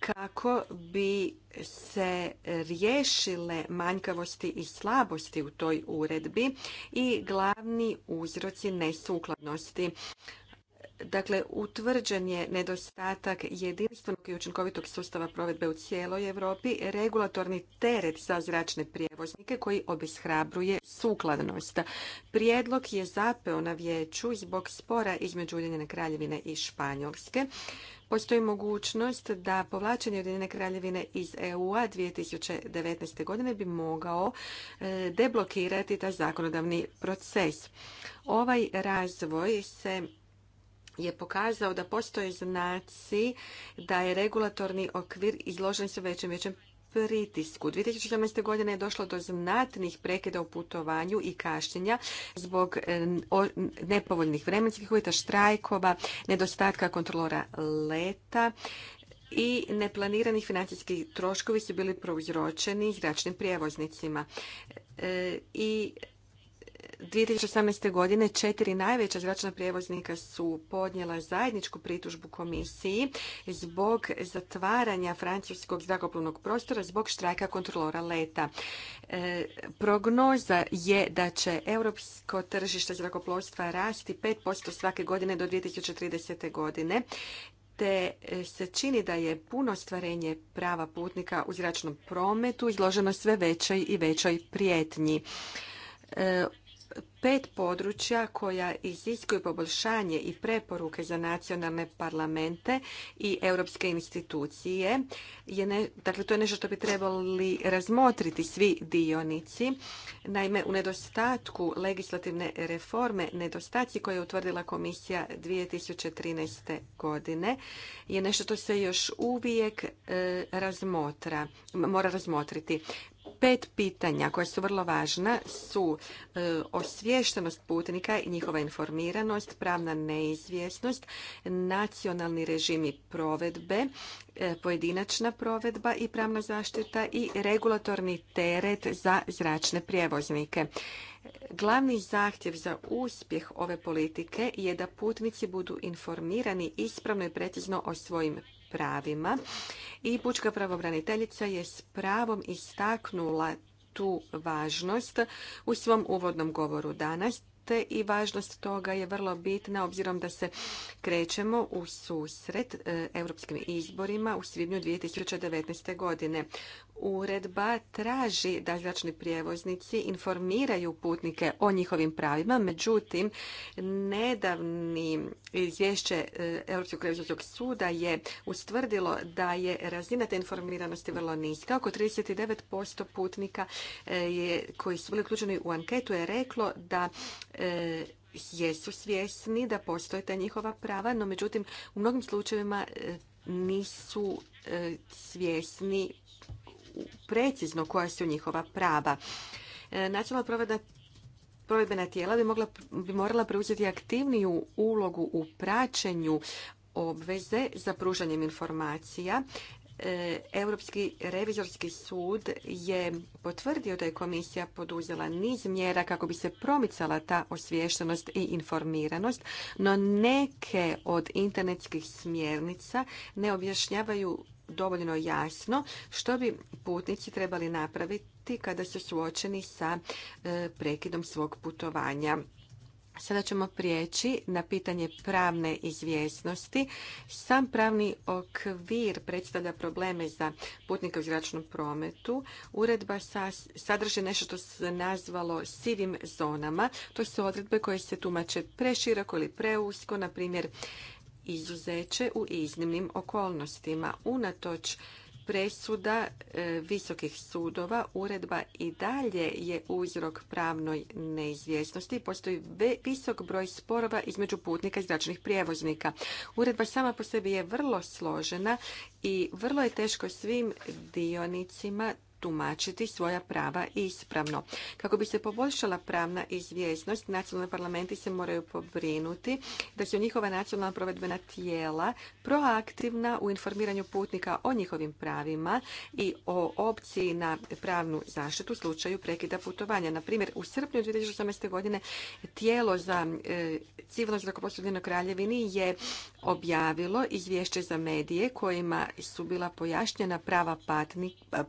kako bi se riješile manjkavosti i slabosti u toj uredbi i glavni uzroci nesukladnosti. Dakle, utvrđen je nedostatak jedinstvenog i učinkovitog sustava provedbe u cijeloj Europi, regulatorni teret za zračne prijevoznike koji obeshrabruje sukladnost. Prijedlog je zapeo na vijeću zbog spora između Ujedinjene kraljevine i Španjolske. Postoji mogućnost da povlačenje Ujedinjene kraljevine iz EU-a 2019. godine bi mogao e, deblokirati taj zakonodavni proces. Ovaj razvoj se je pokazao da postoje znaci da je regulatorni okvir izložen sve većem većem pritisku. 2017. godine je došlo do znatnih prekida u putovanju i kašnjenja zbog e, nepovoljnih vremenskih uvjeta, štrajkova, nedostatka kontrolora leta i neplanirani financijski troškovi su bili prouzročeni zračnim prijevoznicima. E, I 2018. godine četiri najveća zračna prijevoznika su podnijela zajedničku pritužbu komisiji zbog zatvaranja francuskog zrakoplovnog prostora zbog štrajka kontrolora leta. E, prognoza je da će europsko tržište zrakoplovstva rasti 5% svake godine do 2030. godine te e, se čini da je puno ostvarenje prava putnika u zračnom prometu izloženo sve većoj i većoj prijetnji. E, pet područja koja iziskuju poboljšanje i preporuke za nacionalne parlamente i europske institucije. Je ne, dakle, to je nešto što bi trebali razmotriti svi dionici. Naime, u nedostatku legislativne reforme, nedostaci koje je utvrdila komisija 2013. godine, je nešto što se još uvijek e, razmotra, mora razmotriti pet pitanja koja su vrlo važna su e, osviještenost putnika i njihova informiranost, pravna neizvjesnost, nacionalni režimi provedbe, e, pojedinačna provedba i pravna zaštita i regulatorni teret za zračne prijevoznike. Glavni zahtjev za uspjeh ove politike je da putnici budu informirani ispravno i precizno o svojim pravima i pučka pravobraniteljica je s pravom istaknula tu važnost u svom uvodnom govoru danas i važnost toga je vrlo bitna obzirom da se krećemo u susret europskim izborima u svibnju 2019. godine. Uredba traži da zračni prijevoznici informiraju putnike o njihovim pravima, međutim, nedavni izvješće e, Europskog revizorskog suda je ustvrdilo da je razina te informiranosti vrlo niska. Oko 39% putnika e, je, koji su bili uključeni u anketu je reklo da E, jesu svjesni da postoje ta njihova prava, no međutim u mnogim slučajevima e, nisu e, svjesni precizno koja su njihova prava. Nacionalna provedbena tijela bi, mogla, bi morala preuzeti aktivniju ulogu u praćenju obveze za pružanjem informacija E, Europski revizorski sud je potvrdio da je komisija poduzela niz mjera kako bi se promicala ta osviještenost i informiranost, no neke od internetskih smjernica ne objašnjavaju dovoljno jasno što bi putnici trebali napraviti kada su suočeni sa e, prekidom svog putovanja. Sada ćemo prijeći na pitanje pravne izvjesnosti. Sam pravni okvir predstavlja probleme za putnika u zračnom prometu. Uredba sadrži nešto što se nazvalo sivim zonama. To su odredbe koje se tumače preširoko ili preusko, na primjer izuzeće u iznimnim okolnostima. Unatoč presuda e, visokih sudova, uredba i dalje je uzrok pravnoj neizvjesnosti. Postoji visok broj sporova između putnika i zračnih prijevoznika. Uredba sama po sebi je vrlo složena i vrlo je teško svim dionicima tumačiti svoja prava ispravno. Kako bi se poboljšala pravna izvjesnost, nacionalni parlamenti se moraju pobrinuti da su njihova nacionalna provedbena tijela proaktivna u informiranju putnika o njihovim pravima i o opciji na pravnu zaštitu u slučaju prekida putovanja. Na primjer, u srpnju 2018. godine tijelo za e, civilno zrakoposlovljeno Kraljevini je objavilo izvješće za medije kojima su bila pojašnjena prava,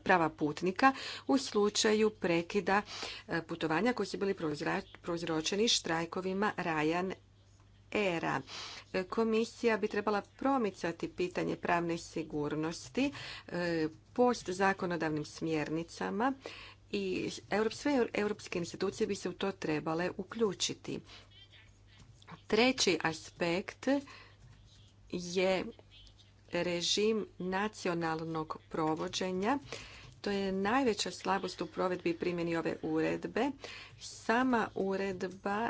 prava putnika putnika u slučaju prekida e, putovanja koji su bili prouzročeni štrajkovima Rajan era. E, komisija bi trebala promicati pitanje pravne sigurnosti e, post zakonodavnim smjernicama i sve europske institucije bi se u to trebale uključiti. Treći aspekt je režim nacionalnog provođenja to je najveća slabost u provedbi i primjeni ove uredbe. Sama uredba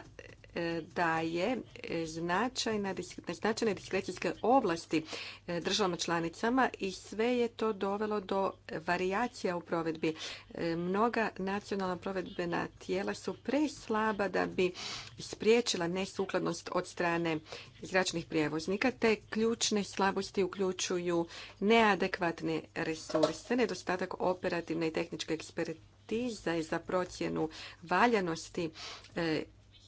E, daje e, značajna, značajne diskrecijske ovlasti e, državama članicama i sve je to dovelo do varijacija u provedbi. Mnoga nacionalna provedbena tijela su slaba da bi spriječila nesukladnost od strane zračnih prijevoznika, te ključne slabosti uključuju neadekvatne resurse, nedostatak operativne i tehničke ekspertize za procjenu valjanosti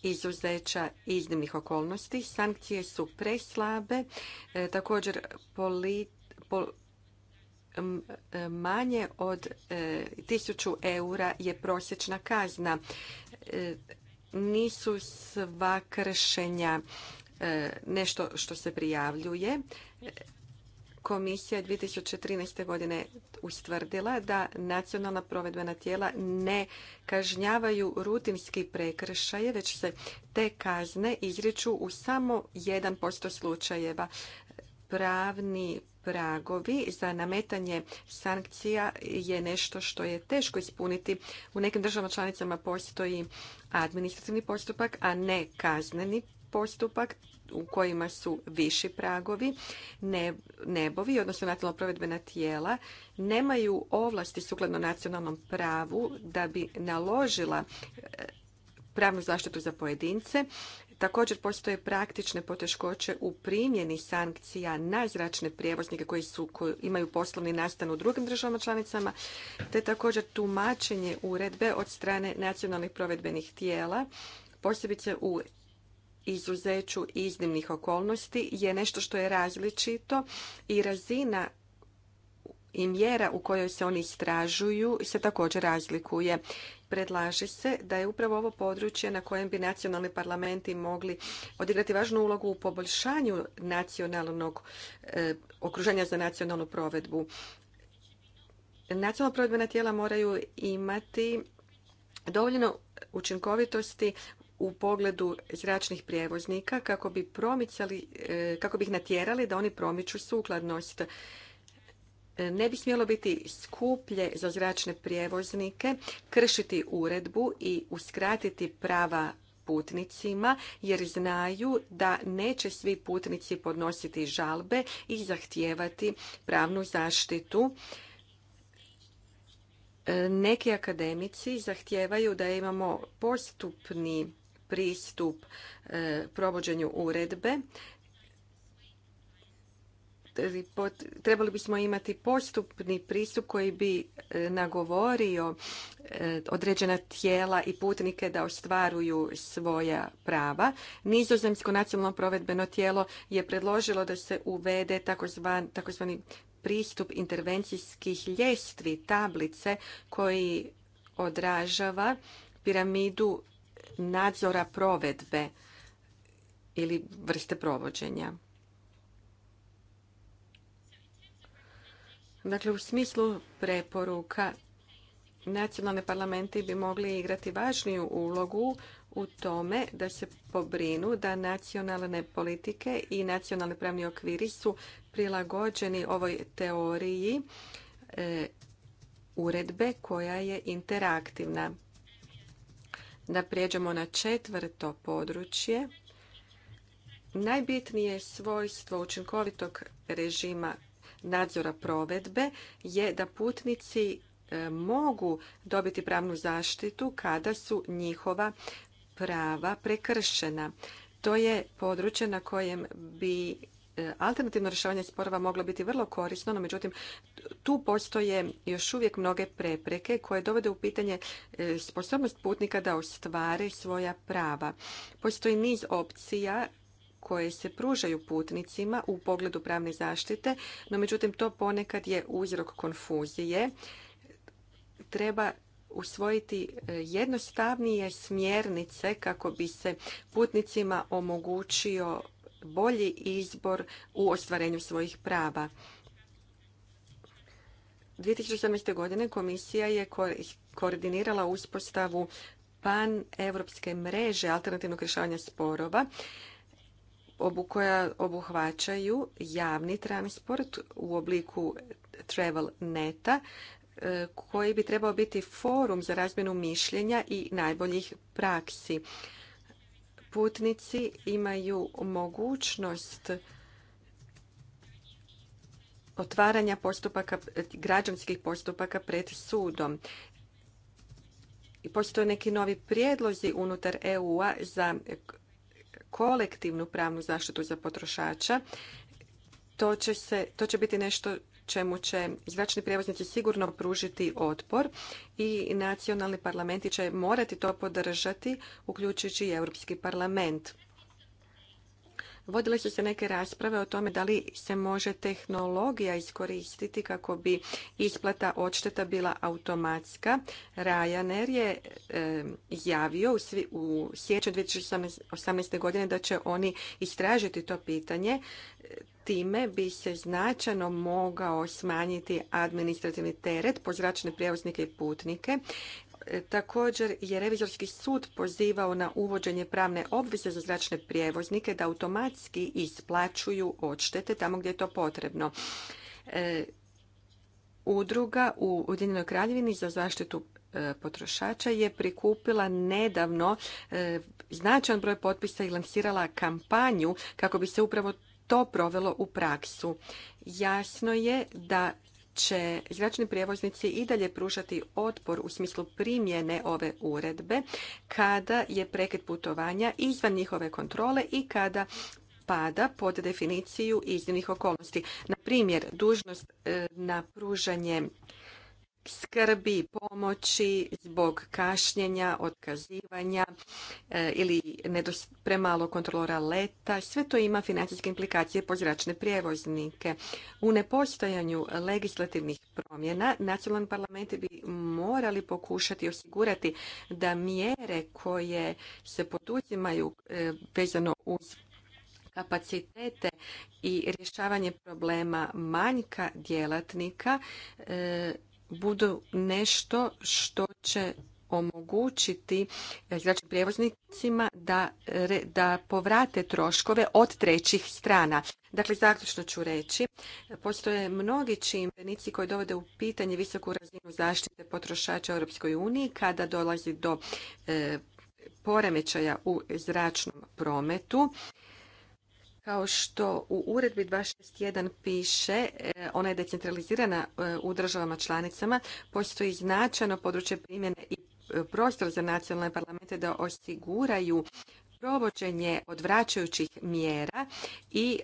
izuzeća iznimnih okolnosti. Sankcije su preslabe. E, također, e, manje od 1000 e, eura je prosječna kazna. Nisu sva kršenja nešto što se prijavljuje komisija je godine ustvrdila da nacionalna provedbena tijela ne kažnjavaju rutinski prekršaje, već se te kazne izriču u samo 1% slučajeva. Pravni pragovi za nametanje sankcija je nešto što je teško ispuniti. U nekim državama članicama postoji administrativni postupak, a ne kazneni postupak u kojima su viši pragovi, nebovi, odnosno nacionalno provedbena tijela, nemaju ovlasti sukladno nacionalnom pravu da bi naložila e, pravnu zaštitu za pojedince. Također postoje praktične poteškoće u primjeni sankcija na zračne prijevoznike koji, su, koji imaju poslovni nastan u drugim državama članicama, te također tumačenje uredbe od strane nacionalnih provedbenih tijela, posebice u izuzeću iznimnih okolnosti je nešto što je različito i razina i mjera u kojoj se oni istražuju se također razlikuje. Predlaže se da je upravo ovo područje na kojem bi nacionalni parlamenti mogli odigrati važnu ulogu u poboljšanju nacionalnog e, okruženja za nacionalnu provedbu. Nacionalna provedbena tijela moraju imati dovoljno učinkovitosti u pogledu zračnih prijevoznika kako bi promicali, e, kako bi ih natjerali da oni promiču sukladnost. E, ne bi smjelo biti skuplje za zračne prijevoznike kršiti uredbu i uskratiti prava putnicima jer znaju da neće svi putnici podnositi žalbe i zahtijevati pravnu zaštitu. E, neki akademici zahtijevaju da imamo postupni pristup e, provođenju uredbe trebali bismo imati postupni pristup koji bi e, nagovorio e, određena tijela i putnike da ostvaruju svoja prava. Nizozemsko nacionalno provedbeno tijelo je predložilo da se uvede takozvani pristup intervencijskih ljestvi, tablice koji odražava piramidu nadzora provedbe ili vrste provođenja. Dakle, u smislu preporuka nacionalne parlamenti bi mogli igrati važniju ulogu u tome da se pobrinu da nacionalne politike i nacionalni pravni okviri su prilagođeni ovoj teoriji e, uredbe koja je interaktivna da na četvrto područje. Najbitnije svojstvo učinkovitog režima nadzora provedbe je da putnici e, mogu dobiti pravnu zaštitu kada su njihova prava prekršena. To je područje na kojem bi E, alternativno rješavanje sporova moglo biti vrlo korisno, no međutim tu postoje još uvijek mnoge prepreke koje dovode u pitanje e, sposobnost putnika da ostvare svoja prava. Postoji niz opcija koje se pružaju putnicima u pogledu pravne zaštite, no međutim to ponekad je uzrok konfuzije. Treba usvojiti e, jednostavnije smjernice kako bi se putnicima omogućio bolji izbor u ostvarenju svojih prava. 2017. godine komisija je koordinirala uspostavu pan-evropske mreže alternativnog rješavanja sporova obu koja obuhvaćaju javni transport u obliku travel neta e, koji bi trebao biti forum za razmjenu mišljenja i najboljih praksi putnici imaju mogućnost otvaranja postupaka, građanskih postupaka pred sudom. Postoje neki novi prijedlozi unutar EU-a za kolektivnu pravnu zaštitu za potrošača. To će, to će biti nešto čemu će zračni prijevoznici sigurno pružiti otpor i nacionalni parlamenti će morati to podržati, uključujući i Europski parlament. Vodile su se neke rasprave o tome da li se može tehnologija iskoristiti kako bi isplata odšteta bila automatska. Ryanair je javio u, u sjeću 2018. godine da će oni istražiti to pitanje. Time bi se značajno mogao smanjiti administrativni teret po zračne prijevoznike i putnike. E, također je revizorski sud pozivao na uvođenje pravne obveze za zračne prijevoznike da automatski isplaćuju odštete tamo gdje je to potrebno. E, udruga u Ujedinjenoj kraljevini za zaštitu e, potrošača je prikupila nedavno značajan broj potpisa i lansirala kampanju kako bi se upravo to provelo u praksu. Jasno je da će zračni prijevoznici i dalje pružati otpor u smislu primjene ove uredbe kada je prekid putovanja izvan njihove kontrole i kada pada pod definiciju iznimnih okolnosti. Na primjer, dužnost e, na pružanje skrbi, pomoći zbog kašnjenja, otkazivanja e, ili premalo kontrolora leta. Sve to ima financijske implikacije po zračne prijevoznike. U nepostojanju legislativnih promjena nacionalni parlamenti bi morali pokušati osigurati da mjere koje se poduzimaju e, vezano uz kapacitete i rješavanje problema manjka djelatnika e, budu nešto što će omogućiti e, zračnim prijevoznicima da, da povrate troškove od trećih strana. Dakle, zaključno ću reći, postoje mnogi čimbenici koji dovode u pitanje visoku razinu zaštite potrošača u Europskoj uniji kada dolazi do e, poremećaja u zračnom prometu kao što u uredbi 261 piše, e, ona je decentralizirana e, u državama članicama, postoji značajno područje primjene i e, prostor za nacionalne parlamente da osiguraju provođenje odvraćajućih mjera i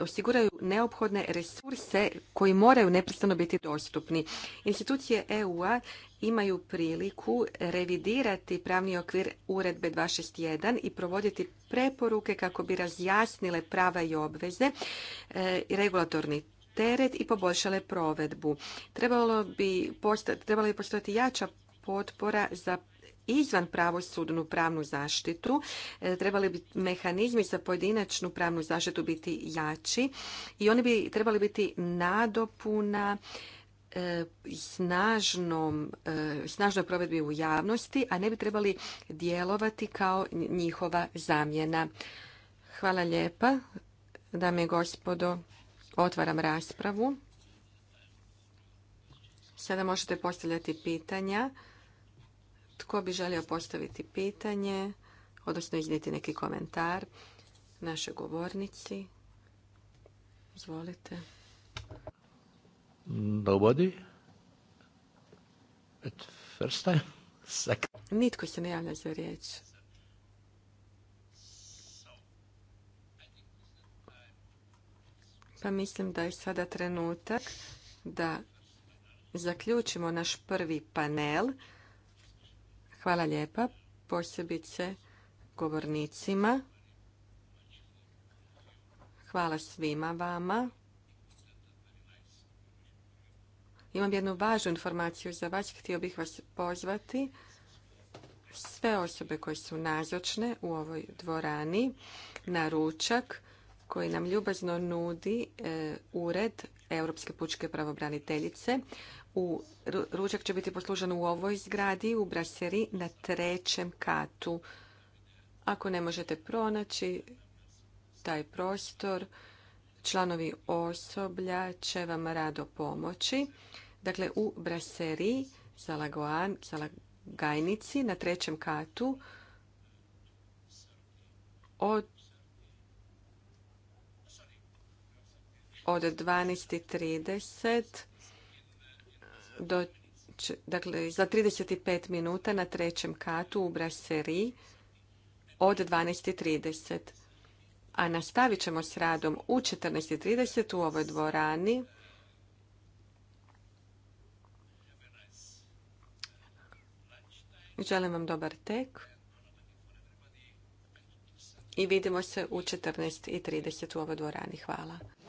osiguraju neophodne resurse koji moraju neprestano biti dostupni. Institucije EU-a imaju priliku revidirati pravni okvir uredbe 261 i provoditi preporuke kako bi razjasnile prava i obveze i e, regulatorni teret i poboljšale provedbu. Trebalo bi postati, trebala bi postojati jača potpora za izvan pravosudnu pravnu zaštitu. E, trebali bi mehanizmi za pojedinačnu pravnu zaštitu biti jači i oni bi trebali biti nadopuna e, e, snažnoj provedbi u javnosti, a ne bi trebali djelovati kao njihova zamjena. Hvala lijepa. Dame i gospodo, otvaram raspravu. Sada možete postavljati pitanja. Tko bi želio postaviti pitanje, odnosno iznijeti neki komentar naše govornici? Izvolite. Nobody? At first time? Nitko se ne javlja za riječ. Pa mislim da je sada trenutak da zaključimo naš prvi panel. Hvala lijepa posebice govornicima. Hvala svima vama. Imam jednu važnu informaciju za vas. Htio bih vas pozvati sve osobe koje su nazočne u ovoj dvorani na ručak koji nam ljubazno nudi e, Ured Europske pučke pravobraniteljice u, ručak će biti poslužen u ovoj zgradi, u braseri, na trećem katu. Ako ne možete pronaći taj prostor, članovi osoblja će vam rado pomoći. Dakle, u braseri, Salagajnici, na trećem katu, od od 12.30 do, dakle, za 35 minuta na trećem katu u Brasserie od 12.30. A nastavit ćemo s radom u 14.30 u ovoj dvorani. Želim vam dobar tek. I vidimo se u 14.30 u ovoj dvorani. Hvala.